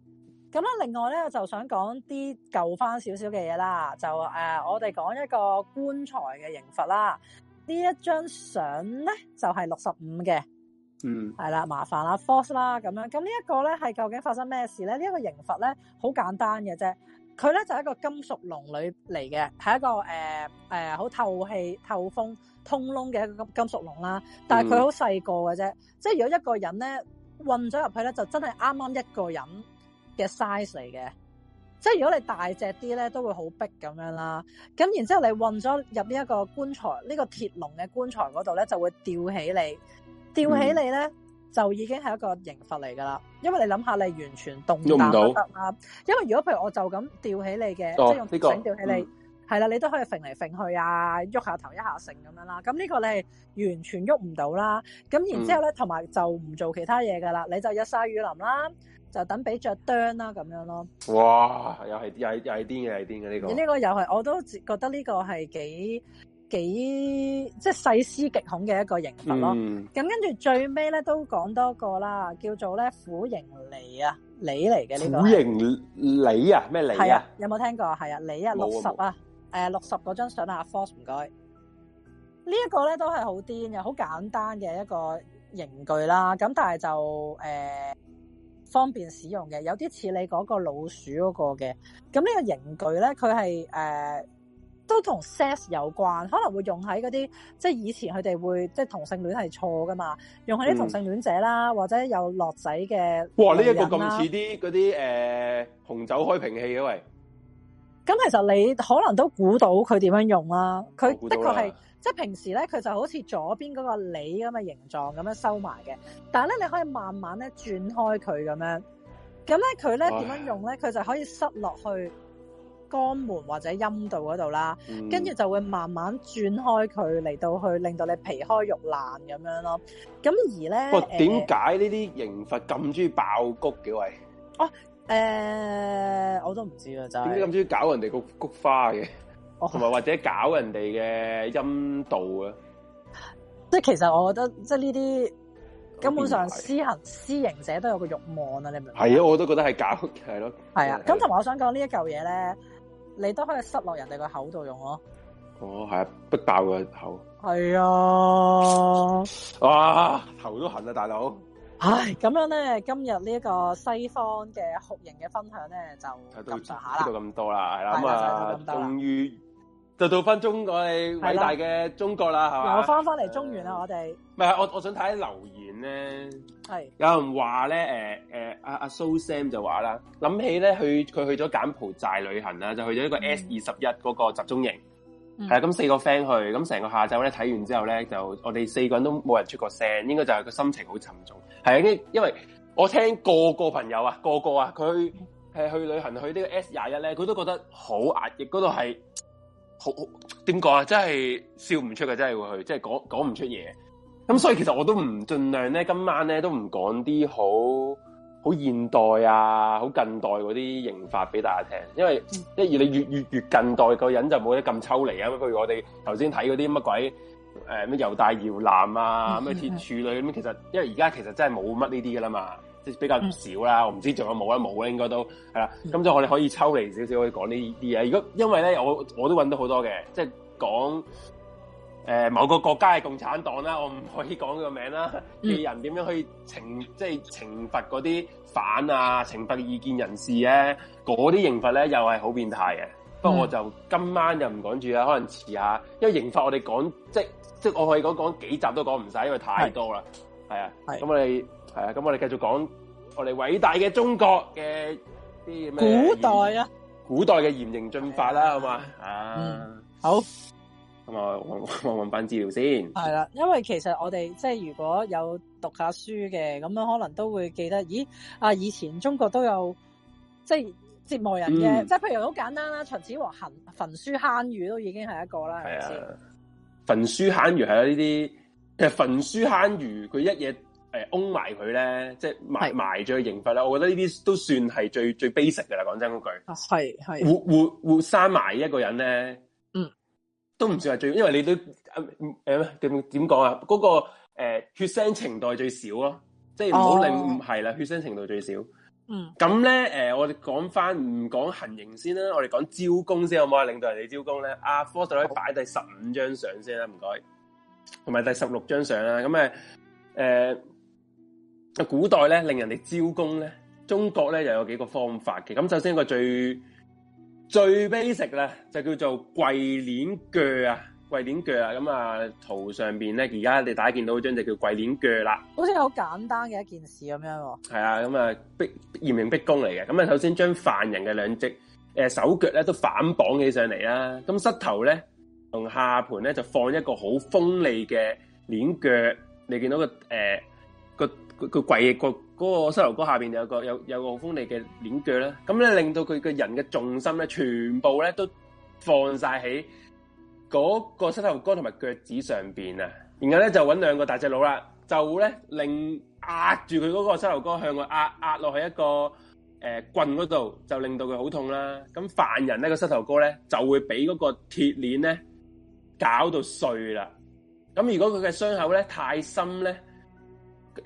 咁啊，另外咧，我就想講啲舊翻少少嘅嘢啦，就誒、呃，我哋講一個棺材嘅刑罰啦。這一張照片，呢一張相咧就係六十五嘅，嗯係啦麻煩啦 force 啦咁樣，咁呢一個咧係究竟發生咩事咧？呢、這、一個刑罰咧好簡單嘅啫，佢咧就係、一個金屬籠裏嚟嘅，係一個誒誒好透氣、透風、通窿嘅一個金金屬籠啦。但係佢好細個嘅啫，即、嗯、係如果一個人咧混咗入去咧，就真係啱啱一個人嘅 size 嚟嘅。即係如果你大隻啲咧，都會好逼咁樣啦。咁然之後你韞咗入呢一個棺材，呢、這個鐵籠嘅棺材嗰度咧，就會吊起你，吊起你咧、嗯、就已經係一個刑罰嚟噶啦。因為你諗下，你完全動彈不得啊。因為如果譬如我就咁吊起你嘅、哦，即係用繩吊起你，係、這、啦、個嗯，你都可以揈嚟揈去啊，喐下頭一下成咁樣啦。咁呢、這個你係完全喐唔到啦。咁然之後咧，同、嗯、埋就唔做其他嘢噶啦，你就日曬雨淋啦。就等俾着啄啦咁樣咯。哇，又係啲係又係癲嘅，係癲嘅呢個。呢個又係，我都覺得呢個係幾幾即係細思極恐嘅一個刑罰咯。咁、嗯、跟住最尾咧都講多個啦，叫做咧苦刑梨啊，梨嚟嘅呢個。苦刑梨啊，咩梨、這個、啊，啊，啊？有冇聽過？係啊，梨啊，六十啊，誒、啊，六十嗰張相啊，阿 Force 唔該。啊啊 Force，這個、呢一個咧都係好癲嘅，好簡單嘅一個刑具啦。咁但係就誒。方便使用嘅，有啲似你嗰個老鼠嗰個嘅。咁呢個刑具咧，佢係誒都同 sex 有關，可能會用喺嗰啲即係以前佢哋會即係同性戀係錯噶嘛，用喺啲同性戀者啦，嗯，或者有落仔嘅。哇！呢一個咁似啲嗰啲誒紅酒開瓶器嘅喂。咁其實你可能都估到佢點樣用啦，啊，佢的確係。即係平時咧，佢就好似左邊嗰個梨咁嘅形狀咁樣收埋嘅，但係咧，你可以慢慢咧轉開佢咁樣呢，咁咧佢咧點樣用咧？佢就可以塞落去肛門或者陰道嗰度啦，跟、嗯、住就會慢慢轉開佢嚟到，去令到你皮開肉爛咁樣咯。咁而咧，點解呢啲刑罰咁中意爆菊嘅喂，哦、啊，誒、呃，我都唔知啊，真係點解咁中意搞人哋個菊花嘅？同、哦、埋或者搞人哋嘅陰道啊！即係其實我覺得，即係呢啲根本上施行私刑者都有個欲望啊！你明唔明？係啊，我都覺得係搞嘅，係咯。係啊，咁同埋我想講、這個、呢一嚿嘢咧，你都可以塞落人哋個口度用咯、啊。哦，係啊，逼爆個口。係啊！哇，頭都痕啊，大佬。唉，咁樣咧，今日呢一個西方嘅酷刑嘅分享咧，就到呢度咁多啦，係啦，咁啊，終、就、於、是。終於就到翻中國，我哋偉大嘅中國啦，吓，我翻翻嚟中原啦、uh,，我哋唔係我，我想睇留言咧，係有人話咧，誒、呃、誒，阿、啊、阿、啊蘇、Sam 就話啦，諗起咧，佢佢去咗柬埔寨旅行啦，就去咗一個 S 二十一嗰個集中營，係、嗯、啊，咁四個 friend 去，咁成個下晝咧睇完之後咧，就我哋四個人都冇人出過聲，應該就係個心情好沉重，係，因為因為我聽個個朋友啊，個個啊，佢係去，去旅行去個 S21 呢個 S 廿一咧，佢都覺得好壓抑，嗰度係。好點講啊，真係笑唔出嘅，真係會去，即係講講唔出嘢。咁所以其實我都唔盡量咧，今晚咧都唔講啲好好現代啊，好近代嗰啲刑法俾大家聽，因為即係你越越越近代，個人就冇得咁抽離啊。譬如我哋頭先睇嗰啲乜鬼誒咩猶大搖籃啊，咩鐵處女咁，其實因為而家其實真係冇乜呢啲噶啦嘛。比較少啦，嗯，我唔知仲有冇咧？冇咧，應該都係啦。咁就、嗯、我哋可以抽離少少去講呢啲嘢。如果因為咧，我我都搵到好多嘅，即係講誒某個國家嘅共產黨啦，我唔可以講個名啦。嘅、嗯、人點樣去懲即係懲罰嗰啲反啊，懲罰異見人士咧，嗰啲刑罰咧又係好變態嘅，嗯。不過我就今晚又唔講住啦，可能遲下。因為刑罰我哋講即係即係，我可以講講幾集都講唔晒，因為太多啦。係啊，咁我哋。係啊，咁我哋繼續講我哋偉大嘅中國嘅啲古代啊，古代嘅嚴刑峻法啦，好嘛？啊、嗯、好，咁啊，我我，我問翻資料先。係啦、啊，因為其實我哋即係如果有讀下書嘅，咁樣可能都會記得，咦啊，以前中國都有即係折磨人嘅，即係、嗯、譬如好簡單啦，秦始皇行，焚書坑儒都已經係一個啦。係啊，啊，焚書坑儒係呢啲，其實焚書坑儒佢一夜。誒、呃，埋佢咧，即係埋埋住去刑罰，我覺得呢啲都算係最最 basic 嘅啦。講真嗰句，係係活活活生埋一個人咧，嗯，都唔算係最，因為你都誒點點講啊，嗰，那個誒、呃、血腥程度最少咯，即係唔好令唔係啦，血腥程度最少。嗯，咁咧誒，我哋講翻唔講行刑先啦，我哋講招供先好好，好唔、啊、可以令到人哋招供咧？阿 Force 咧，擺第十五張相先啦，唔該，同埋第十六張相啦，咁誒誒。呃古代咧，令人哋招供咧，中國咧又有幾個方法嘅。咁首先一個最最 basic 啦就叫做跪鏈鋸啊，跪鏈鋸啊。咁啊，圖上邊咧，而家你大家見到張就叫跪鏈鋸啦。好似好簡單嘅一件事咁樣，哦。係啊，咁啊逼嚴刑逼供嚟嘅。咁啊，首先將犯人嘅兩隻誒手腳咧都反綁起上嚟啦。咁膝頭咧同下盤咧就放一個好鋒利嘅鏈鋸。你見到個誒、呃、個。佢佢跪嘅嗰嗰個膝頭哥下面有，有，有個有有個好鋒利嘅鏈腳啦，咁咧令到佢嘅人嘅重心咧，全部咧都放晒喺嗰個膝頭哥同埋腳趾上面。啊！然後咧就搵兩個大隻佬啦，就咧令壓住佢嗰個膝頭哥向佢壓壓落去一個、呃、棍嗰度，就令到佢好痛啦。咁犯人咧、嗰個膝頭哥咧就會俾嗰個鐵鏈咧搞到碎啦。咁如果佢嘅傷口咧太深咧？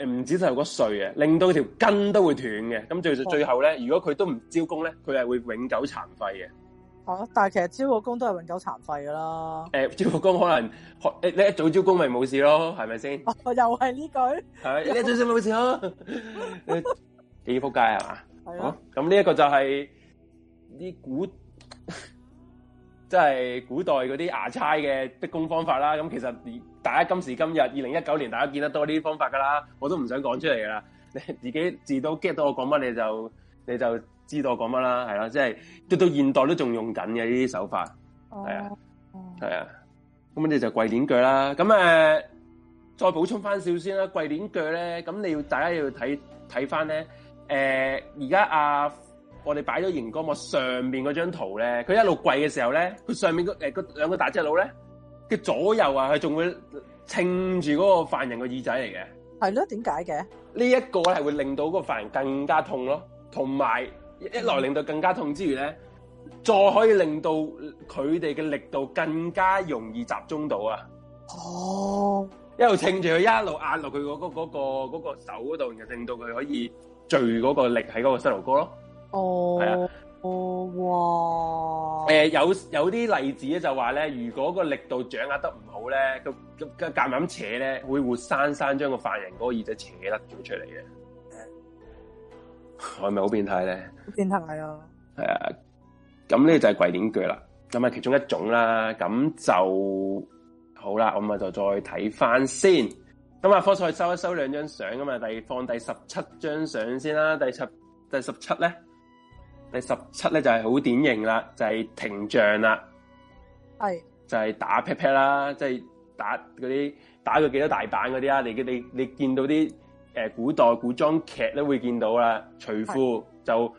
唔止頭骨碎啊，令到條筋都會斷嘅。咁最最後咧，如果佢都唔招供咧，佢係會永久殘廢嘅。好、哦，但係其實招個供都係永久殘廢噶啦。誒，招個供可能你一早招供咪冇事咯，係咪先？又係呢句。係你一早招咪冇事咯。幾仆街係嘛？係啊。咁呢一個就係、是、啲古，即 係古代嗰啲衙差嘅逼供方法啦。咁其實。大家今時今日二零一九年，大家見得多呢啲方法㗎啦，我都唔想講出嚟㗎喇。你自己至都 get 到我講乜，你就你就知道我講乜啦，係咯，即係直到現代都仲用緊嘅呢啲手法，係啊，係啊，咁你就跪鏈腳啦。咁、呃、再補充翻少先啦，跪鏈腳咧，咁你要大家要睇睇翻咧，誒、而、呃、家啊我哋擺咗熒光幕上面嗰張圖咧，佢一路跪嘅時候咧，佢上面個個、呃、兩個大隻佬咧。嘅左右啊，佢仲會撐住嗰個犯人個耳仔嚟嘅。係咯，點解嘅？呢一個係會令到個犯人更加痛咯，同埋一來令到更加痛之餘咧，再可以令到佢哋嘅力度更加容易集中到啊。哦、oh. 那個，一路撐住佢，一路壓落佢嗰個、嗰個手嗰度，就令到佢可以聚嗰個力喺嗰個膝頭哥咯。哦、oh.，係啊。哦，哇！誒，有有啲例子咧，就話咧，如果個力度掌握得唔好咧，咁咁夾硬扯咧，會活生生將個犯人嗰個耳仔扯甩咗出嚟嘅。係咪好變態咧？好變態啊！係啊，咁呢個就係鬼臉句啦，咁係其中一種啦。咁就好啦，我咪就再睇翻先。咁阿科賽收一收兩張相啊嘛，第放第十七張相先啦，第十第十七咧。第十七咧就係好典型啦，就係、是、廷杖啦，係就係、是、打 pat pat 啦，即、就、係、是、打嗰啲，打佢幾多大板嗰啲啊！你你你見到啲誒古代古裝劇都會見到啦，屠夫就誒、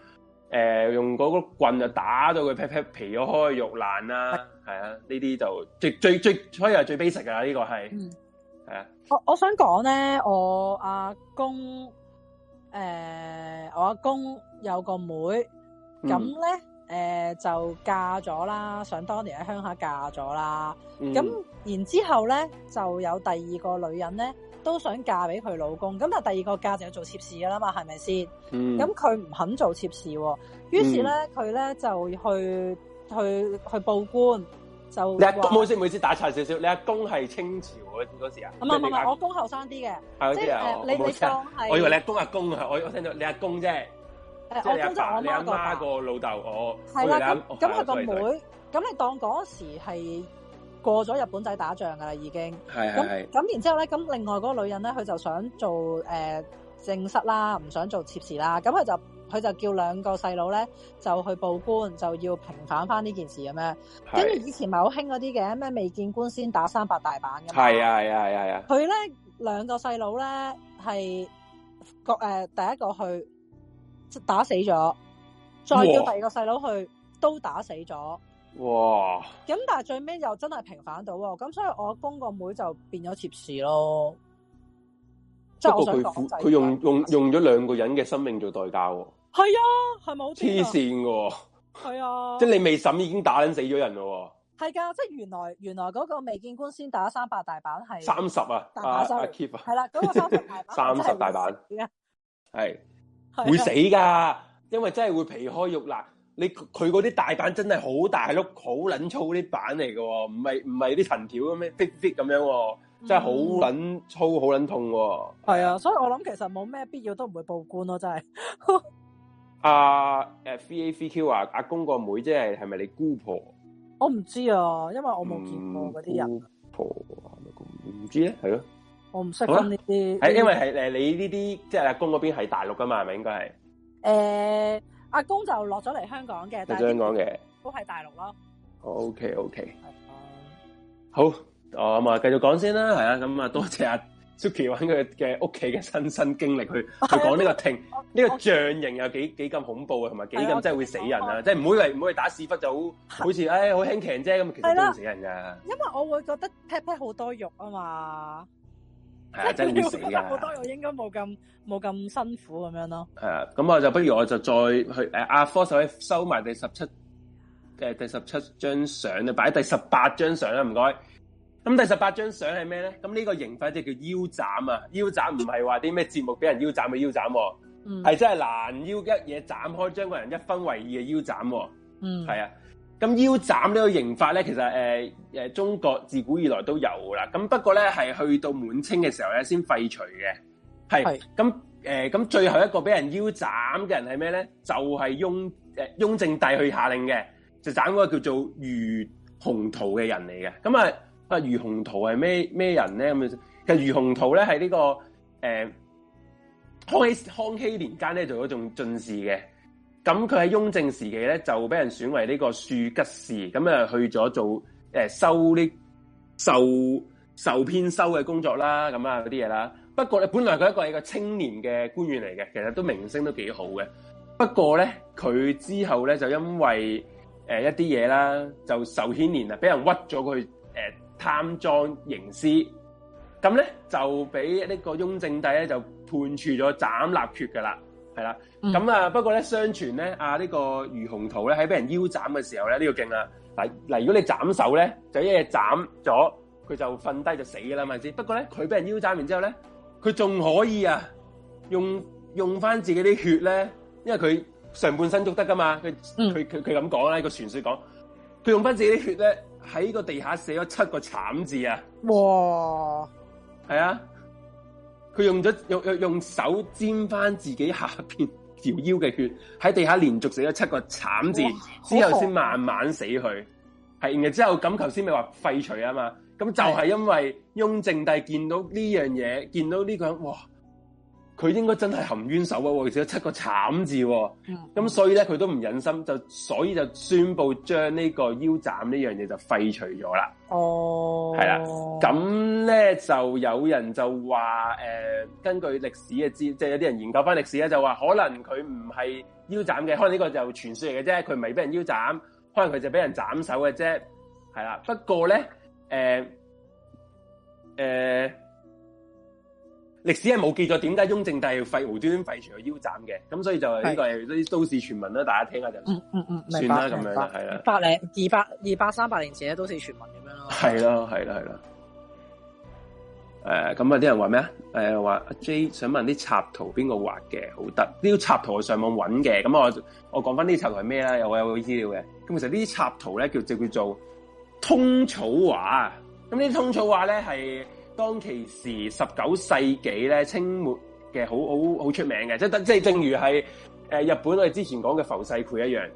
呃、用嗰個棍就打到佢 pat pat 皮開肉綻啦，係啊！呢啲就最最，最最可以最 basic 噶啦，呢、這個係係、嗯、啊！我我想講咧，我阿公誒、呃，我阿公有個妹。咁、嗯、咧，誒就嫁咗啦。想當年喺鄉下嫁咗啦。咁、嗯、然之後咧，就有第二個女人咧，都想嫁俾佢老公。咁但第二個嫁就要做妾侍噶啦嘛，係咪先？咁佢唔肯做妾侍，於是咧佢咧就去、嗯、去去，去報官，就你阿公冇事，每次打岔少少。你阿公係清朝嗰陣時啊？唔係唔係，我公後生啲嘅。即係、呃、你你當係，我以為你阿公阿公啊，我我聽到你阿公啫。我工作，我有個老豆，我係啦。咁咁係個妹、妹。咁你當嗰時係過咗日本仔打仗噶啦，已經係。咁然之後咧，咁另外嗰個女人咧，佢就想做誒正、呃、室啦，唔想做妾侍啦。咁佢就佢就叫兩個細佬咧，就去報官，就要平反翻呢件事咁樣。跟住以前咪好興嗰啲嘅咩，未見官先打三百大板咁。係啊係啊係啊係啊！佢咧兩個細佬咧係誒第一個去。打死咗，再叫第二個細佬去，都打死咗。哇！咁但係最尾又真係平反到，咁所以我公個妹，妹就變咗妾侍咯。不過佢佢用用用咗兩個人嘅生命做代價。係啊，係咪好黐線噶？係啊，啊，即係你未審已經打捻死咗人咯。係噶，即係原來原來嗰個未見官先打三百大板係三十啊，阿阿 k e e 係啦，嗰、啊啊嗰個三十大板三十大板。係。 會死噶、啊，因為真係會皮開肉爛。你佢嗰啲大板真係好大碌，好撚粗啲板嚟嘅，唔係唔係啲藤條咁樣，fit fit 咁樣，嗯、真係好撚粗，好撚痛。係啊，所以我諗其實冇咩必要都唔會報官咯，真係。阿 誒、uh, V A V Q 話阿公個妹即係係咪你姑婆？我唔知啊，因為我冇見過嗰啲人、嗯。姑婆唔知咧，係咯、啊。我唔識咁呢啲，係因為係誒你呢啲，即係阿公嗰邊係大陸噶嘛，係咪應該係？誒、呃，阿公就落咗嚟香港嘅，係香港嘅都係大陸咯。OK OK，好，我咪繼續講先啦，係啊。咁啊，多謝阿 Suki 玩佢嘅屋企嘅親身經歷， 去去講呢個聽，呢、 這個、 個象形有幾幾咁恐怖啊，同埋幾咁真係會死人啊， 即係唔會嚟，唔會為打屎忽就 好，好似誒好輕騎啫咁，其實都唔死人噶、啊。因為我會覺得劈劈好多肉啊嘛。係、 啊、真係會死、啊、 我應該冇咁冇咁辛苦咁樣咯。係 啊，咁我就不如我就再去誒，阿、啊、科手收埋第十七嘅第十七張相啦，擺喺第十八張相啦，唔該。咁第十八張相係咩咧？咁呢個刑法即叫腰斬啊！腰斬唔係話啲咩節目俾 人腰斬嘅腰斬、啊，係、嗯、真係難腰一嘢斬開，將個人一分為二嘅腰斬、啊。嗯，係啊。咁腰斬呢個刑法咧，其實誒誒、呃，中國自古以來都有噶啦。咁不過咧，係去到滿清嘅時候咧，先廢除嘅。係，咁誒、咁、呃、最後一個俾人腰斬嘅人係咩咧？就係、是、雍誒、呃、雍正帝去下令嘅，就斬嗰個叫做俞鴻圖嘅人嚟嘅。咁啊，啊俞鴻圖係咩咩人咧？咁啊，其實俞鴻圖咧係呢個誒、呃、康熙康熙年間咧做咗仲進士嘅。咁佢喺雍正時期咧就俾人選為呢個庶吉士，咁啊去咗做誒、呃、收呢受受編修嘅工作啦，咁啊嗰啲嘢啦。不過咧本來佢一個係一個青年嘅官員嚟嘅，其實都名聲都幾好嘅。不過咧佢之後咧就因為誒、呃、一啲嘢啦，就受牽連啊，俾人屈咗佢誒貪贓營私，咁咧就俾呢個雍正帝咧就判處咗斬立決噶啦。係啦、啊，咁啊、嗯，不過咧，相傳咧，啊呢、這個俞鴻圖咧喺俾人腰斬嘅時候咧，呢、這個勁啊嗱嗱，如果你斬手咧，就一嘢斬咗，佢就瞓低就死噶啦，係咪先？不過咧，佢俾人腰斬完之後咧，佢仲可以啊，用用翻自己啲血咧，因為佢上半身都得噶嘛，佢佢佢佢咁講啦，嗯呢這個傳說講，佢用翻自己啲血咧喺個地下寫咗七個慘字啊，哇，係啊。佢用咗用，用手沾返自己下邊條腰嘅血喺地下連續寫咗七個慘字，之後先慢慢死去，係，然之後咁頭先咪話廢除啊嘛，咁就係因為雍正帝見到呢樣嘢，見到呢個人，哇！佢應該真係含冤手啊。其實有七個慘字喎，咁、嗯、所以咧佢都唔忍心，就所以就宣布將呢個腰斬呢樣嘢就廢除咗啦。哦，係啦，咁咧就有人就話、呃、根據歷史嘅知，即係有啲人研究翻歷史呢，就話可能佢唔係腰斬嘅，可能呢個就傳説嚟嘅啫，佢唔係俾人腰斬，可能佢就俾人斬手嘅啫，係啦。不過咧，誒、呃呃歷史係冇記載點解雍正帝廢無端端廢除腰斬嘅，咁所以就呢個係啲都市傳聞啦，大家聽下就算了，嗯嗯嗯，算啦咁樣啦，係啦，八零、二百、二百三百年前都市傳聞咁樣咯，係啦係啦係啦。誒，咁啊啲人話咩、呃、啊？誒，話阿 J 想問啲插圖邊個畫嘅，好得，呢啲插圖我上網搵嘅，咁我我講翻呢啲插圖係咩啦？有有個資料嘅，咁其實呢啲插圖咧叫就叫做通草畫，咁呢啲通草畫咧係。當其時十九世紀咧，清末嘅好好好出名嘅，即係即係，正如係誒日本我哋之前講嘅浮世繪一樣，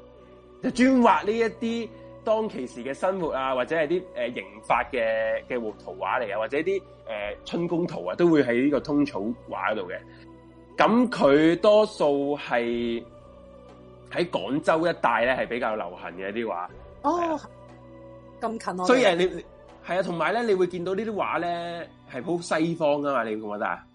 就專畫呢一啲當其時嘅生活啊，或者係啲誒刑法嘅嘅圖畫嚟嘅，或者啲誒、呃、春宮圖啊，都會喺呢個通草畫度嘅。咁佢多數係喺廣州一帶咧，係比較流行嘅一啲畫。哦，咁近我。所以你。係啊，同埋咧，你會見到畫呢啲畫咧係好西方噶嘛？你覺唔覺得啊？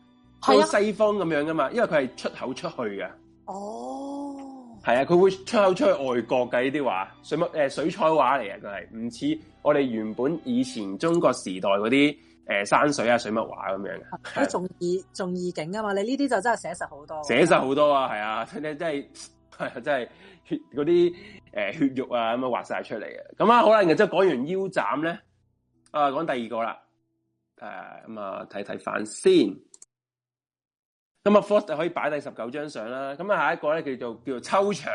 好西方咁樣噶嘛，因為佢係出口出去噶。哦，係啊，佢會出口出去外國嘅呢啲畫，水墨誒水彩畫嚟嘅，佢係唔似我哋原本以前中國時代嗰啲誒山水啊水墨畫咁樣嘅。都重意重意境噶嘛？你呢啲就真係寫實好多，寫實好多啊！係啊，真係、啊、真係血嗰啲誒血肉啊咁畫晒出嚟嘅。咁啊，好啦，即係講完腰斬咧。啊，講第二個啦。誒、呃，咁啊，睇睇翻先。咁啊，first 可以擺第十九張相啦。咁啊，下一個咧，叫、叫做叫做抽腸，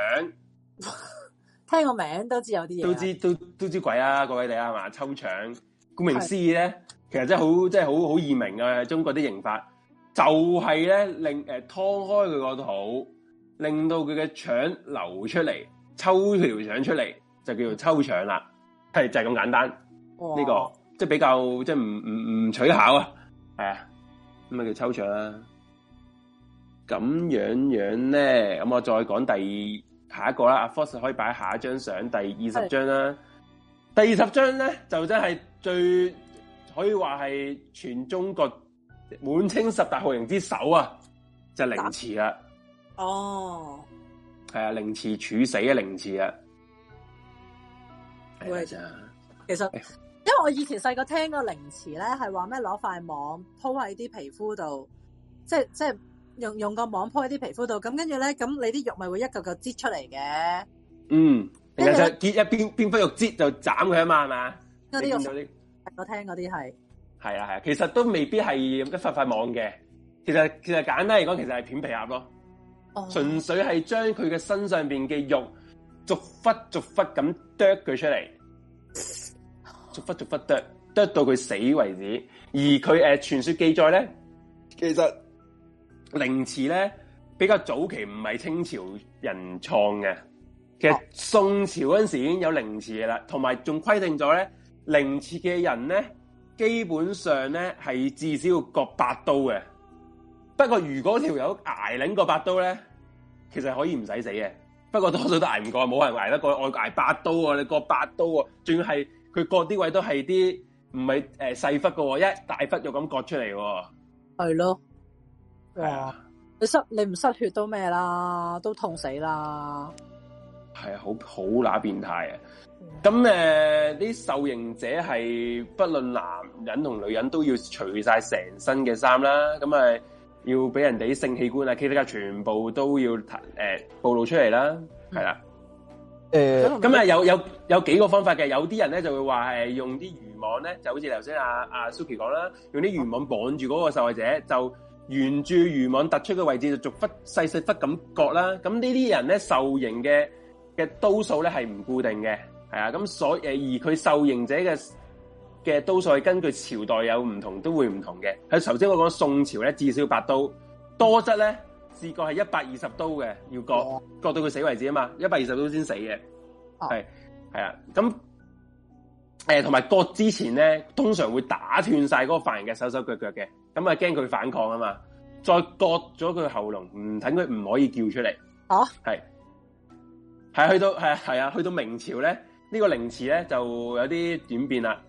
聽個名都知有啲嘢。都知都都知鬼啊，各位你係嘛？抽腸，顧名思義咧，其實真係好真係好好易明啊！中國啲刑法就係、是、咧令誒，劏開佢個肚，令到佢嘅腸流出嚟，抽條腸出嚟就叫做抽腸啦。係就係、是、咁簡單呢、這個。即係比較即係唔唔唔取巧啊，係啊，咁咪叫抽獎啊。咁樣樣咧，咁我再講第下一個啦。阿 Force 可以擺下一張相，第二十張啦。第二十張咧就真係最可以話係全中國滿清十大酷刑之首啊，就係凌遲啦，啊。哦，係啊，凌遲處死啊，凌遲啊。係啊，其實。欸因為我以前細個聽過凌遲咧，係話咩攞塊網鋪喺啲皮膚度，即係即係用用個網鋪喺啲皮膚度，咁跟住咧，咁你啲肉咪會一嚿嚿擠出嚟嘅。嗯，其實就結一邊邊塊肉擠就斬佢啊嘛，係嘛？因啲肉有啲，我聽嗰啲係係啊係啊，其實都未必係一塊塊網嘅。其實其實簡單嚟講，其實係片皮鴨咯，純、哦、粹係將佢嘅身上邊嘅肉逐忽逐忽咁啄佢出嚟。拂咗拂得，得到佢死為止。而佢誒、呃，傳說記載咧，其實凌遲咧比較早期唔係清朝人創嘅，其實宋朝嗰陣時已經有凌遲嘅啦。同埋仲規定咗咧，凌遲嘅人咧，基本上咧係至少要割八刀嘅。不過如果條友捱領個捱捱過八刀咧，其實可以唔使死嘅。不過多數都捱唔過，冇人捱得過，我捱八刀啊！你割八刀啊，仲要係。佢割啲位都係啲唔係誒細忽嘅，一大忽肉咁割出嚟。係咯，係、哎、啊！你失你唔失血都咩啦？都痛死啦！係啊，好好乸變態啊！咁誒，啲、呃、受刑者係不論男人同女人都要除晒成身嘅衫啦，咁係要俾人哋啲性器官啊、K 啲啊，全部都要誒、呃、暴露出嚟啦，係、嗯、啦。誒、嗯，咁啊有有有幾個方法嘅，有啲人咧就會話係用啲漁網咧，就好似頭先阿阿 Suki 講啦，用啲漁網綁住嗰個受害者，就沿住漁網突出嘅位置就逐忽細細忽咁割啦。咁呢啲人咧受刑嘅嘅刀數咧係唔固定嘅，係啊。咁所誒而佢受刑者嘅嘅刀數係根據朝代有唔同，都會唔同嘅。喺頭先我講宋朝咧至少八刀，多則咧。試過係一百二十刀嘅，要割割到佢死為止啊嘛，一百二十刀先死嘅，係係啊，咁誒同埋割之前咧，通常會打斷晒嗰個犯人嘅手手腳腳嘅，咁啊驚佢反抗啊嘛，再割咗佢喉嚨，唔等佢唔可以叫出嚟，哦、啊，係係、啊、去到係係啊，啊，去到明朝咧，這個、呢個凌遲咧就有啲轉變啦，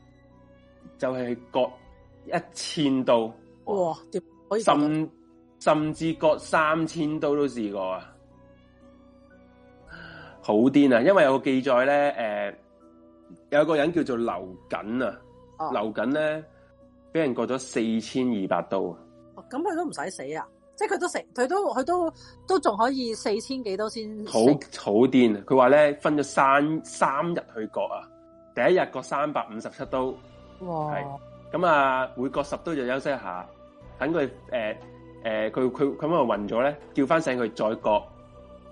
就係、是、割一千刀，哇，點可甚至割三千刀都試過啊，好癲啊！因為有個記載咧，誒、呃，有個人叫做劉瑾啊，劉、哦、瑾咧俾人割咗四千二百刀啊！咁、哦、佢都唔使死啊，即係佢都成，佢都佢都佢都仲可以四千幾刀先。好好癲啊！佢話咧分咗三三日去割啊，第一日割三百五十七刀，係咁啊，每割十刀就休息一下，等佢誒。呃誒、呃，佢佢佢咁啊暈咗咧，叫翻醒佢再割，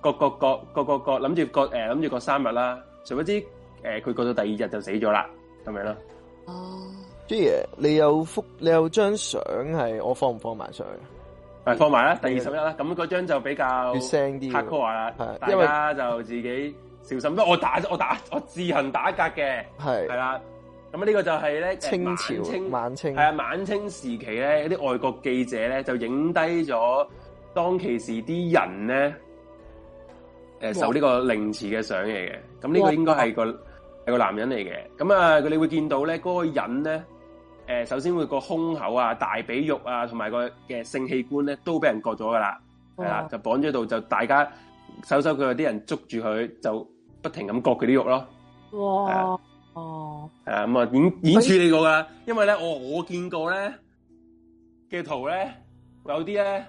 割割割割割割，諗住割誒諗住割三日啦，誰不知誒佢過到第二日就死咗啦，咁樣咯。哦 J 爺你有幅你有張相係我放唔放埋上去？誒，放埋啦，第二十一啦，咁嗰張就比較聲啲，太 core 啦，因為就自己小心啲，我打我打我自行打格嘅，係係啦。咁呢個就係咧清朝，晚清係啊，晚清時期咧，有啲外國記者咧就影低咗當其時啲人咧，誒、呃，受呢個凌遲嘅相嚟嘅。咁呢個應該係個係個男人嚟嘅。咁啊，佢哋會見到咧，嗰、嗰個人咧，誒、呃，首先會個胸口啊、大髀肉啊，同埋個嘅性器官咧，都俾人割咗噶啦，係啦、啊，就綁咗喺度，就大家手手腳啲人捉住佢，就不停咁割佢啲肉咯。哇！哦，係、嗯、啊，咁啊演演處理過噶，因為咧我我見過咧嘅圖咧，有啲咧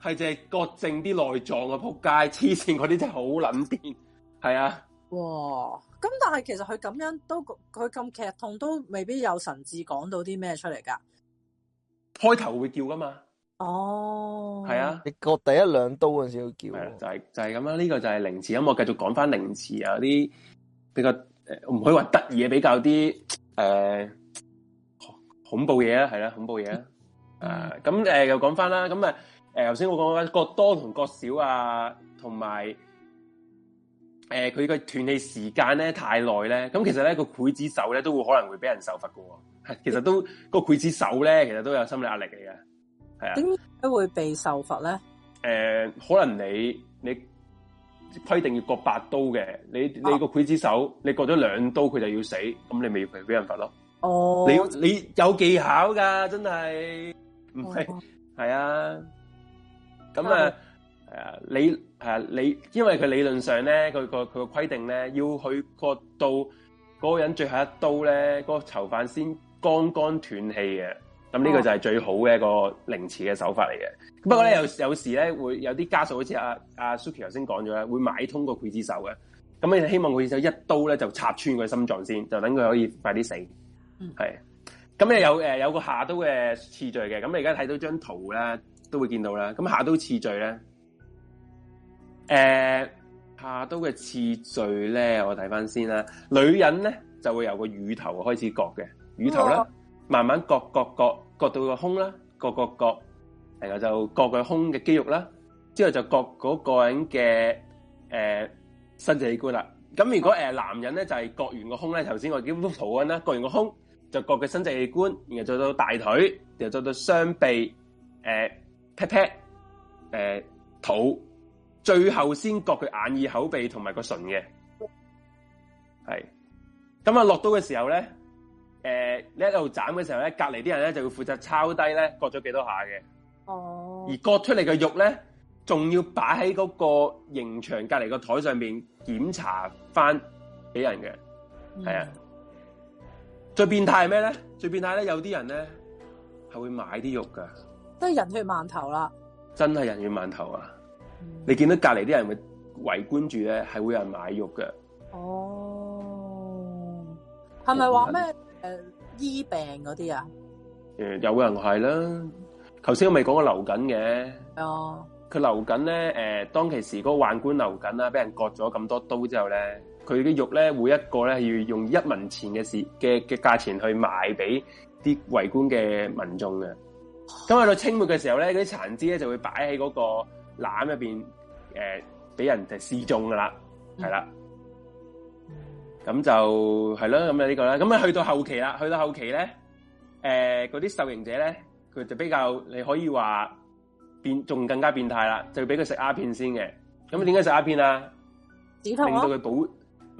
係只割剩啲內臟嘅仆街黐線嗰啲真係好撚癲，係啊，哇！咁但係其實佢咁樣都佢咁劇痛都未必有神智講到啲咩出嚟噶，開頭會叫噶嘛？哦，係啊，你割第一兩刀嗰陣時候叫，係、啊、就係、是、就係咁啦。呢、這個就係凌遲，咁、嗯、我繼續講翻凌遲啊啲比較。誒，唔可以話得意嘅比較啲誒恐怖嘢啦，係、呃、啦，恐怖嘢、嗯呃呃呃、啊。誒，咁誒又講翻啦，咁啊，誒頭先我講過嗰個多同個少啊，同埋誒佢個斷氣時間咧太耐咧，咁其實咧、個劊子手咧都會可能會俾人受罰嘅。其實都、個劊子手咧，其實都有心理壓力嘅。係啊。點解會被受罰咧？誒、呃，可能你你。規定要割八刀嘅，你你個劊子手、oh. 你割咗兩刀佢就要死，咁你咪俾人罰咯。哦、oh.，你你有技巧噶，真係唔係，係啊。咁、嗯嗯、啊，啊，啊，啊，啊，啊，啊，啊，因為佢理論上咧，佢個佢個規定咧，要去割到嗰個人最後一刀咧，嗰、那個囚犯先剛剛斷氣嘅。咁、嗯、呢、嗯嗯呢個就係最好嘅一個凌遲嘅手法嚟嘅。不過咧有有時咧會有啲家屬好似阿阿 Suki 頭先講咗咧，會買通個劊子手嘅。咁、嗯、你希望劊子手一刀咧就插穿佢心臟先，就等佢可以快啲死。係。咁、嗯、咧、嗯嗯嗯嗯、有誒有個下刀嘅次序嘅。咁而家睇到張圖咧都會見到啦。咁、嗯、下刀次序咧，誒、呃、下刀嘅次序咧，我睇翻先啦。女人咧就會由個乳頭開始割嘅，乳頭啦。嗯哦慢慢割割割割到個胸啦，割割割，然後就割佢胸嘅肌肉啦，之後就割嗰個人嘅誒生殖器官啦。咁、呃、如果誒、呃、男人咧就係、是、割完個胸咧，頭先我幾幅圖咁啦，割完個胸就割佢生殖器官，然後再到大腿，然後再到雙臂，誒、呃，pat pat，誒、呃，肚，最後先割佢眼耳口鼻同埋個唇嘅，係。咁啊，落刀嘅時候咧。誒、呃，你喺度斬嘅時候咧，隔籬啲人咧就要負責抄低咧割咗幾多下嘅。哦。而割出嚟嘅肉咧，仲要擺喺嗰個刑場隔籬個台上邊檢查翻俾人嘅。係、嗯、啊。最變態係咩咧？最變態咧，有啲人咧係會買啲肉噶。都係人血饅頭啦。真係人血饅頭啊、嗯！你見到隔籬啲人會圍觀住咧，係會有人買肉嘅。哦。係咪話咩？是醫病嗰啲啊，誒、嗯，有人係啦。頭先我咪講過劉瑾嘅，哦，佢劉瑾咧，誒，當其時嗰個宦官劉瑾啦，俾人割咗咁多刀之後咧，佢啲肉咧會一個咧要用一文錢嘅市嘅嘅價錢去賣俾啲圍觀嘅民眾嘅。咁、哦、去到清末嘅時候咧，啲殘肢咧就會擺喺嗰個籃入邊，誒、呃，俾人就示眾噶、嗯、啦，係啦。咁就係啦，咁啊呢個啦，咁啊去到後期啦，去到後期咧，誒，嗰啲受刑者咧，佢就比較你可以話變，仲更加變態啦，就要俾佢食鴉片先嘅。咁點解食鴉片啊？令到佢保唔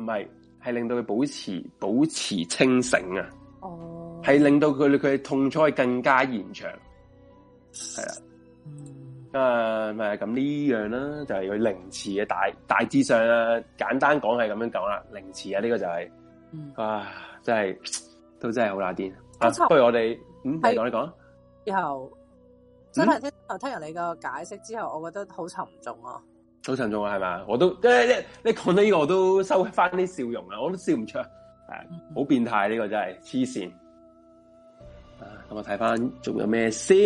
係，係令到佢保持保持清醒啊。哦，係令到佢佢痛楚更加延長，係啦。啊，咪咁呢樣啦，就係佢凌遲嘅大大致上啦，啊。簡單講係咁樣講啦，凌遲啊呢，這個就係、是嗯，啊真係都真係好啦癲。不如我哋嗯，你講你講。之後真係聽，聽完你個解釋之後，我覺得好沉重哦。好沉重啊，係嘛？啊？我都即，欸，你講到呢個，我都收翻啲笑容啊，我都笑唔出。係好變態，呢個真係黐線。啊，咁，這個啊，我睇翻仲有咩先？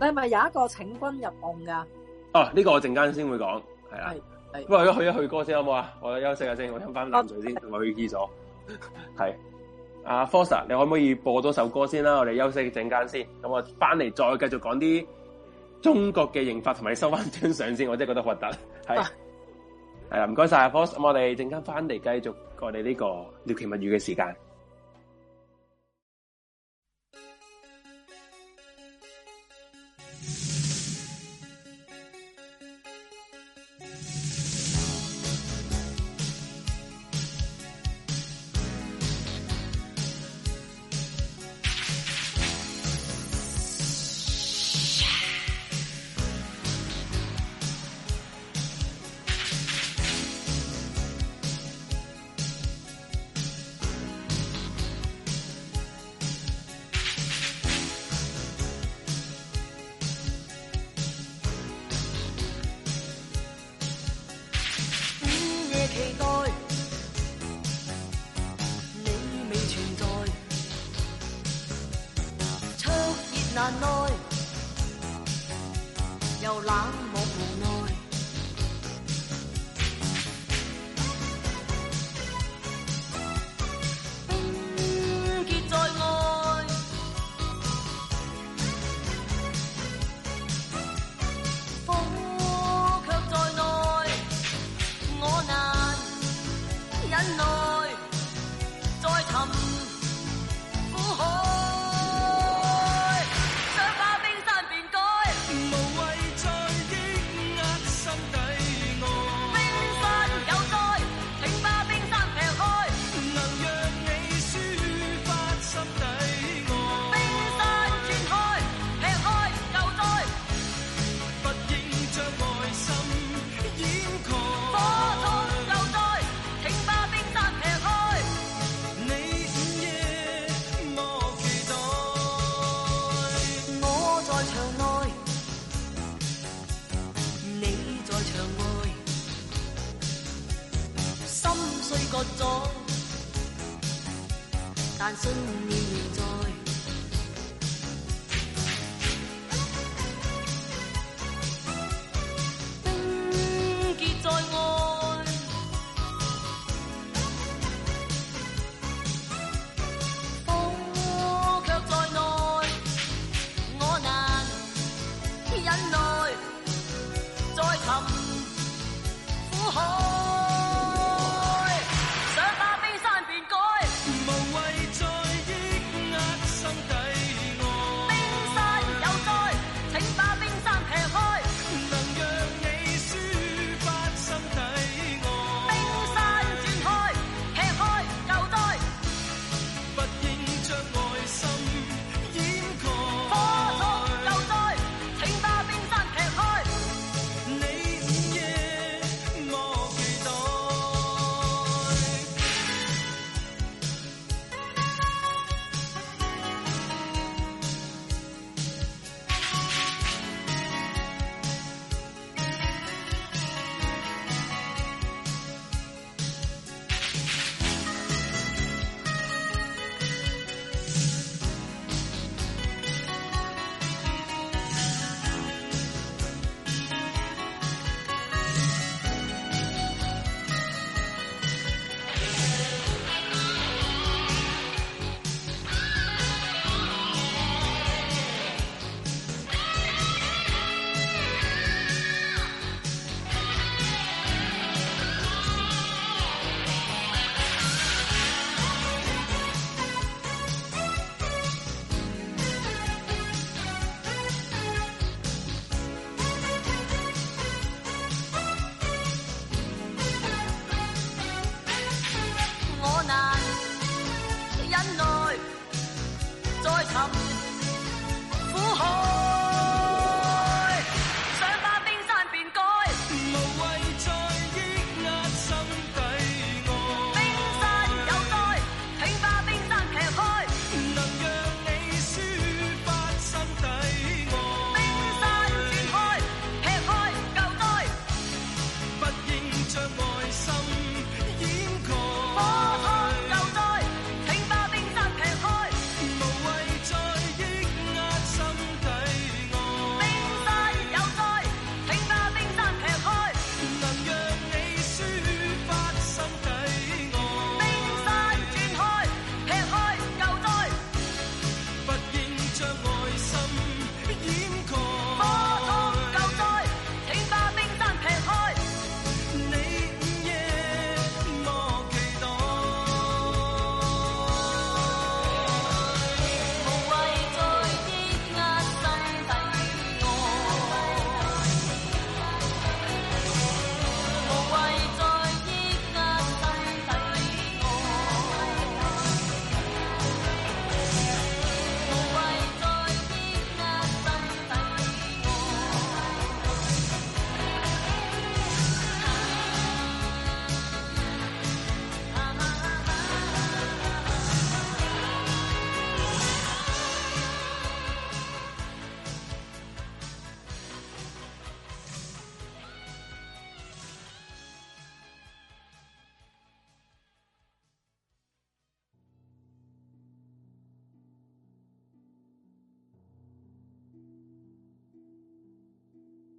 你係咪有一個請君入瓮噶？哦、啊、呢、這個我陣間先會講，係啦。係，不過去一去歌先好唔好啊？我休息下先，我飲翻啖水先，我去廁所，係，阿、 uh, Foster，你可唔可以播多首歌先啦？我哋休息陣間先，咁我翻嚟再繼續講啲中國嘅刑法同埋收翻張相先，我真係覺得核突。係，誒唔該晒，阿 Foster。咁我哋陣間翻嚟繼續我哋呢個獵奇物語嘅時間。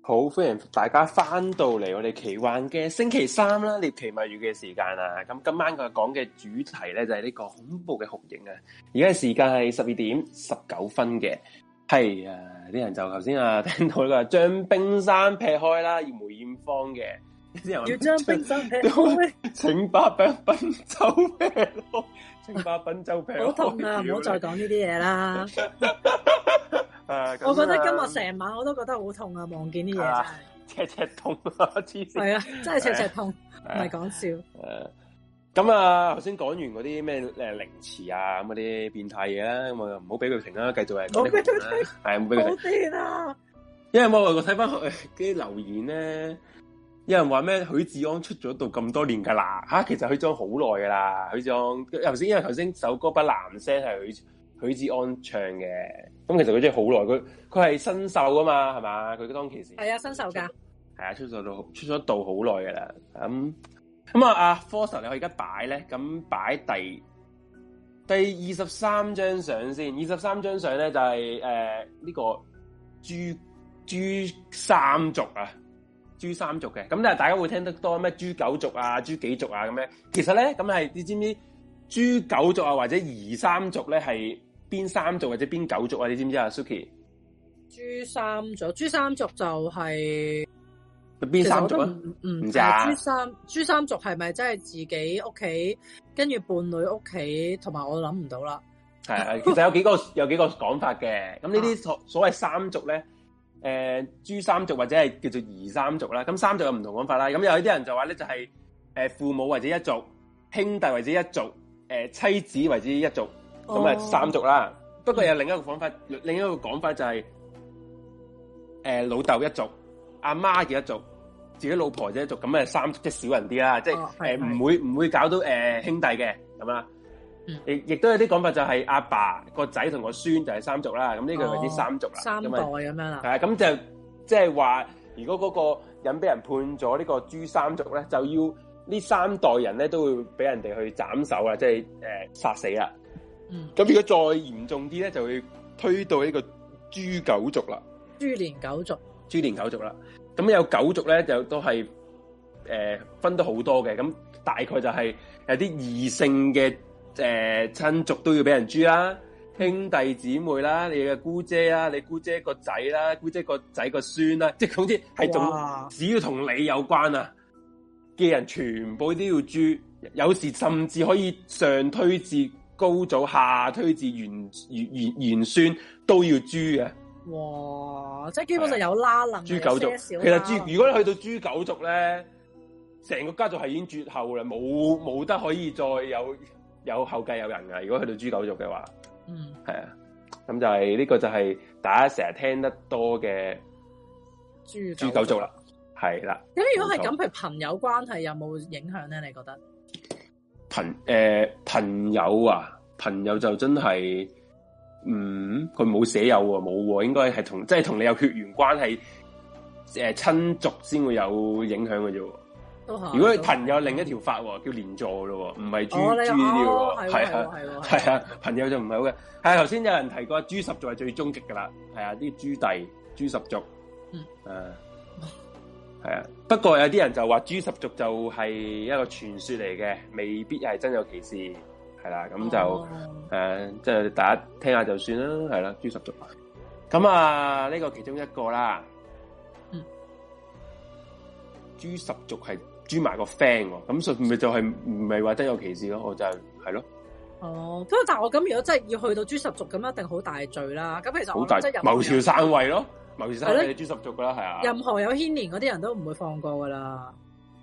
好，歡迎大家翻到嚟，我哋奇幻嘅星期三啦，獵奇物語嘅時間啊，咁今晚佢講嘅主題咧就係、是、呢個恐怖嘅酷刑啊，而家時間係十二點十九分嘅，係啊，啲人就頭先啊聽到呢、這個將冰山劈開啦，而梅艷芳嘅。要將冰樽咩？請把品品酒咩？請把品酒咩？好、啊、痛啊！唔 好再講呢啲嘢啦。誒、 啊，我覺得今日成晚我都覺得好痛啊！望見啲嘢真係，赤、啊、赤痛啊！黐線係啊，真係赤赤痛，唔係講笑。誒，咁啊，頭先講完嗰啲咩誒凌遲啊咁嗰啲變態嘢啦，咁、嗯、啊唔、啊啊啊啊、好俾佢停啦，繼續係。我唔俾佢停，係唔俾佢停。啊！因為我睇翻啲留言咧。有人話咩？許志安出咗道咁多年噶啦，吓、啊、其實許志安好耐噶啦。許志安頭先，因為頭先首歌不男聲係許許志安唱嘅，咁其實佢真係好耐，佢佢係新秀噶嘛，係嘛？佢當其時係啊，新秀噶，係啊，出咗道出咗道好耐噶啦。咁、嗯、咁啊，阿 Four 你可而家擺咧，咁擺第第二十三張相先，二十三張相咧就係誒呢個誅誅三族啊。豬三族嘅，咁但係大家會聽得多咩豬九族啊、豬幾族啊咁樣，其實咧咁係你知唔知豬九族啊或者二三族咧係邊三族或者邊九族啊？你知唔知啊，Suki？豬三族，豬三族就係、是、邊三族啊？嗯，唔知啊。豬三豬三族係咪真係自己屋企跟住伴侶屋企，同埋我諗唔到啦。係係其實有幾個 有幾個講法嘅，咁呢啲所、啊、所謂三族咧。誒，誅三族或者係叫做夷三族啦，咁三族有唔同講法啦，咁有啲人說就話呢就係誒父母為之一族，兄弟為之一族，誒妻子為之一族，咁、oh. 啊三族啦。不過有另一個講法，另一個講法就係、是、誒老豆一族、阿媽嘅一族、自己老婆者一族，咁啊三族即係、就是、少人啲啦，即係誒唔會唔會搞到誒兄弟嘅咁啊。亦亦都有啲講法，就係阿爸個仔同個孫就係三族啦。咁呢個係啲三族啦、哦，三代咁樣啦。係啊，咁就即係話，如果嗰個人俾人判咗呢個豬三族咧，就要呢三代人咧都會俾人哋去斬首啊，即、就、係、是呃、殺死啊。咁、嗯、如果再嚴重啲咧，就會推到呢個豬九族啦。豬連九族，豬連九族啦。咁有九族咧，就都係、呃、分得好多嘅。咁大概就係有啲異性嘅。誒，親族都要俾人誅啦，兄弟姊妹啦，你嘅姑姐啦，你姑姐個仔啦，姑姐個仔個孫啦，即係總之係仲，只要同你有關啊嘅人，全部都要誅，有時甚至可以上推至高祖，下推至玄玄玄玄孫都要誅嘅。哇！即係基本上有拉能誅九族。其實誅如果你去到誅九族咧，成個家族係已經絕後啦，冇冇得可以再有。有後繼有人噶，如果去到誅九族嘅話，嗯，係啊，咁就係呢個就係大家成日聽得多嘅誅誅九族啦，係啦。咁如果係咁，譬如朋友關係有冇影響咧？你覺得？朋誒朋友啊，朋友就真係，嗯，佢冇寫有啊，冇，應該係同即係同你有血緣關係誒親族先會有影響嘅啫。如果朋友另一條法叫連坐咯，唔係誅誅啲喎，係、哦哦、啊係係啊，啊，啊，啊，啊，朋友就唔係好嘅。係頭先有人提過誅十族係最終極噶啦，係啊啲誅弟誅十族，嗯，誒、啊，係啊。不過有啲人就話誅十族就係一個傳說嚟嘅，未必係真有其事。係啦、啊，咁就誒，即、哦、係、啊、大家聽下就算啦，係啦、啊，誅十族。咁啊，呢、這個其中一個啦，嗯，誅十族係。誅埋個 friend 喎，咁所以咪就係唔係話真有歧視咯。我就係係咯。哦，咁但係我咁如果真係要去到誅十族咁，一定好大罪啦。咁其實好大。謀朝篡位咯，謀朝篡位係咯，誅你十族噶啦，係啊。任何有牽連嗰啲人都唔會放過噶啦。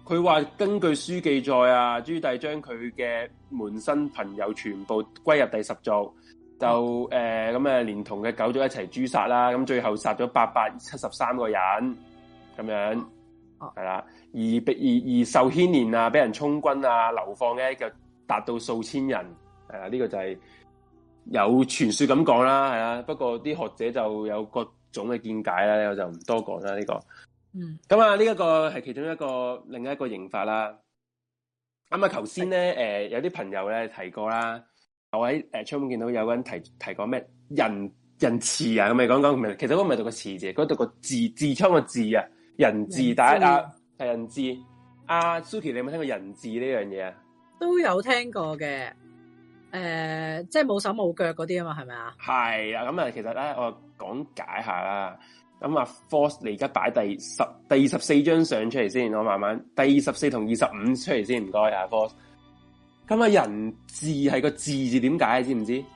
佢話根據書記載啊，朱棣將佢嘅門生朋友全部歸入第十族，就誒咁誒連同嘅九族一齊誅殺啦。咁最後殺咗八百七十三個人，咁樣。係啦，而被而而受牽連啊，俾人充軍啊、流放嘅就達到數千人，誒，呢、這個就係有傳說咁講啦，係啦。不過啲學者就有各種嘅見解啦，我就唔多講啦。呢、這個，嗯，咁啊，呢、這、一個係其中一個另一個刑法啦。咁啊，頭先咧，誒、呃，有啲朋友咧提過啦，我喺誒出面見到有個人提提講咩人人慈啊，咁咪講講，其實嗰個唔係讀個慈字，嗰讀個自自倉個字啊。人彘，大阿係人彘。阿 Suki，、啊啊、你有冇聽過人彘呢樣嘢啊？都有聽過嘅，誒、呃，即係冇手冇腳嗰啲啊嘛，係咪啊？係啊，咁、嗯、啊，其實咧，我講解一下啦。咁、嗯、啊，Force，你而家擺第十、第二十四張相出嚟先，我慢慢第二十四同二十五出嚟先，唔該啊，Force。咁啊，Foss 嗯、人彘係個彘字點解？你知唔知道？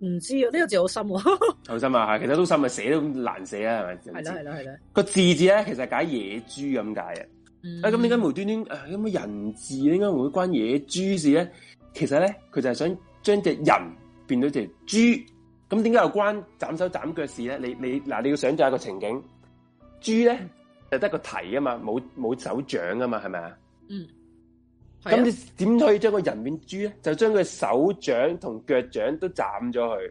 唔知啊，呢、這個字好深喎，好深啊，其實都深實是的的，嗯，啊，寫都難寫啊。係咪？係啦，係啦，係啦。個字字咧，其實解野豬咁解嘅，嗯，咁點解無端端誒，有人字點解會關野豬事咧？其實咧，佢就係想將隻人變到隻豬，咁點解又關斬手斬腳事咧？你你嗱，你要想象一個情景，豬咧就得個蹄啊嘛，冇冇手掌啊嘛，係咪啊？嗯。咁你點可以將個人變豬咧？就將佢手掌同腳掌都斬咗佢。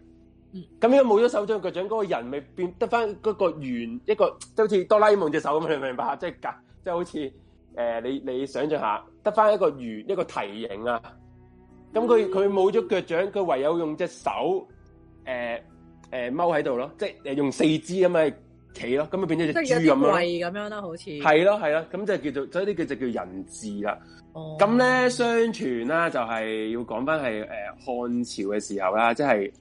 咁如果冇咗手掌腳掌，嗰個人咪變得翻嗰個圓一個，即係好似哆啦 A 夢隻手咁，你明唔明白？即係夾，即係好似誒、呃，你你想象下，得翻一個圓一個蹄形啊。咁佢佢冇咗腳掌，佢唯有用隻手誒誒踎喺度咯，即係用四肢咁樣企咯，咁咪變咗隻豬咁樣咯。咁樣咯，好似係咯係咯，咁就叫做，所以呢，叫就叫人彘啦。咁、哦、咧，相傳啦、啊，就係、是、要講翻係誒漢朝嘅時候啦，即係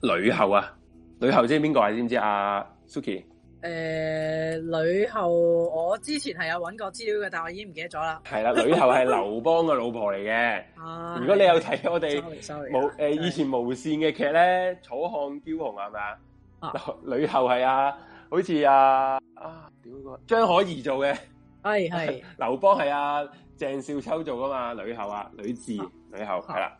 呂后啊，呂后即係邊個啊？知唔知啊？Suki，誒、呃，呂后我之前係有揾過資料嘅，但係我已經唔記得咗啦。係啦、啊，呂后係劉邦嘅老婆嚟嘅。啊， 如果你有睇我哋無誒以前無線嘅劇咧，就是《楚漢驕雄》係咪啊，啊，啊？啊，呂后係啊，好似啊啊，點個張可頤做嘅。係係，劉 邦係阿鄭少秋做噶嘛，呂后啊，呂雉，呂、啊、后係啦。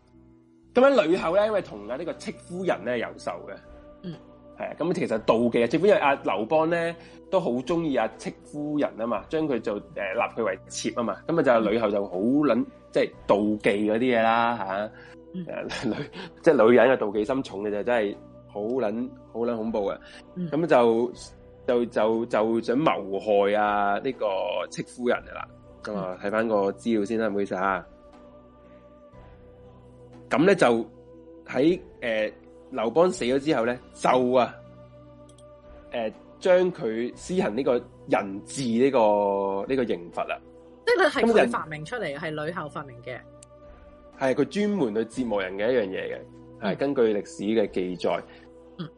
咁樣呂后咧，因為同阿呢個戚夫人咧有仇嘅，嗯，係、嗯、啊。咁其實妒忌啊，最本因為阿劉邦咧都好中意阿戚夫人啊嘛，將佢就誒立佢為妾啊嘛，咁啊就呂后就好捻即係妒忌嗰啲嘢啦吓，誒女即係女人嘅妒忌心重嘅就真係好捻好捻恐怖嘅，咁、嗯、就。嗯就就就想謀害啊呢個戚夫人嘅啦，咁啊睇翻個資料先啦，唔好意思吓、啊。咁咧就喺誒劉邦死咗之後咧，就啊誒將佢施行呢個人彘呢個呢個刑罰啦。即係係佢發明出嚟，係呂后發明嘅。係佢專門去折磨人嘅一樣嘢嘅，係根據歷史嘅記載。嗯嗯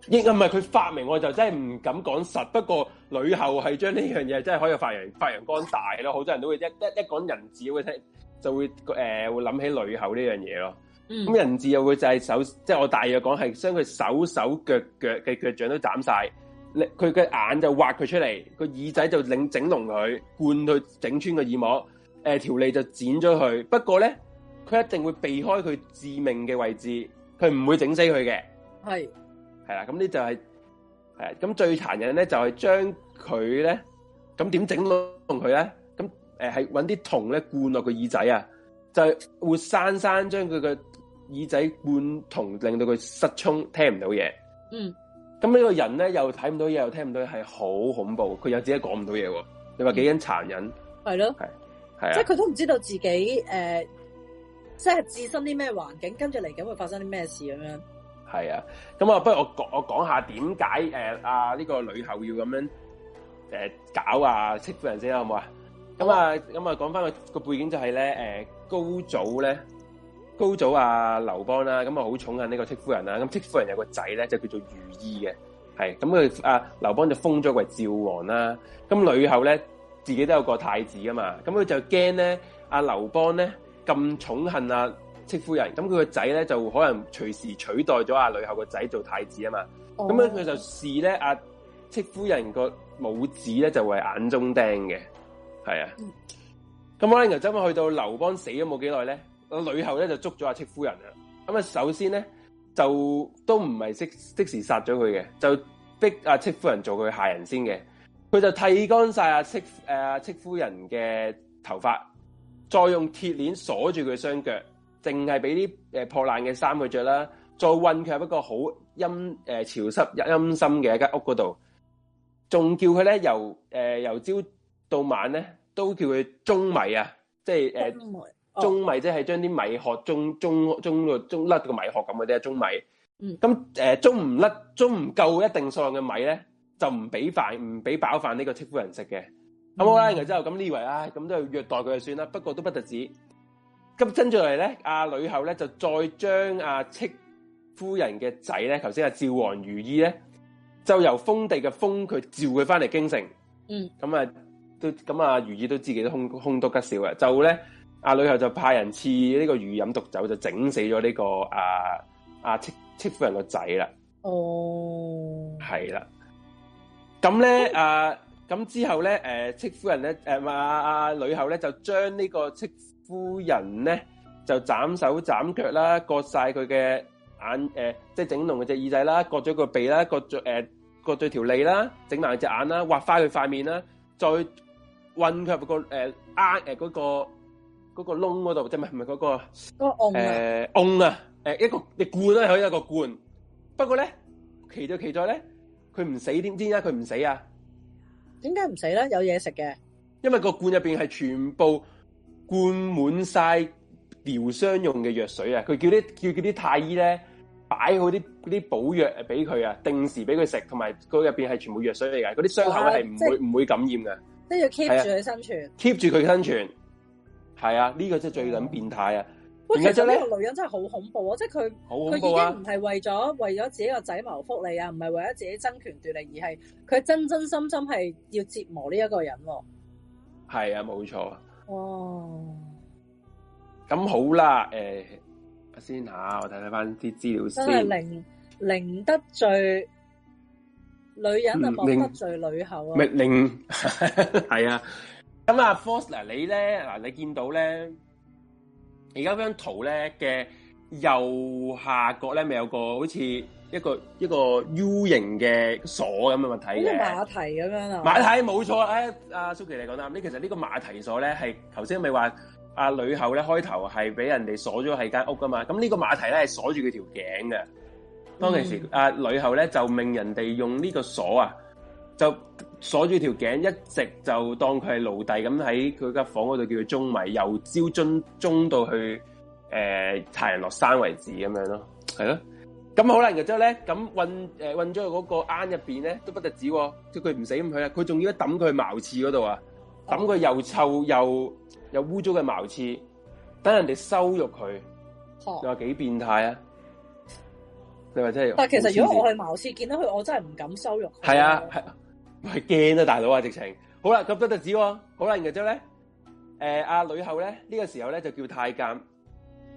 應啊，唔係佢發明我就真係唔敢講實。不過呂后係將呢樣嘢真係可以發揚發揚光大咯。好多人都會一一一講人彘，會聽就會誒會諗、呃、起呂后呢樣嘢咯。咁、嗯、人彘又會就係手，即、就、係、是、我大約講係將佢手手腳腳嘅腳掌都斬晒，佢佢嘅眼就挖佢出嚟，個耳仔就整整容佢，灌佢整穿個耳膜，誒條脷就剪咗佢。不過咧，佢一定會避開佢致命嘅位置，佢唔會整死佢嘅。係。係啦，咁、就是、呢就係，係咁最殘忍咧，就係將佢咧，咁點整落佢咧？咁誒，係揾啲銅咧灌落個耳仔啊，就係會生生將佢個耳仔灌銅，令到佢失聰，聽唔到嘢。嗯，咁呢個人咧又睇唔到嘢，又聽唔到嘢，係好恐怖。佢又自己講唔到嘢，你話幾陰殘忍？係、嗯、咯，係係啊，即係佢都唔知道自己誒，即、呃、係、就是、置身啲咩環境，跟住嚟緊會發生啲咩事咁樣。係啊，咁啊，不如我講我講下點解誒，阿、呃、呢、啊這個呂後要咁樣誒、呃、搞啊戚夫人先啦，好唔好啊？咁、嗯、啊，咁、嗯、啊、嗯嗯，講翻個個背景就係、是、咧，誒、呃，高祖咧，高祖啊，劉邦啦、啊，咁啊好寵幸呢個戚夫人啦，咁、啊、戚夫人有個仔咧就叫做如意嘅，係，咁佢阿劉邦就封咗為趙王啦，咁、啊、呂後咧自己都有個太子噶嘛，咁、嗯、佢就驚咧阿劉邦咧咁寵幸啊。夫 oh. 啊、戚夫人，咁佢個仔咧就可能隨時取代咗阿呂后個仔做太子啊嘛，咁樣佢就視咧阿戚夫人個母子咧就為眼中釘嘅，係啊，咁我哋就走去到劉邦死咗冇幾耐咧，阿呂后咧就捉咗阿、啊、戚夫人啊，咁啊首先咧就都唔係即即時殺咗佢嘅，就逼阿、啊、戚夫人做佢下人先嘅，佢就剃乾晒阿戚誒、啊、戚夫人嘅頭髮，再用鐵鏈鎖住佢雙腳。淨係俾啲誒破爛嘅衫佢着啦，再困佢喺一個好陰誒潮濕陰森嘅一間屋嗰度，仲叫佢咧由誒、呃、由朝到晚咧都叫佢舂米啊，即係誒舂米即係將啲米殼舂舂舂到舂甩個米殼咁嘅啫，舂米。咁誒舂唔甩，舂唔夠一、嗯呃、一定數量嘅米咧，就唔俾飯，唔俾飽飯呢個戚夫人食嘅。咁好啦，然之後咁呢位啊，咁都要虐待佢就算啦，不過都不特止。咁跟住嚟咧，阿呂后咧就再將阿、啊、戚夫人嘅仔咧，頭先阿趙王如意咧，就由封地嘅封佢召佢翻嚟京城。嗯，咁啊，都咁啊，如意都自己都凶凶多吉少嘅，就咧，阿呂后就派人賜呢個魚飲毒酒，就整死咗呢個阿阿戚戚夫人個仔啦。哦，係啦。咁咧，啊，咁之後咧，誒，戚夫人咧，誒、哦，阿阿呂后咧、呃、就將呢個戚。夫人咧就斬手斬腳啦，割晒佢嘅眼誒、呃，即係整聾佢隻耳仔啦，割咗個鼻啦，割咗誒，割咗條脷啦，整爛隻眼啦，挖返佢塊面啦，再韞佢、那個誒，啱誒嗰個、那個窿嗰度，即係唔係唔係嗰個誒，瓮、呃、啊誒，一個你罐都可以一個罐，不過咧奇就奇在咧，佢唔死點知點解佢唔死啊？點解唔死咧？有嘢食嘅，因為個罐入邊係全部。灌滿晒療傷用嘅藥水啊！佢叫啲叫叫啲太醫咧，擺好啲嗰啲補藥俾佢啊，定時俾佢食，同埋佢入邊係全部藥水嚟嘅，嗰啲傷口咧係唔會唔、就是、會感染嘅。都要 keep 住佢生存，keep 住佢生存。係啊，生存啊，這個啊嗯、呢個真係最撚變態啊！其實呢個女人真係好恐怖啊！即係佢佢已經唔係為咗為咗自己個仔謀福利啊，唔係為咗自己爭權奪利，而係佢真真心心係要折磨呢一個人。係啊，冇錯、啊。哇，咁好啦，誒、欸，先吓，我睇睇返啲資料先。零得罪女人啊，莫得罪女后啊，咪令係啊，咁啊 First 嗱，Foss，你咧嗱，你見到咧，而家嗰張圖咧嘅右下角咧，咪有個好似。一個一個 U 型嘅鎖咁嘅問題，好似馬蹄咁樣啊？馬蹄冇錯咧，阿、啊、Suki、啊啊、你講啦。呢其實呢個馬蹄鎖咧係，頭先咪話阿呂后咧開頭係俾人哋鎖咗喺間屋噶嘛。咁呢個馬蹄咧係鎖住佢條頸嘅。當其時阿呂、嗯啊、后咧就命人哋用呢個鎖啊，就鎖住條頸，一直就當佢係奴隸咁喺佢間房嗰度叫佢舂米，由朝樽舂，舂到去誒、呃、人落山為止咁樣咯，係咯。咁、嗯、好啦，然之後咧，咁運誒咗去嗰個庵入邊咧，都不得止、哦，即係佢唔死咁佢啊，佢仲要抌佢去茅廁嗰度啊，抌、哦、佢又臭又又污糟嘅茅廁，等人哋羞辱佢，又幾、哦、變態啊！你話真係，但係其實如果我去茅廁見到佢，我真係唔敢羞辱。係啊，係驚啊，啊，大佬啊，直情好啦，咁不得止，好啦，然之後咧，誒、呃，阿呂后咧呢、呢個時候咧就叫太監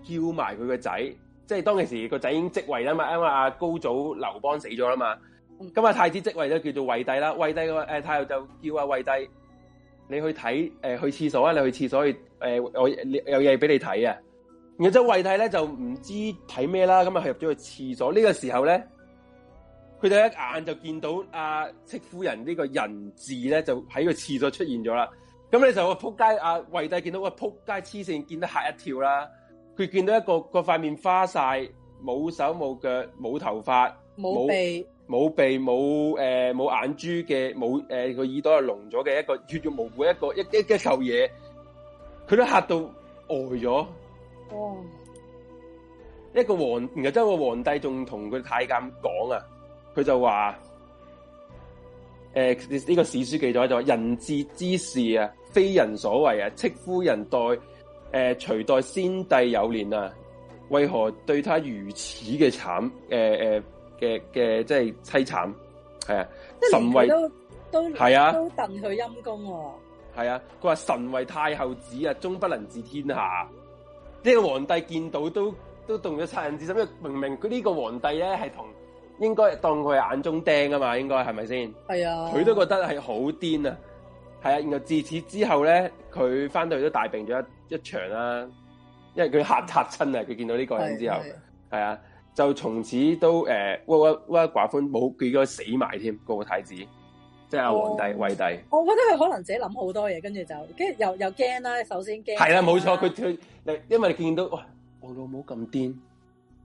叫埋佢個仔。即係當其時個仔已經即位啦嘛，因為阿高祖劉邦死咗啦嘛，咁啊太子即位就叫做惠帝啦，惠帝個誒太后就叫阿惠帝，你去睇誒、呃、去廁所啊，你去廁所去誒、呃、我，我，我，我有嘢俾你睇啊，然之後惠帝咧就唔知睇咩啦，咁啊去入咗去廁所，呢、這個時候咧，佢哋一眼就見到阿、啊、戚夫人呢個人彘咧就喺個廁所出現咗啦，咁你就撲街，阿惠、啊、帝見到個撲街黐線，見得吓一跳啦。.佢見到一個個塊面花晒，冇手冇腳冇頭髮，冇鼻冇鼻冇誒冇眼珠嘅，冇誒個耳朵又聾咗嘅一個血肉模糊一個一一嚿嘢，佢都嚇到呆咗。哦，一個皇，然後之後個皇帝仲同佢太監講啊，佢就話：誒、呃、呢、這個史書記載就話人彘之事啊，非人所為啊，戚夫人代。誒，隋代先帝有年啊，為何對他如此嘅慘？誒誒嘅嘅，即係淒慘，係啊。即係連佢都都係啊，都戥佢陰功。係啊，佢話、哦、神為太后子啊，終不能治天下。呢個皇帝見到都都動咗惻隱之心，因明明佢呢個皇帝咧係同應該當佢係眼中釘啊嘛，應該係咪先？係啊，佢都覺得係好癲啊！係啊，然後自此之後咧，佢返到去都大病咗一一場啦，啊，因為佢吓吓親啊，佢見到呢個人之後，係啊，就從此都誒孤孤孤寡歡，冇幾個死埋添，個太子即係阿皇帝惠，哦，帝我。我覺得佢可能自己諗好多嘢，跟住就跟住又又驚啦，首先驚。係啦，啊，冇錯，佢佢，因為見到，哇，我老母咁癲，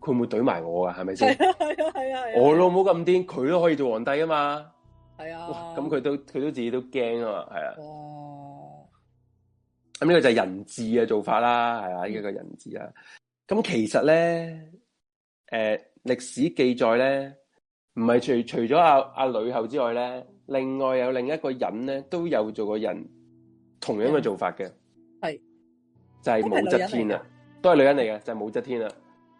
佢會唔會懟埋我啊？係咪先？係啊係啊。我老母咁癲，佢都可以做皇帝啊嘛。係啊，咁佢都佢都自己都驚啊，係啊，咁呢個就係人彘嘅做法啦，係啊，呢、這個人彘、嗯呃、啊，咁其實咧，誒，歷史記載咧，唔係除除咗阿阿呂后之外咧，另外有另一個人咧，都有做過人同樣嘅做法嘅，係就係、是、武則天啊，都係女人嚟嘅，就係、是、武則天啦，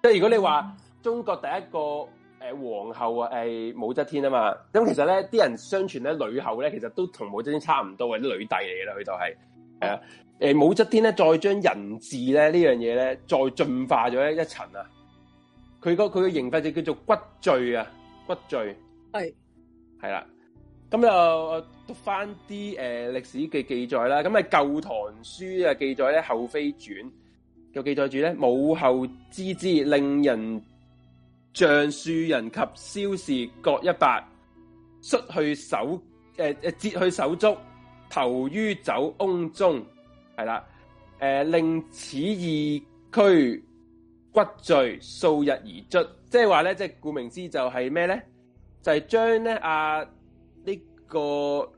即、嗯、係如果你話中國第一個。誒，皇后啊，誒、哎，武則天啊嘛，咁其實咧，啲人相傳咧，呂后咧，其實都同武則天差唔多嘅，啲女帝嚟嘅啦，佢就係、是，係、哎、啊，誒，武則天咧，再將人彘咧呢樣嘢咧，再進化咗一層啊，佢個佢嘅刑罰，就叫做骨醉啊，骨醉，係，係、啊啊、啦，咁又讀翻啲誒歷史嘅記載啦，咁係舊唐書啊記載咧后妃傳，就記載住咧武后之之令人。杖庶人及蕭氏各一百，失去手誒誒，呃、折去手足，投於酒甕中，係啦，誒、呃、令此二軀骨醉數日而卒，即係話咧，即係顧名思就係咩咧？就係將咧呢、啊這個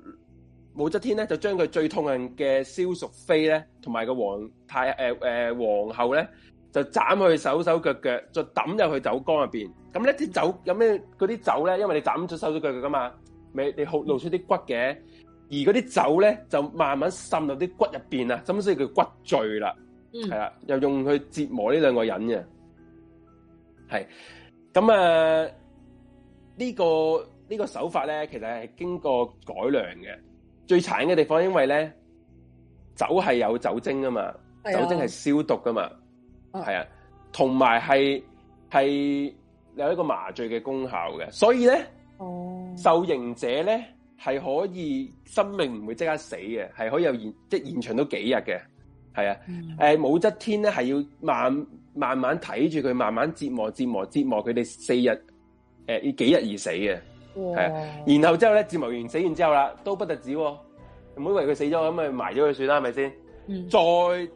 武則天咧，就將佢最痛恨嘅蕭淑妃咧，同埋個皇太誒誒、呃呃、皇后咧。就斬佢手手腳腳，就抌入去酒缸入邊。咁咧啲酒有咩嗰啲酒咧？因為你斬咗手手腳腳噶嘛，你你好露出啲骨嘅，嗯，而嗰啲酒咧就慢慢滲入啲骨入邊啊，咁所以叫骨醉啦，係、嗯、啦，又用去折磨呢兩個人嘅，係咁啊呢個呢、呢個手法咧，其實係經過改良嘅。最慘嘅地方，因為咧酒係有酒精噶嘛，哎，酒精係消毒噶嘛。係啊，同埋係係有一個麻醉嘅功效嘅。所以咧，哦、嗯，受刑者咧係可以生命唔會即刻死嘅，係可以有延即延長到幾日嘅，係啊，誒、嗯欸，武則天咧係要慢慢慢睇住佢，慢慢折磨折磨折磨佢哋四日，誒、呃，要幾日而死嘅，係、嗯、啊，然後之後咧折磨完死完之後啦，都不特止、啊，唔好以為佢死咗，咁咪埋咗佢算啦，係咪先？再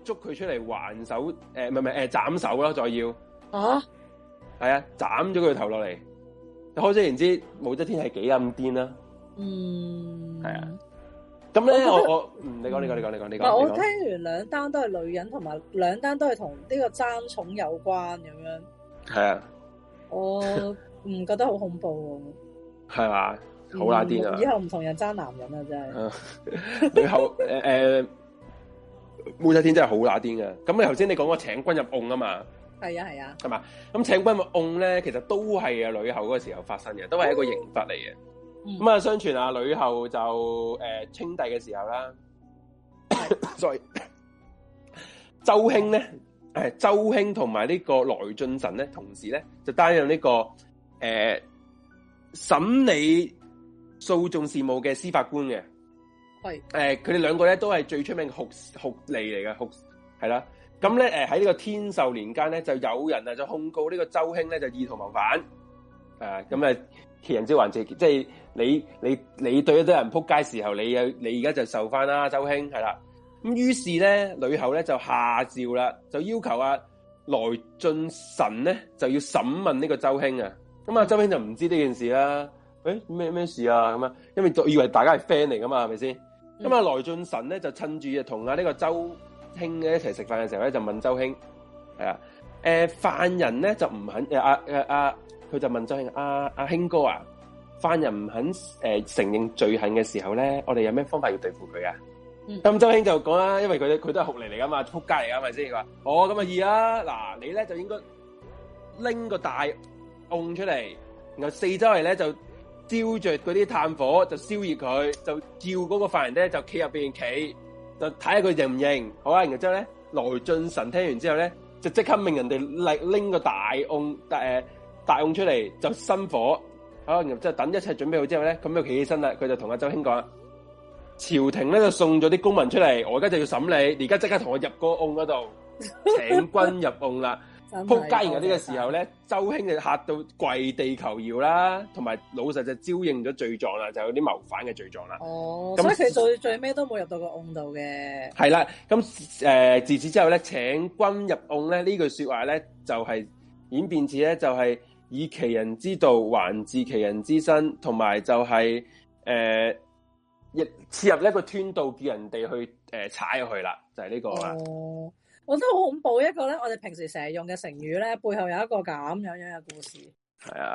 捉佢出嚟還手，誒、呃，唔係唔係，誒，斬、呃、手咯，再要啊，係啊，斬咗佢頭落嚟，可想而知武則天係幾咁癲啦。嗯，係啊，咁咧，我我，你講你講你講你講，嗯、你你我聽完兩單都係女人，同埋兩單都係同呢個爭寵有關咁樣。係啊，我唔覺得好恐怖喎、啊。係嘛、啊，好啦癲啊！以後唔同人爭男人啊，真係、啊。以後誒誒。 呃 呃 滿仔天真係好乸癲㗎。咁你頭先你講過請君入瓮啊嘛？係啊係啊，係嘛，啊，咁請君入甕咧，其實都係啊呂后嗰個時候發生嘅，都係一個刑罰嚟嘅。咁、嗯、啊相傳啊呂后就誒稱、呃、帝嘅時候啦，所以， 周興咧誒周興同埋呢個來俊臣咧，同時咧就擔任呢、這個誒審、呃、理訴訟事務嘅司法官嘅。誒，佢、呃、哋兩個咧都係最出名嘅酷酷吏嚟嘅酷係啦。咁咧，誒喺呢、呃、在這個天授年間咧，就有人啊就控告呢個周興咧就意圖謀反。誒、呃，咁、嗯、啊，其人之還，即係你你你，你對一啲人扑街時候，你你而家就受翻啦，周興係啦。咁於是咧，呂后咧就下詔啦，就要求啊來俊臣咧就要審問呢個周興啊。咁、嗯、啊，嗯、周興就唔知呢件事啦、啊。誒，咩咩事啊？咁啊，因為以為大家係 friend 嚟噶嘛，係咪先？咁、嗯、啊，來俊臣咧就趁住同呢個周興咧一齊食飯嘅時候咧，就問周興，係啊，誒、呃、犯人咧就唔肯啊啊誒阿佢就問周興，阿、啊、阿、啊、興哥啊，犯人唔肯誒、呃、承認罪行嘅時候咧，我哋有咩方法要對付佢啊？咁、嗯嗯、周興就講啦，因為佢佢都係酷吏嚟噶嘛，仆街嚟噶係咪先？佢話，哦咁啊易啦，嗱你咧就應該拎個大甕出嚟，然後四周圍咧就。燒著嗰啲炭火就燒熱佢，就叫嗰個犯人咧就企入邊企，就睇下佢認唔認，好啦，啊，然之後咧，來俊臣聽完之後咧，就即刻命人哋嚟拎個大瓮，誒、呃，大瓮出嚟就生火，好啊！然之後等一切準備好之後咧，咁就企起身啦，佢就同阿周興講：朝廷咧就送咗啲公民出嚟，我而家就要審理，而家即刻同我入個瓮嗰度，請君入瓮啦！ 仆街完嗰啲嘅時候咧，周興就嚇到跪地求饒啦，同埋老實就招認咗罪狀啦，就有啲謀反嘅罪狀啦。哦，所以佢最最尾都冇入到個甕度嘅。係啦，咁誒、呃，自此之後咧，請君入甕咧呢這句說話咧，就係、是、演變至咧，就係以其人之道還治其人之身，同埋就係、是、誒，亦、呃、切入一個通道，叫人哋去誒踩入去啦，就係、是、呢、這個啦。哦我都好恐怖，一個咧，我哋平時成日用嘅成語咧，背後有一個咁樣樣嘅故事。係啊，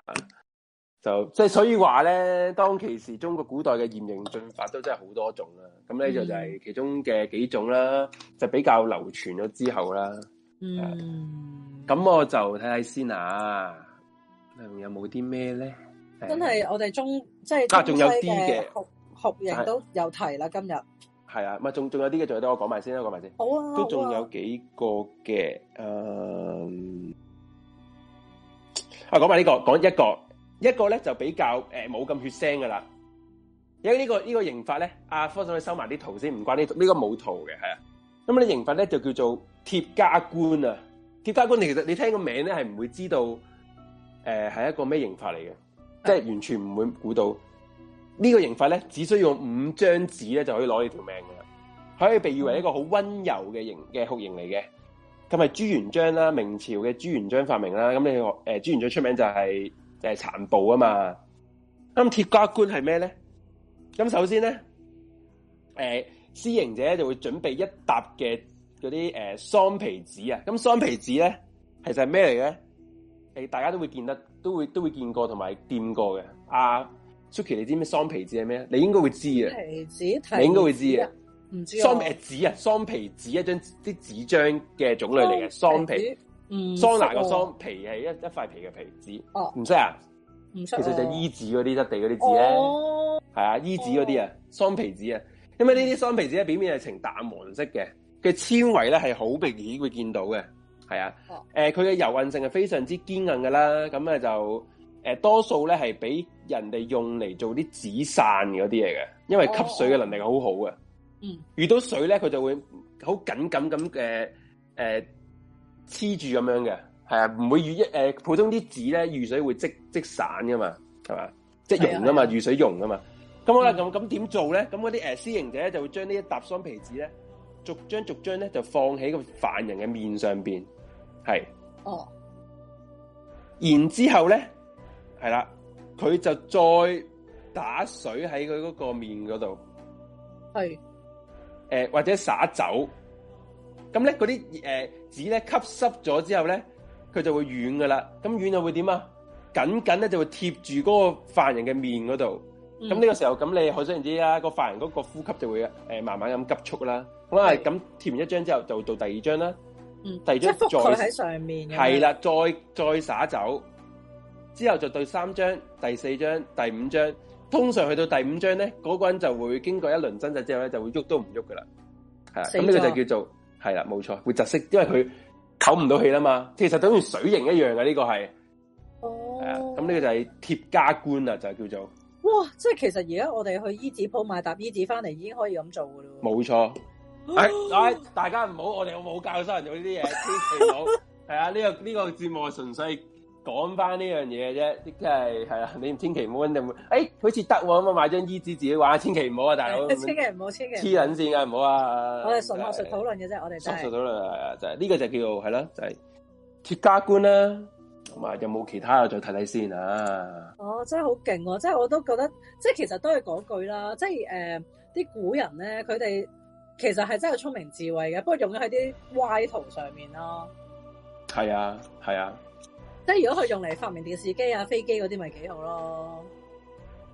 就即係所以話咧，當其時中國古代嘅嚴刑峻法都真係好多種啊。咁呢就就係其中嘅幾種啦、嗯，就比較流傳咗之後啦。嗯，咁我就睇睇先啊，你有冇啲咩咧？真係我哋中即係仲有啲嘅酷酷刑都有提啦，今日。係啊，仲仲有啲嘅，仲有得我講埋先啦，講埋先。好啊。都仲有幾個嘅，誒，啊，講埋呢個，講一個，一個咧就比較誒冇咁血腥噶啦。因為呢、這個呢、這個刑法咧，阿科總去收埋啲圖先，唔關呢呢個冇圖嘅，係啊。咁、這個、啊、那個、刑法咧就叫做貼家官啊，貼加官你其實你聽個名咧係唔會知道，誒、呃、係一個咩刑法嚟嘅，即、嗯、係、就是、完全唔會估到。呢、這個刑法咧，只需要五張紙咧就可以攞你條命噶啦，可以被譽為一個好温柔嘅刑嘅酷刑嚟嘅。咁係朱元璋啦，明朝嘅朱元璋發明啦。咁你誒朱元璋出名就係誒殘暴啊嘛。咁貼加官係咩咧？咁首先咧，誒、呃、施刑者就會準備一沓嘅嗰啲誒桑皮紙啊。咁桑皮紙咧，其實係咩嚟嘅？誒，大家都會見得，都會都會見過同埋掂過嘅啊。Suki，你知咩桑皮紙係咩啊？你應該會知嘅，你應該會知，皮紙啊。唔知桑皮紙啊，桑皮紙一張啲紙張嘅種類嚟嘅，桑皮桑拿個桑皮係一一塊皮嘅皮紙，唔、哦、識啊？唔識、啊，其實就衣紙嗰啲質地嗰啲紙咧，係、哦、啊，衣紙嗰啲啊，桑、哦、皮紙啊，因為呢啲桑皮紙咧表面，係呈淡黃色嘅，嘅纖維咧係好明顯會見到嘅，係啊，誒、哦，佢、呃、嘅油韌性係非常之堅硬噶啦，咁啊就。誒，多數咧係俾人哋用嚟做啲紙傘嗰啲嘢嘅，因為吸水嘅能力好好嘅、哦哦。嗯，遇到水咧，佢就會好緊緊咁嘅誒，黐、呃呃、住咁樣嘅，係啊，唔會遇一誒，普通啲紙咧遇水會即散噶嘛，係嘛，即係溶噶嘛，遇水溶噶嘛。咁好啦，咁咁點做咧？咁嗰啲誒私刑者就會將呢一沓桑皮紙咧，逐張逐張咧就放喺個犯人嘅面上邊，係、哦。哦。然之後咧。係啦，佢就再打水喺佢嗰個面嗰度，係，誒、呃、或者灑酒，咁咧嗰啲誒紙咧吸濕咗之後咧，佢就會軟噶啦，咁軟又會點啊？緊緊咧就會貼住嗰個犯人嘅面嗰度，咁、嗯、呢個時候咁你可想而知呀、啊，個犯人嗰個呼吸就會誒、呃、慢慢咁急促啦。咁啊咁貼完一張之後就到第二張啦，嗯，第二張再喺上面，係啦，再再灑酒。之後就對三張、第四張、第五張，通常去到第五張咧，嗰、那個人就會經過一輪掙扎之後咧，就會喐都唔喐噶啦。係啊，咁呢個就叫做係啦，冇錯，會窒息，因為佢唞唔到氣啦嘛。其實等於水刑一樣嘅呢、這個係。哦。係咁呢個就係貼加官啊，就係叫做。哇！即係其實而家我哋去衣紙鋪買搭衣紙翻嚟，已經可以咁做噶啦。冇錯、 哎哎。大家唔好，我哋有冇教新人做呢啲嘢，天氣好。係 啊，呢、這個呢、這個節目係純粹。講翻呢樣嘢嘅啫，即係係啊，你唔千祈唔好肯定唔，誒、哎，好似得咁啊，買張衣紙自己玩，千祈唔好啊，大佬。千祈唔好，千祈。黐捻線啊，唔好啊。我哋純學術討論嘅啫，我哋都係。純學術討論係啊，就係、是、呢、這個就叫係啦、啊，就係、是、鐵家觀啦、啊，同埋有冇其他啊？我再睇睇先啊。哦，真係好勁，即係我都覺得，即係其實都係嗰句啦，即係誒，啲、呃、古人咧，佢哋其實係真係聰明智慧嘅，不過用咗喺啲歪圖上面咯。係啊，係啊。即係如果佢用嚟發明電視機啊、飛機嗰啲，咪幾好咯。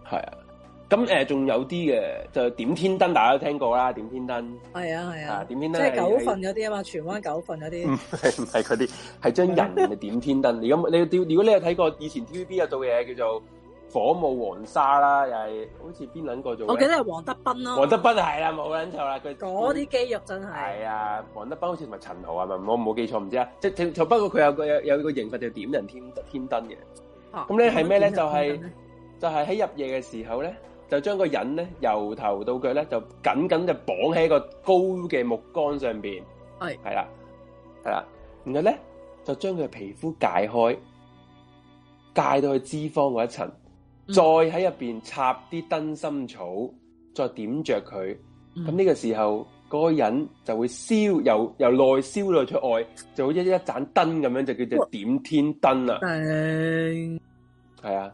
係啊，咁誒，仲有啲嘅就點天燈，大家都聽過啦。點天燈係啊係啊，啊，點天燈即係九份嗰啲啊嘛，荃灣九份嗰啲，唔係唔係嗰啲，係將人嘅點天燈。而家你如果你有睇過以前 TVB 有做嘅嘢，叫做。火舞黃沙啦，又係好似邊撚個做？我記得係黃德斌啦。黃德斌係啦，冇撚、啊、錯啦。佢嗰啲肌肉真係係啊！黃德斌好似唔係陳豪啊，係咪我冇記錯唔知啊。即即就不過佢有個有有個刑罰叫點人天天燈嘅。咁咧係咩咧？就係、是、就係、是、喺入夜嘅時候咧，就將個人咧由頭到腳咧就緊緊就綁喺個高嘅木杆上邊。係係啦係啦，然後咧就將佢嘅皮膚解開，解到去脂肪嗰一層。再喺入邊插啲燈芯草，再點着佢，咁呢個時候個人就會燒，由由內燒到出外，就好似一盞燈咁樣，就叫做點天燈啦。係啊，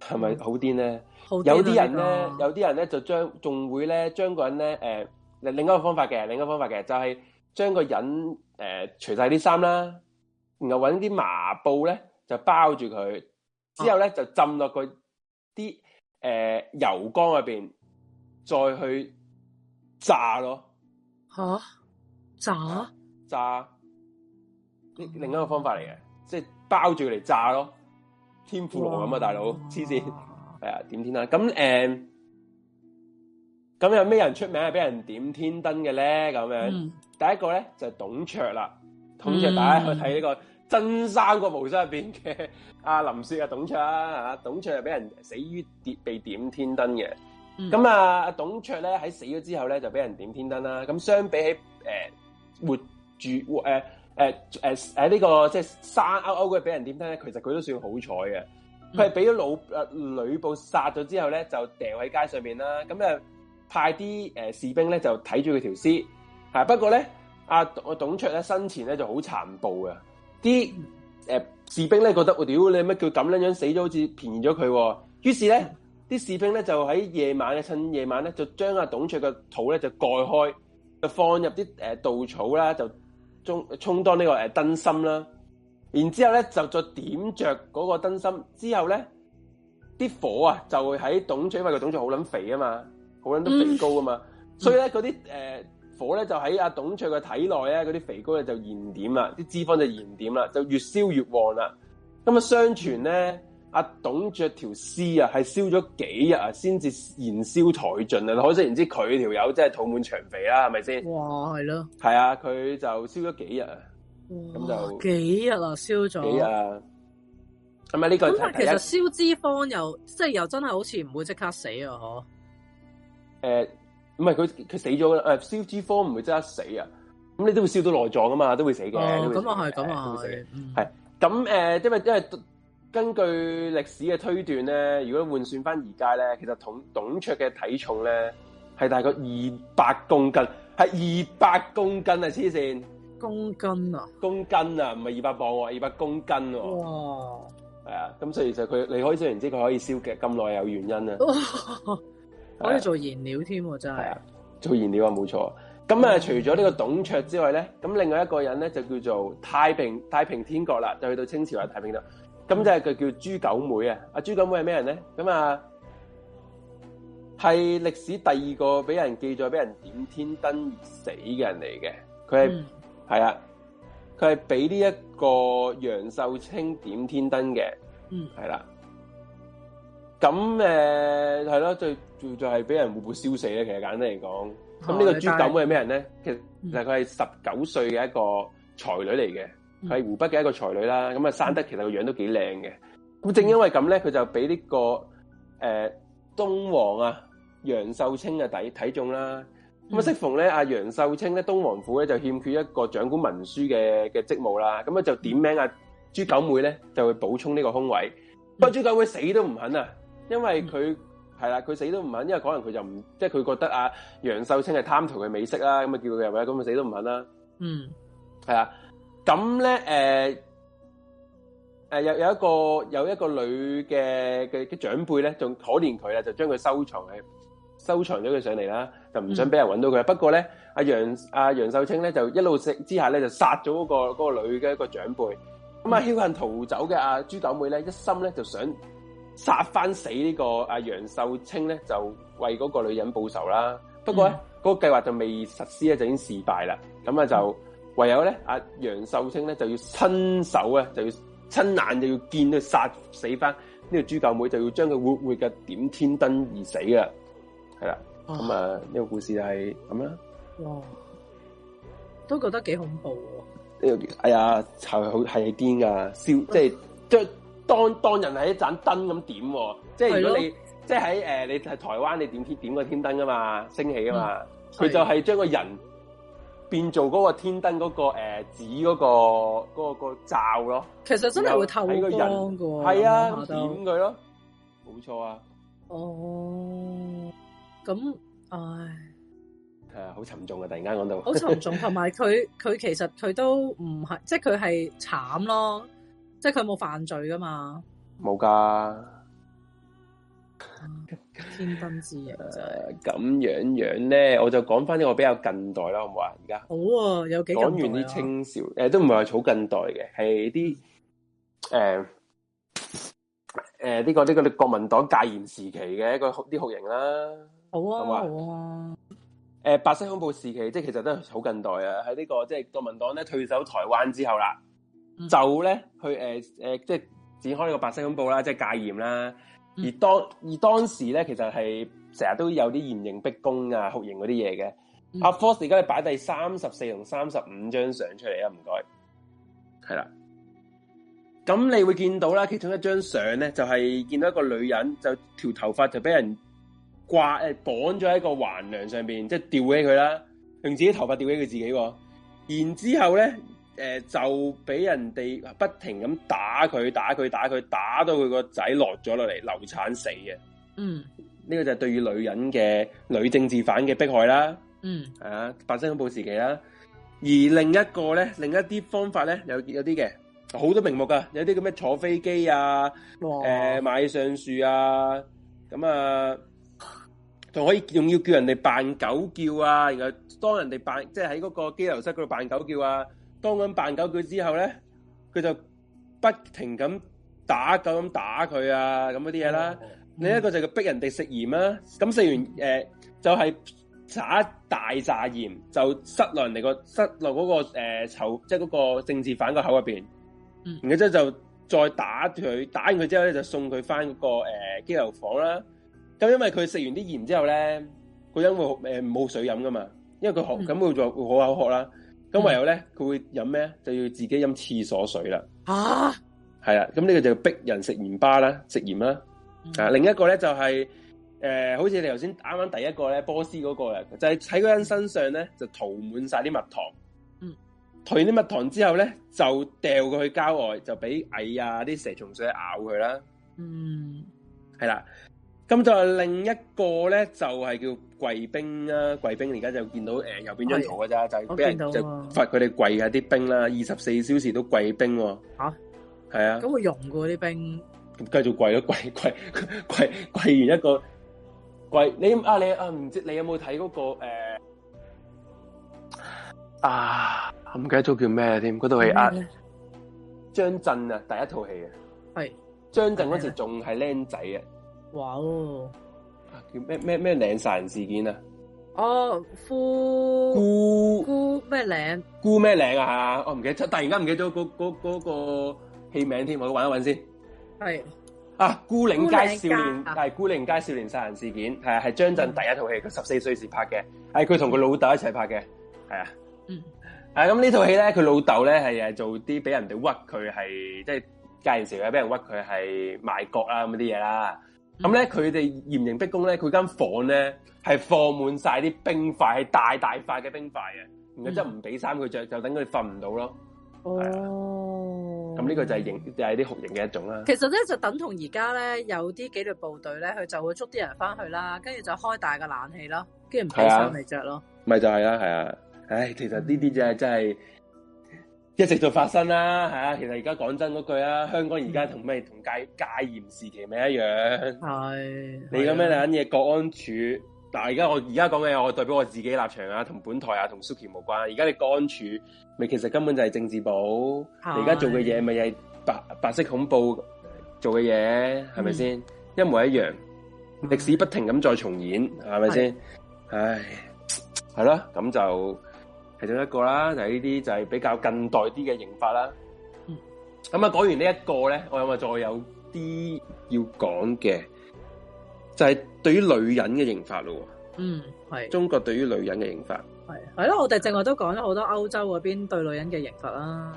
係咪好癲咧？有啲人咧、這個，有啲人咧就將仲會咧將個人咧，誒、呃，另一個方法嘅，另一個方法嘅就係、是、將個人誒除晒啲衫啦，然後搵啲麻布咧就包住佢，之後咧就浸落佢。啊誒、呃，油缸入邊再去炸咯，吓炸、啊、炸、欸，另一個方法嚟嘅，即係包住佢嚟炸咯，天婦羅咁啊，大佬黐線，係啊、 哎、點天燈咁誒、咁、欸、有咩人出名係俾人點天燈嘅咧？咁樣、嗯，第一個咧就係、董卓啦，董卓大家去睇呢、這個。嗯新三個模式入邊嘅阿林雪啊，董卓啊，董卓係俾人死於點被點天燈嘅。咁、嗯、啊，董卓咧喺死咗之後咧就俾人點天燈啦。咁相比起誒、呃、活住誒誒誒誒呢個即係生勾勾嘅俾人點燈咧，其實佢都算好彩嘅。佢係俾咗魯啊，呂、呃呃、布殺咗之後咧就掟喺街上邊啦。咁啊派啲誒、呃、士兵咧就睇住佢條屍係。不過咧阿、啊、董卓咧生前咧就好殘暴嘅。啲誒、呃、士兵咧覺得喎，屌、呃、你乜叫咁樣樣死咗好似便宜咗佢、哦，於是咧啲士兵咧就喺夜晚啊，趁夜晚咧就將阿董卓嘅肚咧就蓋開，就放入啲誒、呃、稻草啦，就充充當呢、這個誒、呃、燈芯啦。然之後咧就再點着嗰個燈芯，之後咧啲火啊就會喺董卓，因為個董卓好撚肥啊嘛，好撚都肥高啊嘛、嗯，所以咧嗰啲誒。我咧就喺阿董卓嘅體內啊，嗰啲肥膏咧就燃點啦，啲脂肪就燃點啦，就越燒越旺啦。咁啊，相傳咧，阿董卓條屍啊，係燒咗幾日啊，先至燃燒殆盡啊。可惜，然之佢條友真係肚滿腸肥啦，係咪先？哇，係咯。係啊，佢就燒咗幾日啊，咁就幾日啊，燒咗幾日？係咪呢個咁，但其實燒脂肪又即係又真係好似唔會即刻死啊？嗬、欸。誒。唔係佢佢死咗啦，誒、啊，燒 G f 唔會即刻死啊，咁你都會燒到內臟噶嘛，都會死嘅。哦，咁啊，係咁啊，係、哦。係、嗯，咁誒、嗯，因為因為根據歷史嘅推斷咧，如果換算翻而家咧，其實董董卓嘅體重咧係大概二百公斤，係二百公斤啊黐線，公斤啊，公斤啊，唔係二百磅喎，啊，二百公斤喎，啊。哇！係啊，咁所以就佢你可以雖然知佢可以燒嘅咁耐有原因啊。 可以做燃料添喎，真係。做燃料啊，冇錯。咁、嗯、啊，除咗呢個董卓之外咧，咁另外一個人咧就叫做太平太平天國啦，就去到清朝嘅太平道。咁就係佢叫朱九妹啊。阿朱九妹係咩人咧？咁啊，係歷史第二個俾人記載、俾人點天燈而死嘅人嚟嘅。佢係，係啊，佢係俾呢一個楊秀清點天燈嘅。嗯，係啦、啊。咁誒，係咯，最最就係俾人活活燒死咧。其實就會會簡單嚟講，咁呢個朱九妹係咩人咧？其實佢係十九歲嘅一個才女嚟嘅，係、嗯、湖北嘅一個才女啦。咁啊，生得其實個樣都幾靚嘅。咁正因為咁咧，佢就俾呢、這個誒、呃、東王啊楊秀清啊底睇中啦。咁啊，適逢咧阿楊秀清咧東王府咧就欠缺一個掌管文書嘅嘅職務啦，咁啊就點名阿、啊、朱九妹咧就去補充呢個空位。不過朱九妹死都唔肯啊！因為佢係啦，佢死都唔肯，因為可能佢就唔即係佢覺得啊，楊秀清係貪圖佢美色啦，咁啊叫佢入嚟，咁啊死都唔肯啦。嗯，係啊，咁咧誒誒，有有一個有一個女嘅嘅嘅長輩咧，仲可憐佢咧，就將佢收藏喺收藏咗佢上嚟啦，就唔想俾人揾到佢。不過咧，阿楊阿楊秀清咧就一路食之下咧就殺咗嗰個嗰個女嘅一個長輩。咁啊，僥幸逃走嘅阿朱豆妹咧，一心咧就想。殺翻死呢個阿楊秀清咧，就為嗰個女人報仇啦。不過咧，嗰、嗯那個計劃就未實施咧，就已經事敗啦。咁啊，就唯有咧，阿楊秀清咧就要親手啊，就要親眼就要見到殺死翻呢、這個豬舊妹，就要將佢活活嘅點天燈而死㗎。係啦，咁、哦、啊，呢、嗯這個故事係咁啦。哇、哦，都覺得幾恐怖、哦。呢哎呀，係好係癲噶，笑，即、就、係、是嗯當當人係一盞燈咁點，喔，即係如果你的即係喺誒，你係台灣，你點天點個天燈噶嘛，升起噶嘛，佢、嗯、就係將個人變做嗰個天燈嗰、嗰個誒紙嗰個、嗰個嗰個罩咯。其實真係會透光的，係、嗯、啊，點佢咯，冇錯啊。哦，咁唉，係好沉重啊！突然間講到好沉重，同埋佢佢其實佢都唔係，即係佢係慘咯。即係佢冇犯罪噶嘛？冇噶、啊， 天燈之役咁、呃、樣樣咧。我就講翻呢個比較近代啦，好唔好啊？而家好啊，有幾講完啲清朝誒，都唔係話好近代嘅，係啲誒誒呢個呢、這個國民黨戒嚴時期嘅一個啲酷刑啦。好啊，好，好，好啊。誒、呃，白色恐怖時期，即係其實都係好近代啊。喺呢、這個即係、就是、國民黨咧退守台灣之後啦。就咧去誒誒、呃呃，即係展開呢個白色恐怖啦，即係戒嚴啦。而當而當時咧，其實係成日都有啲嚴刑逼供啊、酷刑嗰啲嘢嘅。阿科 o 而家擺第三十四同三十五張相出嚟啊，唔該。係啦，咁你會見到啦，其中一張相咧，就係、是、見到一個女人，就條頭髮就俾人掛誒綁咗喺個橫梁上邊，即、就、係、是、吊起佢啦，用自己的頭髮吊起佢自己個。然之後咧。誒、呃，就俾人哋不停咁打佢，打佢，打佢，打到佢個仔落咗落嚟，流產死嘅。嗯，呢、這個就係對於女人嘅女政治犯嘅迫害啦。嗯，係啊，發生喺白色恐怖時期啦。而另一個咧，另一啲方法咧，有有啲嘅，好多名目噶，有啲叫咩坐飛機啊，誒、呃，買上樹啊，咁啊，仲可以，仲要叫人哋扮狗叫啊，然後當人哋扮，即係喺嗰個羈留室嗰度扮狗叫啊。當咁扮狗佢之後咧，佢就不停咁打，咁打佢啊，咁嗰啲嘢啦、嗯。另一個就係佢逼人哋食鹽啦。咁食完誒、呃，就係、是、一大炸鹽，就塞落人哋個塞落嗰、那個誒，囚即係個政治犯個口入邊、嗯。然之後就再打佢，打完佢之後咧，就送佢翻嗰個誒、呃、拘留房啦。咁因為佢食完啲鹽之後咧，佢因為誒冇水飲噶嘛，因為佢渴，咁佢就好口渴啦。咁唯有咧，佢會飲咩？就要自己飲廁所水啦。吓，係啦。咁呢個就要逼人食鹽巴啦，食鹽啦。啊，另一個咧就係、是、誒、呃，好似你頭先啱啱第一個咧，波斯嗰、那個啊，就係喺嗰人身上咧就塗滿晒啲蜜糖。嗯，塗完啲蜜糖之後咧，就掉過去郊外，就俾蟻啊啲蛇蟲水咬佢啦。嗯，係啦。咁就另一個咧，就係、是、叫跪冰，啊啦，跪、呃、冰而家就見到誒，右邊張圖嘅咋，就俾人就罰佢哋跪下啲冰啦，二十四小時都跪冰，吓，係啊。咁會溶嘅啲冰，咁繼、啊、續跪咯，跪跪跪跪完一個跪，你啊你啊唔知你有冇睇嗰個誒啊，唔記得咗叫咩添？嗰套戲啊，張震啊，第一套戲啊，係張震嗰時仲係僆仔啊。哇哦！叫咩咩咩嶺殺人事件啊？哦，孤孤孤咩嶺？孤咩嶺啊？吓，我唔記得，突然間唔記得咗嗰嗰嗰個戲，那個、名添，我搵一搵先。係啊，牯嶺街少年係牯嶺街少年殺人事件，係係張震第一套戲，佢十四歲時拍嘅，係佢同佢老豆一齊拍嘅。係、嗯、啊，嗯，嗯啊，咁呢套戲咧，佢老豆咧係做啲俾人哋屈佢，係即係戒嚴時俾人屈佢係賣國啊咁啲嘢啦。咁咧，佢哋嚴刑逼供咧，佢間房咧係放滿晒啲冰塊，係大大塊嘅冰塊嘅，然之後唔俾衫佢着，就等佢瞓唔到咯。哦，咁呢個就係刑，就係啲酷刑嘅一種啦。其實咧，就等同而家咧有啲紀律部隊咧，佢就會捉啲人翻去啦，跟住就開大個冷氣咯，跟住唔俾衫你着咯。咪就係啦，係啊，唉，其實呢啲就係真係。一直就發生啦，啊。其實而家講真嗰句啊，香港而家同咩同戒戒嚴時期咪一樣？係、啊、你咁樣諗嘢，國安處，但係而家我而家講嘅嘢，我代表我自己立場啊，同本台啊，同 Suki 冇關、啊。而家你國安處咪其實根本就係政治部，而家、啊、做嘅嘢咪又係白白色恐怖的做嘅嘢，係咪先？一模一樣，歷史不停咁再重演，係咪先？唉、啊，係咯、啊、咁、啊、就。其中一個啦，就係呢啲就係比較近代啲嘅刑法啦。咁啊，講完呢一個咧，我有冇再有啲要講嘅？就係對於女人嘅刑法咯。嗯，係。中國對於女人嘅刑法，係係咯，我哋正話都講咗好多歐洲嗰邊對女人嘅刑法啦。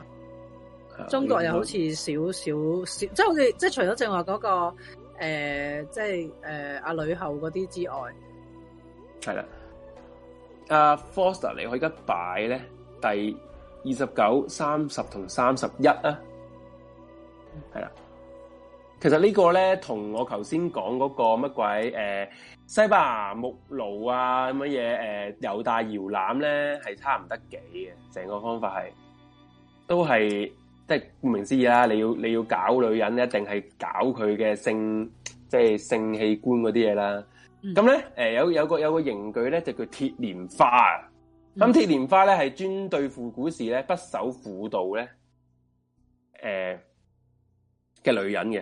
中國又好似少少少，即係好似即係除咗正話嗰個誒，即係誒阿呂后嗰啲之外，係啦。啊、uh, Foster 你去而家擺咧第二十九、三十同三十一啊，係、嗯、啦。其實這個呢跟個咧同我頭先講嗰個乜鬼誒、呃，西班牙木驢啊乜嘢誒，猶、呃、大搖籃咧係差唔得幾嘅，成個方法係都係即係顧名思義啦。你要你要搞女人，一定係搞佢嘅性，即係性器官嗰啲嘢啦。咁咧，誒有有個有個刑具咧，就叫鐵蓮花啊！咁鐵蓮花咧係專對付古時咧不守婦道咧，誒、呃、嘅女人嘅。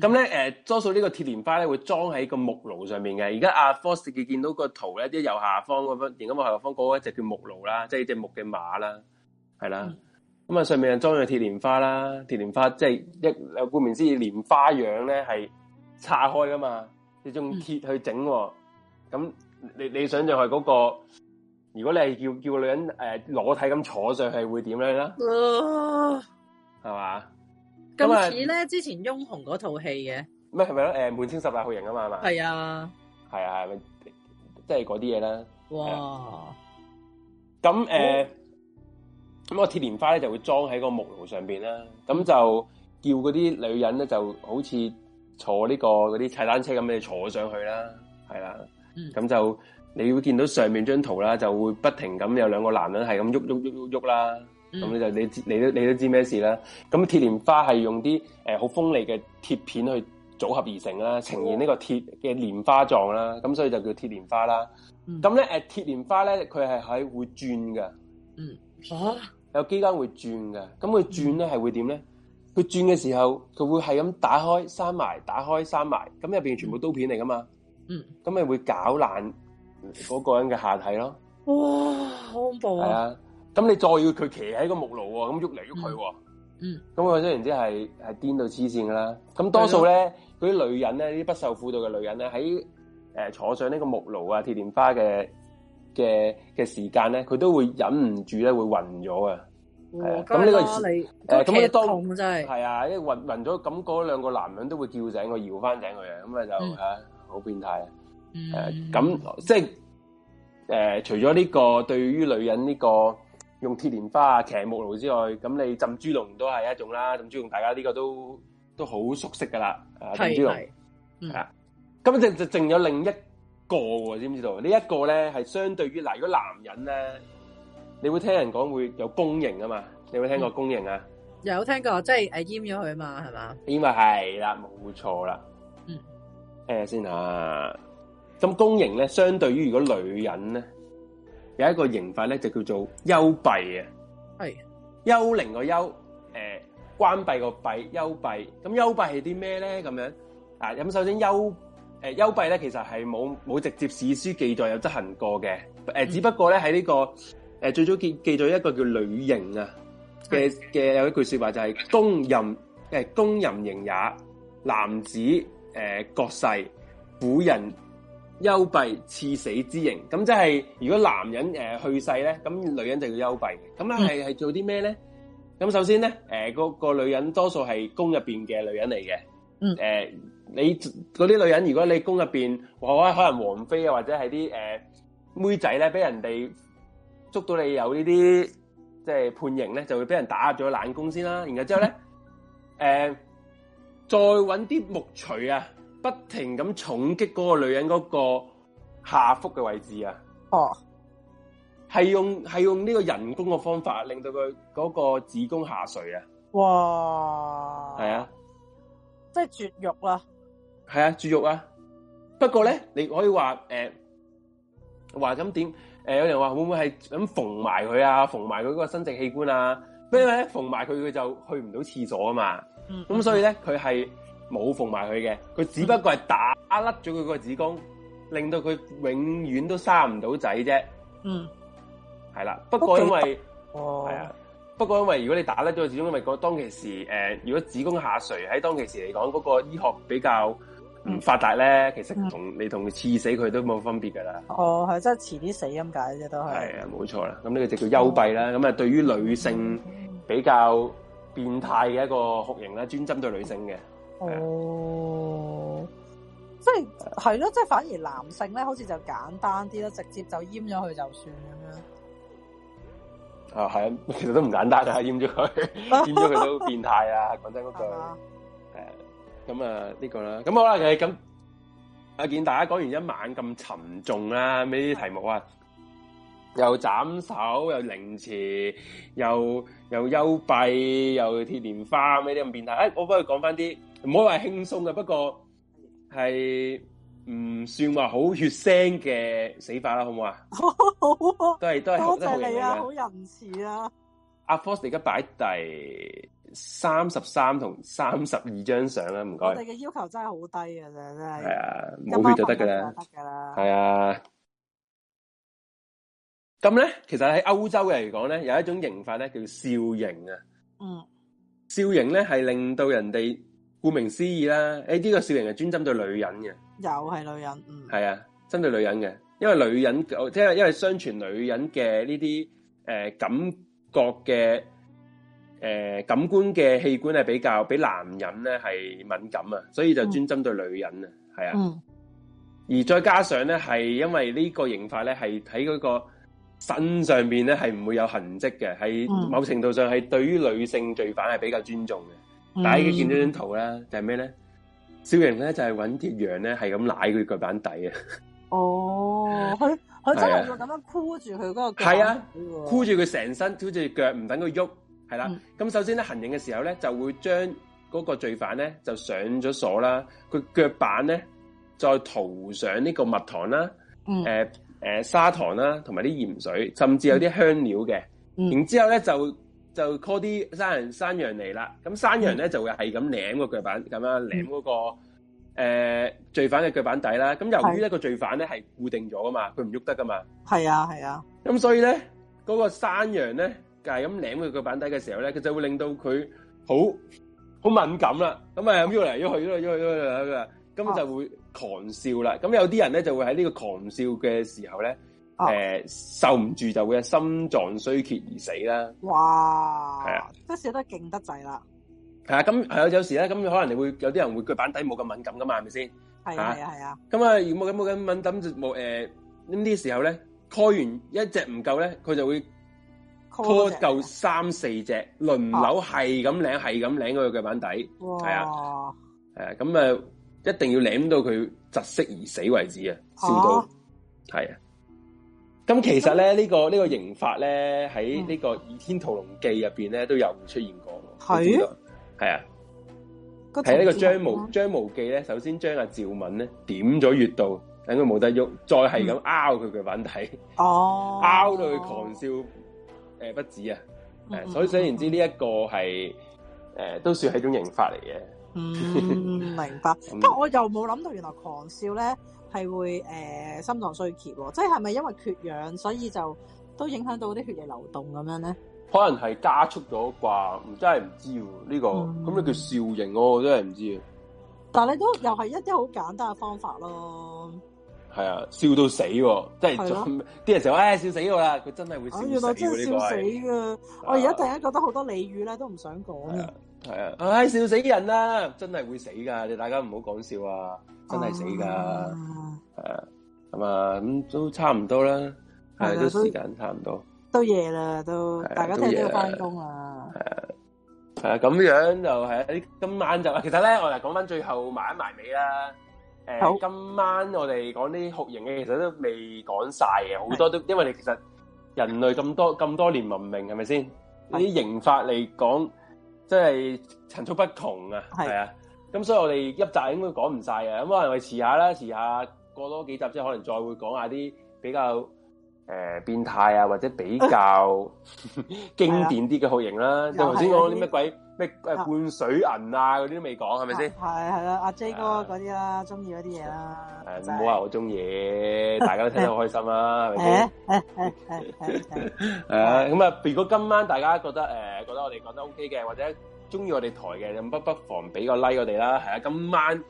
咁、嗯、咧，誒多數呢、呃、個鐵蓮花咧會裝喺個木爐上面嘅。而家阿科士佢見到個圖咧，啲、就、右、是、下方嗰分，而家我右下方嗰一隻叫木爐啦，即係隻木嘅馬啦，係啦。咁、嗯、啊，上面就裝裝住鐵蓮花啦，鐵蓮花即係一顧名思義蓮花樣咧，係叉開噶嘛。鐵啊嗯、你仲鐵去整，咁你你想象係嗰個，如果你係叫叫個女人誒、呃、裸體咁坐上去會點樣咧啦？係、啊、嘛？咁似咧之前翁虹嗰套戲嘅，咩係咪咯？誒、呃，滿清十大酷刑啊嘛，係啊，係啊，即係嗰啲嘢啦。哇！咁誒、啊，咁個鐵蓮花咧就會裝喺個木爐上邊啦，咁就叫嗰啲女人咧就好似，坐呢個啲踩單車咁，你坐上去啦，係啦，咁、嗯、就你會見到上面張圖啦，就會不停咁有兩個男人係咁喐喐喐喐喐啦，咁、嗯、你就你你都你都知咩事啦。咁鐵蓮花係用啲誒好鋒利嘅鐵片去組合而成啦，呈現呢個鐵嘅蓮花狀啦，咁所以就叫鐵蓮花啦。咁咧誒鐵蓮花咧，佢係喺會轉噶，嗯，啊，有機關會轉噶，咁佢轉咧係會點咧？佢轉嘅時候，佢會係咁打開、閂埋、打開、閂埋，咁入邊全部都刀片嚟噶嘛？嗯，咁咪會攪爛嗰個人嘅下體咯。哇，好恐怖！係啊，咁、嗯、你再要佢騎喺個木爐喎，咁喐嚟喐去喎，嗯，咁我真然雖然之係係癲到黐線啦。咁多數咧，嗰啲女人咧，啲不受輔導嘅女人咧，喺誒、呃、坐上呢個木爐啊、鐵蓮花嘅嘅嘅時間咧，佢都會忍唔住咧會暈咗啊！係啊，咁呢個誒，咁你當係啊，因為暈暈咗，咁嗰兩個男人都會叫醒佢，搖翻醒佢嘅，咁啊就吓好變態。誒，咁即係誒，除咗呢個對於女人呢個用鐵蓮花啊、騎木驢之外，咁你浸豬籠都係一種啦。浸豬籠大家呢個都都好熟悉噶啦。啊，浸豬籠，係啊，咁正就淨有另一個喎，知唔知道？呢一個咧係相對於嗱，如果男人咧。你會聽人講會有公刑啊嘛？你有冇聽過公刑啊，嗯？有聽過，即係誒閹咗佢啊嘛，係嘛？因為係啦，冇錯啦。嗯，聽下、欸、先啊，咁公刑咧，相對於如果女人咧，有一個刑法咧，就叫做幽閉、呃、啊。係幽靈個幽，誒關閉個閉，幽閉。咁幽閉係啲咩咧？咁樣啊？咁首先幽誒幽閉咧，其實係冇冇直接史書記載有執行過嘅。誒、呃，只不過咧喺呢在、這個。誒，最早記記咗一個叫女刑啊，嘅嘅，有一句說話就係公人，誒公人刑也，男子誒國、呃、世，婦人幽閉刺死之刑。咁即係如果男人誒去世咧，咁女人就要幽閉。咁咧係係做啲咩咧？咁首先咧，誒、呃那個那個女人多數係宮入邊嘅女人嚟嘅。嗯，誒、呃、你嗰啲女人，如果你宮入邊，或可能王妃啊，或者係啲誒妹仔咧，俾人哋。捉到你有呢啲即係判刑咧，就會俾人打入咗冷宮先啦。然後之後咧，誒、 呃，再揾啲木錘啊，不停咁重擊嗰個女人嗰個下腹嘅位置啊。哦，係用係用呢個人工嘅方法，令到佢嗰個子宮下垂啊。哇！係啊，即係絕育啦。係啊，絕育啊。不過咧，你可以話誒，話咁點？誒、呃，有人話會唔會係咁縫埋佢啊？縫埋佢嗰個生殖器官啊？因為咧縫埋佢，佢就去唔到廁所啊嘛。咁、嗯嗯嗯、所以咧，佢係冇縫埋佢嘅，佢只不過係打甩咗佢嗰個子宮，嗯，令到佢永遠都生唔到仔啫。嗯，係啦。不過因為係啊，哦，不過因為如果你打甩咗個子宮，因為當其時誒、呃，如果子宮下垂喺當其時嚟講，嗰，那個醫學比較。唔發達咧，其實同你同佢刺死佢都冇分別噶啦。哦，係即係遲啲死咁解啫，都係。係啊，冇錯啦。咁呢個就叫幽閉啦。咁、哦、啊，就對於女性比較變態嘅一個酷刑啦，專針對女性嘅。哦，即係係咯，即係反而男性咧，好似就簡單啲囉，直接就閹咗佢就算咁樣。啊、哦，係啊，其實都唔簡單啊，閹咗佢，閹咗佢都變態啊！講真嗰句。咁啊，呢個啦，咁好啦，佢咁啊，見大家講完一晚咁沉重啦，咩啲題目啊，又斬手，又凌遲，又又幽閉，又鐵蓮花，咩啲咁變態，誒，我幫佢講翻啲，唔好話輕鬆嘅，不過係唔算話好血腥嘅死法啦，好唔好啊？好好，都係都係，多謝你啊，好仁慈啊！阿 Force 而家擺第。三十三同三十二張相啦，唔該。我哋嘅要求真係好低嘅，啊，真係。係啊，冇血就得噶啦，係啊。咁、嗯、咧，其實喺歐洲嘅嚟講咧，有一種刑法咧叫笑刑啊。嗯。笑刑咧係令到人哋，顧名思義啦。誒、欸，呢、這個笑刑係專針對女人嘅。又係女人。嗯。係啊，針對女人嘅，因為女人即係因為相傳女人嘅呢啲誒感覺嘅。誒，感官嘅器官咧比較比男人咧係敏感啊，所以就專針對女人啊，係、嗯、啊。嗯。而再加上咧，係因為呢個刑法咧係喺嗰個身上邊咧係唔會有痕跡嘅，係某程度上係對於女性罪犯係比較尊重嘅、嗯。但係佢見到張圖咧，就係咩咧？笑刑咧就係搵隻羊咧，係咁舐佢腳板底啊。哦。佢佢真係會咁樣箍住佢嗰個腳係啊，箍住佢成身，挑住隻腳，唔等佢喐。係啦，咁首先咧，行刑嘅時候咧，就會將嗰個罪犯咧就上咗鎖啦，佢腳板咧再塗上呢個蜜糖啦，誒、嗯、誒、呃呃、砂糖啦，同埋啲鹽水，甚至有啲香料嘅、嗯。然之後咧就就 call 啲山山羊嚟啦，咁山羊咧、嗯、就會係咁舐個腳板，咁樣舐嗰、嗰個誒、嗯呃、罪犯嘅腳板底啦。咁由於呢個罪犯咧係固定咗噶嘛，佢唔喐得噶嘛。係啊係啊。咁、啊、所以咧嗰、嗰個山羊咧。咁舐佢個板底嘅時候咧，佢就會令到佢好好敏感啦。咁啊，咁要嚟要去，要嚟要去，要嚟要去，根本就會狂笑啦。咁、oh. 有啲人咧就會喺呢個狂笑嘅時候咧，誒、oh. 呃、受唔住就會心臟衰竭而死啦。哇！係啊，即笑得勁得滯啦。係啊，咁係有時咧，咁可能你會有啲人會腳板底冇咁敏感噶嘛，係咪先？係啊，係啊。咁啊，啊，如果冇咁敏感就冇誒，咁、呃、啲、這個、時候咧，開完一隻唔夠咧，佢就會。拖夠三四隻，輪流係咁舐，係咁舐佢腳板底，係啊，咁、嗯、啊，一定要舐到佢窒息而死為止啊，笑到，係啊，咁、啊、其實咧呢、這個呢、這個刑法咧喺呢個《倚天屠龍記》入邊咧都有出現過，係，係啊，那個啊這個、張張呢個張無張無忌咧，首先將阿趙敏咧點咗穴道，等佢冇得喐，再係咁拗佢腳板底，哦、啊，拗到佢狂笑。誒，不止啊！誒、嗯，所以言之呢一個係誒、呃，都算係一種刑法嚟嘅。唔、嗯、明白，不 過我又冇諗到，原來狂笑咧係會誒、呃、心臟衰竭喎！即係係咪因為缺氧，所以就都影響到啲血液流動咁樣咧？可能係加速咗啩？這個、真係唔知呢、這個，咁、嗯、你叫笑刑、啊、我真係唔知。但係你都又係一啲好簡單嘅方法咯。係啊，笑到死，即係啲人成日唉，笑死我啦！佢真係會笑死嘅。原來我真係笑死噶，我而家突然間覺得好多俚語咧都唔想講。係啊，唉、啊啊哎，笑死人啦，真係會死噶，你大家唔好講笑的啊，真係死噶。係啊，咁啊，咁、啊、都差唔多啦，係都時間差唔多，都夜啦，都、啊、大家聽日要翻工啊，係啊，咁樣就係、是，今晚就，其實咧我嚟講翻最後埋一埋尾啦。誒、呃，今晚我哋講啲酷刑，嘅，其實都未講晒嘅，好多都，因為你其實人類咁多咁多年文明，係咪先？啲刑法嚟講，即係層出不窮啊，係啊。咁所以我哋一集應該講唔晒啊，咁、嗯、可能我哋遲下啦，遲下過多幾集之後，可能再會講下啲比較。誒、呃，變態啊，或者比較 經典啲嘅酷刑啦、啊啊，就頭先講啲乜鬼咩？誒，灌水銀啊，嗰啲，啊、都未講係咪先？係係啦，阿、啊啊啊啊、J 哥嗰啲啦，中意嗰啲嘢啦。誒、啊，唔好話我中意， 大家都聽得好開心啦、啊，係咪係咁啊，如果今晚大家覺得誒、呃，覺得我哋講得 OK 嘅，或者中意我哋台嘅，咁不不妨俾個 like 我哋啦。係啊，今晚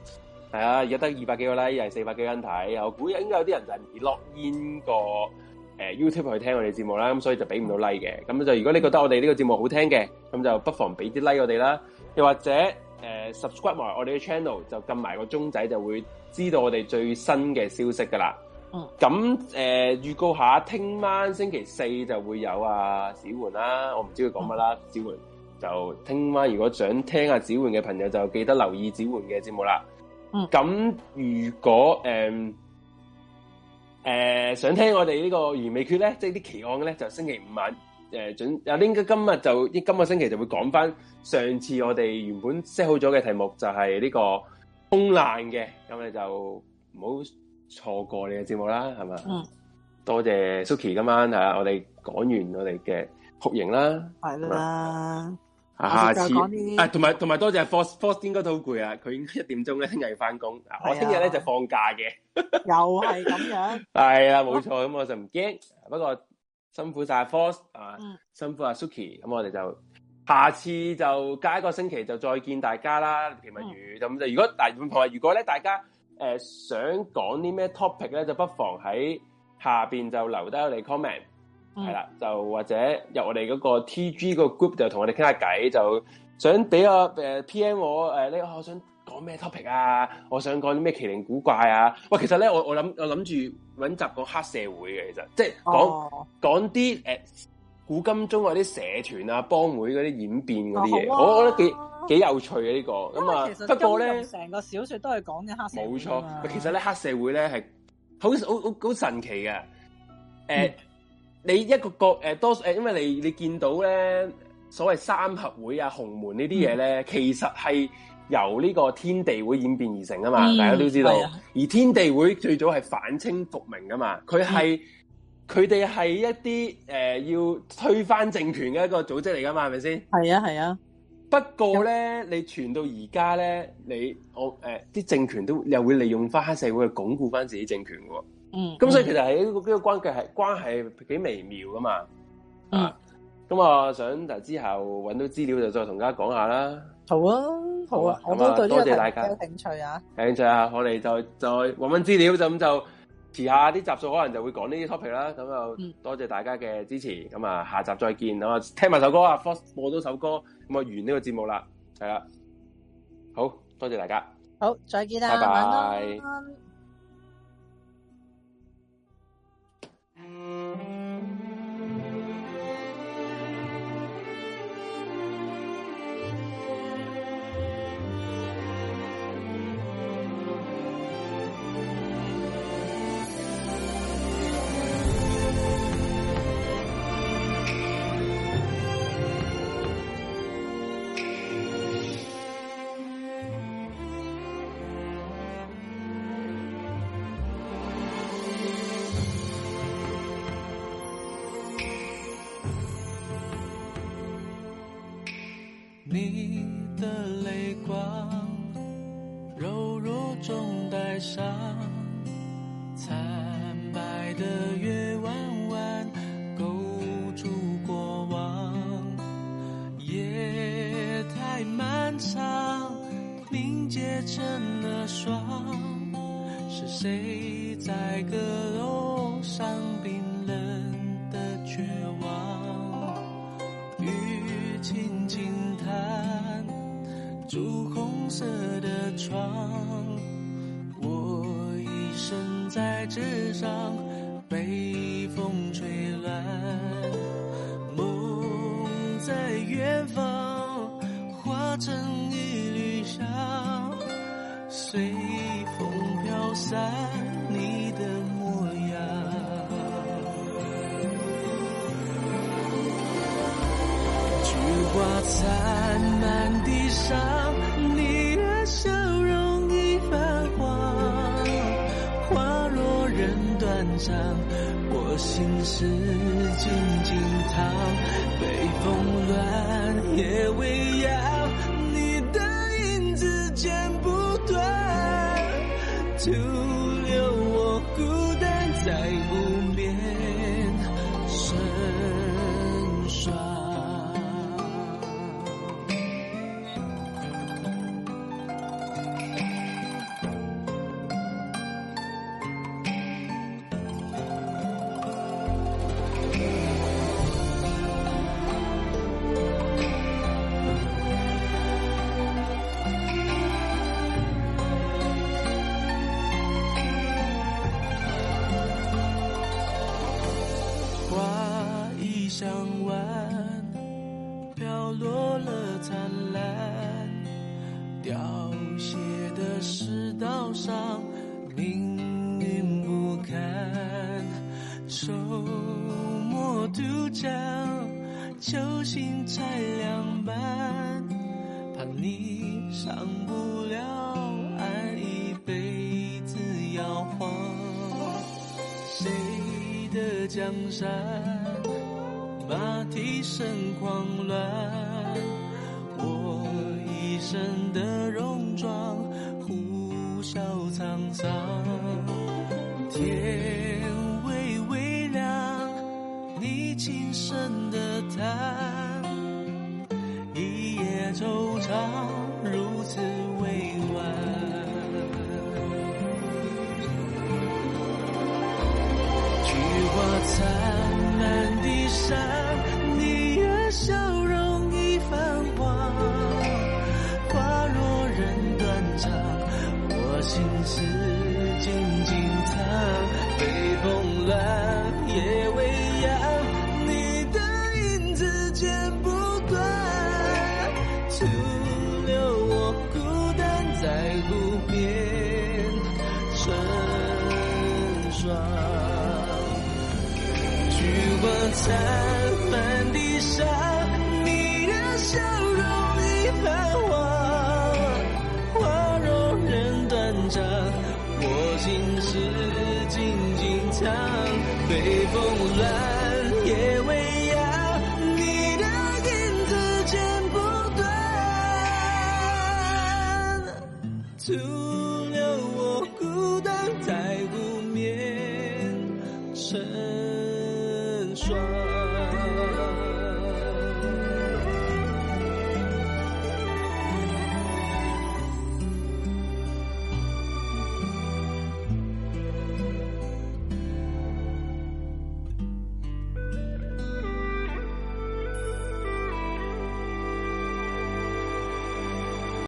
係啊，而家得二百幾個 like，又係四百幾人睇，我估應該有啲人就唔 log in 嘅。誒，YouTube 去聽我哋節目啦，咁所以就俾唔到 like 嘅。咁就如果你覺得我哋呢個節目好聽嘅，咁就不妨俾啲 like 我哋啦。又或者誒，subscribe 埋我哋嘅 channel，就撳埋個鐘仔，就會知道我哋最新嘅消息噶啦。嗯。咁誒，預、呃、告下，聽晚星期四就會有啊，小媛啦。我唔知佢講乜啦，小、嗯、媛。就聽晚如果想聽下、啊、小媛嘅朋友，就記得留意小媛嘅節目啦。嗯。咁如果誒。呃誒、呃，想聽我哋呢個懸疑未決咧，即係啲奇案嘅咧，就星期五晚誒、呃、準，又拎今日就今個星期就會講翻上次我哋原本 set 好咗嘅題目，就係、是、呢個空難嘅，咁你就唔好錯過你嘅節目啦，係嘛？嗯，多謝 Suki 今晚吓、啊，我哋講完我哋嘅酷刑啦，係啦。下次，誒，同埋同埋多謝，force force 應該都好攰啊，佢應該一點鐘咧又要翻工，啊，我聽日咧就放假嘅， 又係咁這樣，係 啊，冇錯，咁我就唔驚，嗯，不過辛苦晒 force 啊，辛苦阿 Suki，咁我哋就下次就隔一個星期就再見大家啦，田文魚，就咁就，如果大唔同如果咧大家誒、呃、想講啲咩 topic 咧，就不妨喺下邊就留低我哋 comment。係、嗯、啦，就或者入我哋嗰個 T G 個 group 就同我哋傾下偈，就想俾個誒 P M 我誒呢、呃我，呃、我想講咩 topic 啊？我想講啲咩奇靈古怪啊？喂，其實咧我我諗我諗住搵集講黑社會嘅，其實即係講講啲誒古今中外啲社團啊幫會嗰啲演變嗰啲嘢，我、哦啊、我覺得幾幾有趣嘅、啊、呢、這個咁啊。不過咧成個小說都係講嘅黑社會，冇錯。其實咧黑社會咧係好好好好神奇嘅，誒、嗯。你一個國多因為你你見到咧所謂三合會啊、洪門呢啲嘢咧，其實係由呢個天地會演變而成啊嘛、嗯，大家都知道。嗯啊、而天地會最早係反清復明㗎嘛，佢係佢哋係一啲、呃、要推翻政權嘅一個組織嚟㗎嘛，係咪先？係啊係啊。不過咧，你傳到而家咧，你我啲、呃、政權都又會利用翻黑社會去鞏固翻自己政權嘅喎。嗯，咁所以其實喺呢個呢個關嘅係關係幾微妙噶嘛、嗯，啊，咁啊想就之後揾到資料就再同大家講下啦、啊。好啊，好啊，我都對呢一集有興趣啊。有興趣啊，我哋就再揾揾資料，就咁就遲下啲集數可能就會講呢啲 topic 啦。咁就多謝大家嘅支持，咁、嗯、啊下集再見。咁啊聽埋首歌啊，播多首歌，咁啊我完呢個節目啦，係啦、啊，好多謝大家。好，再見啦，拜拜。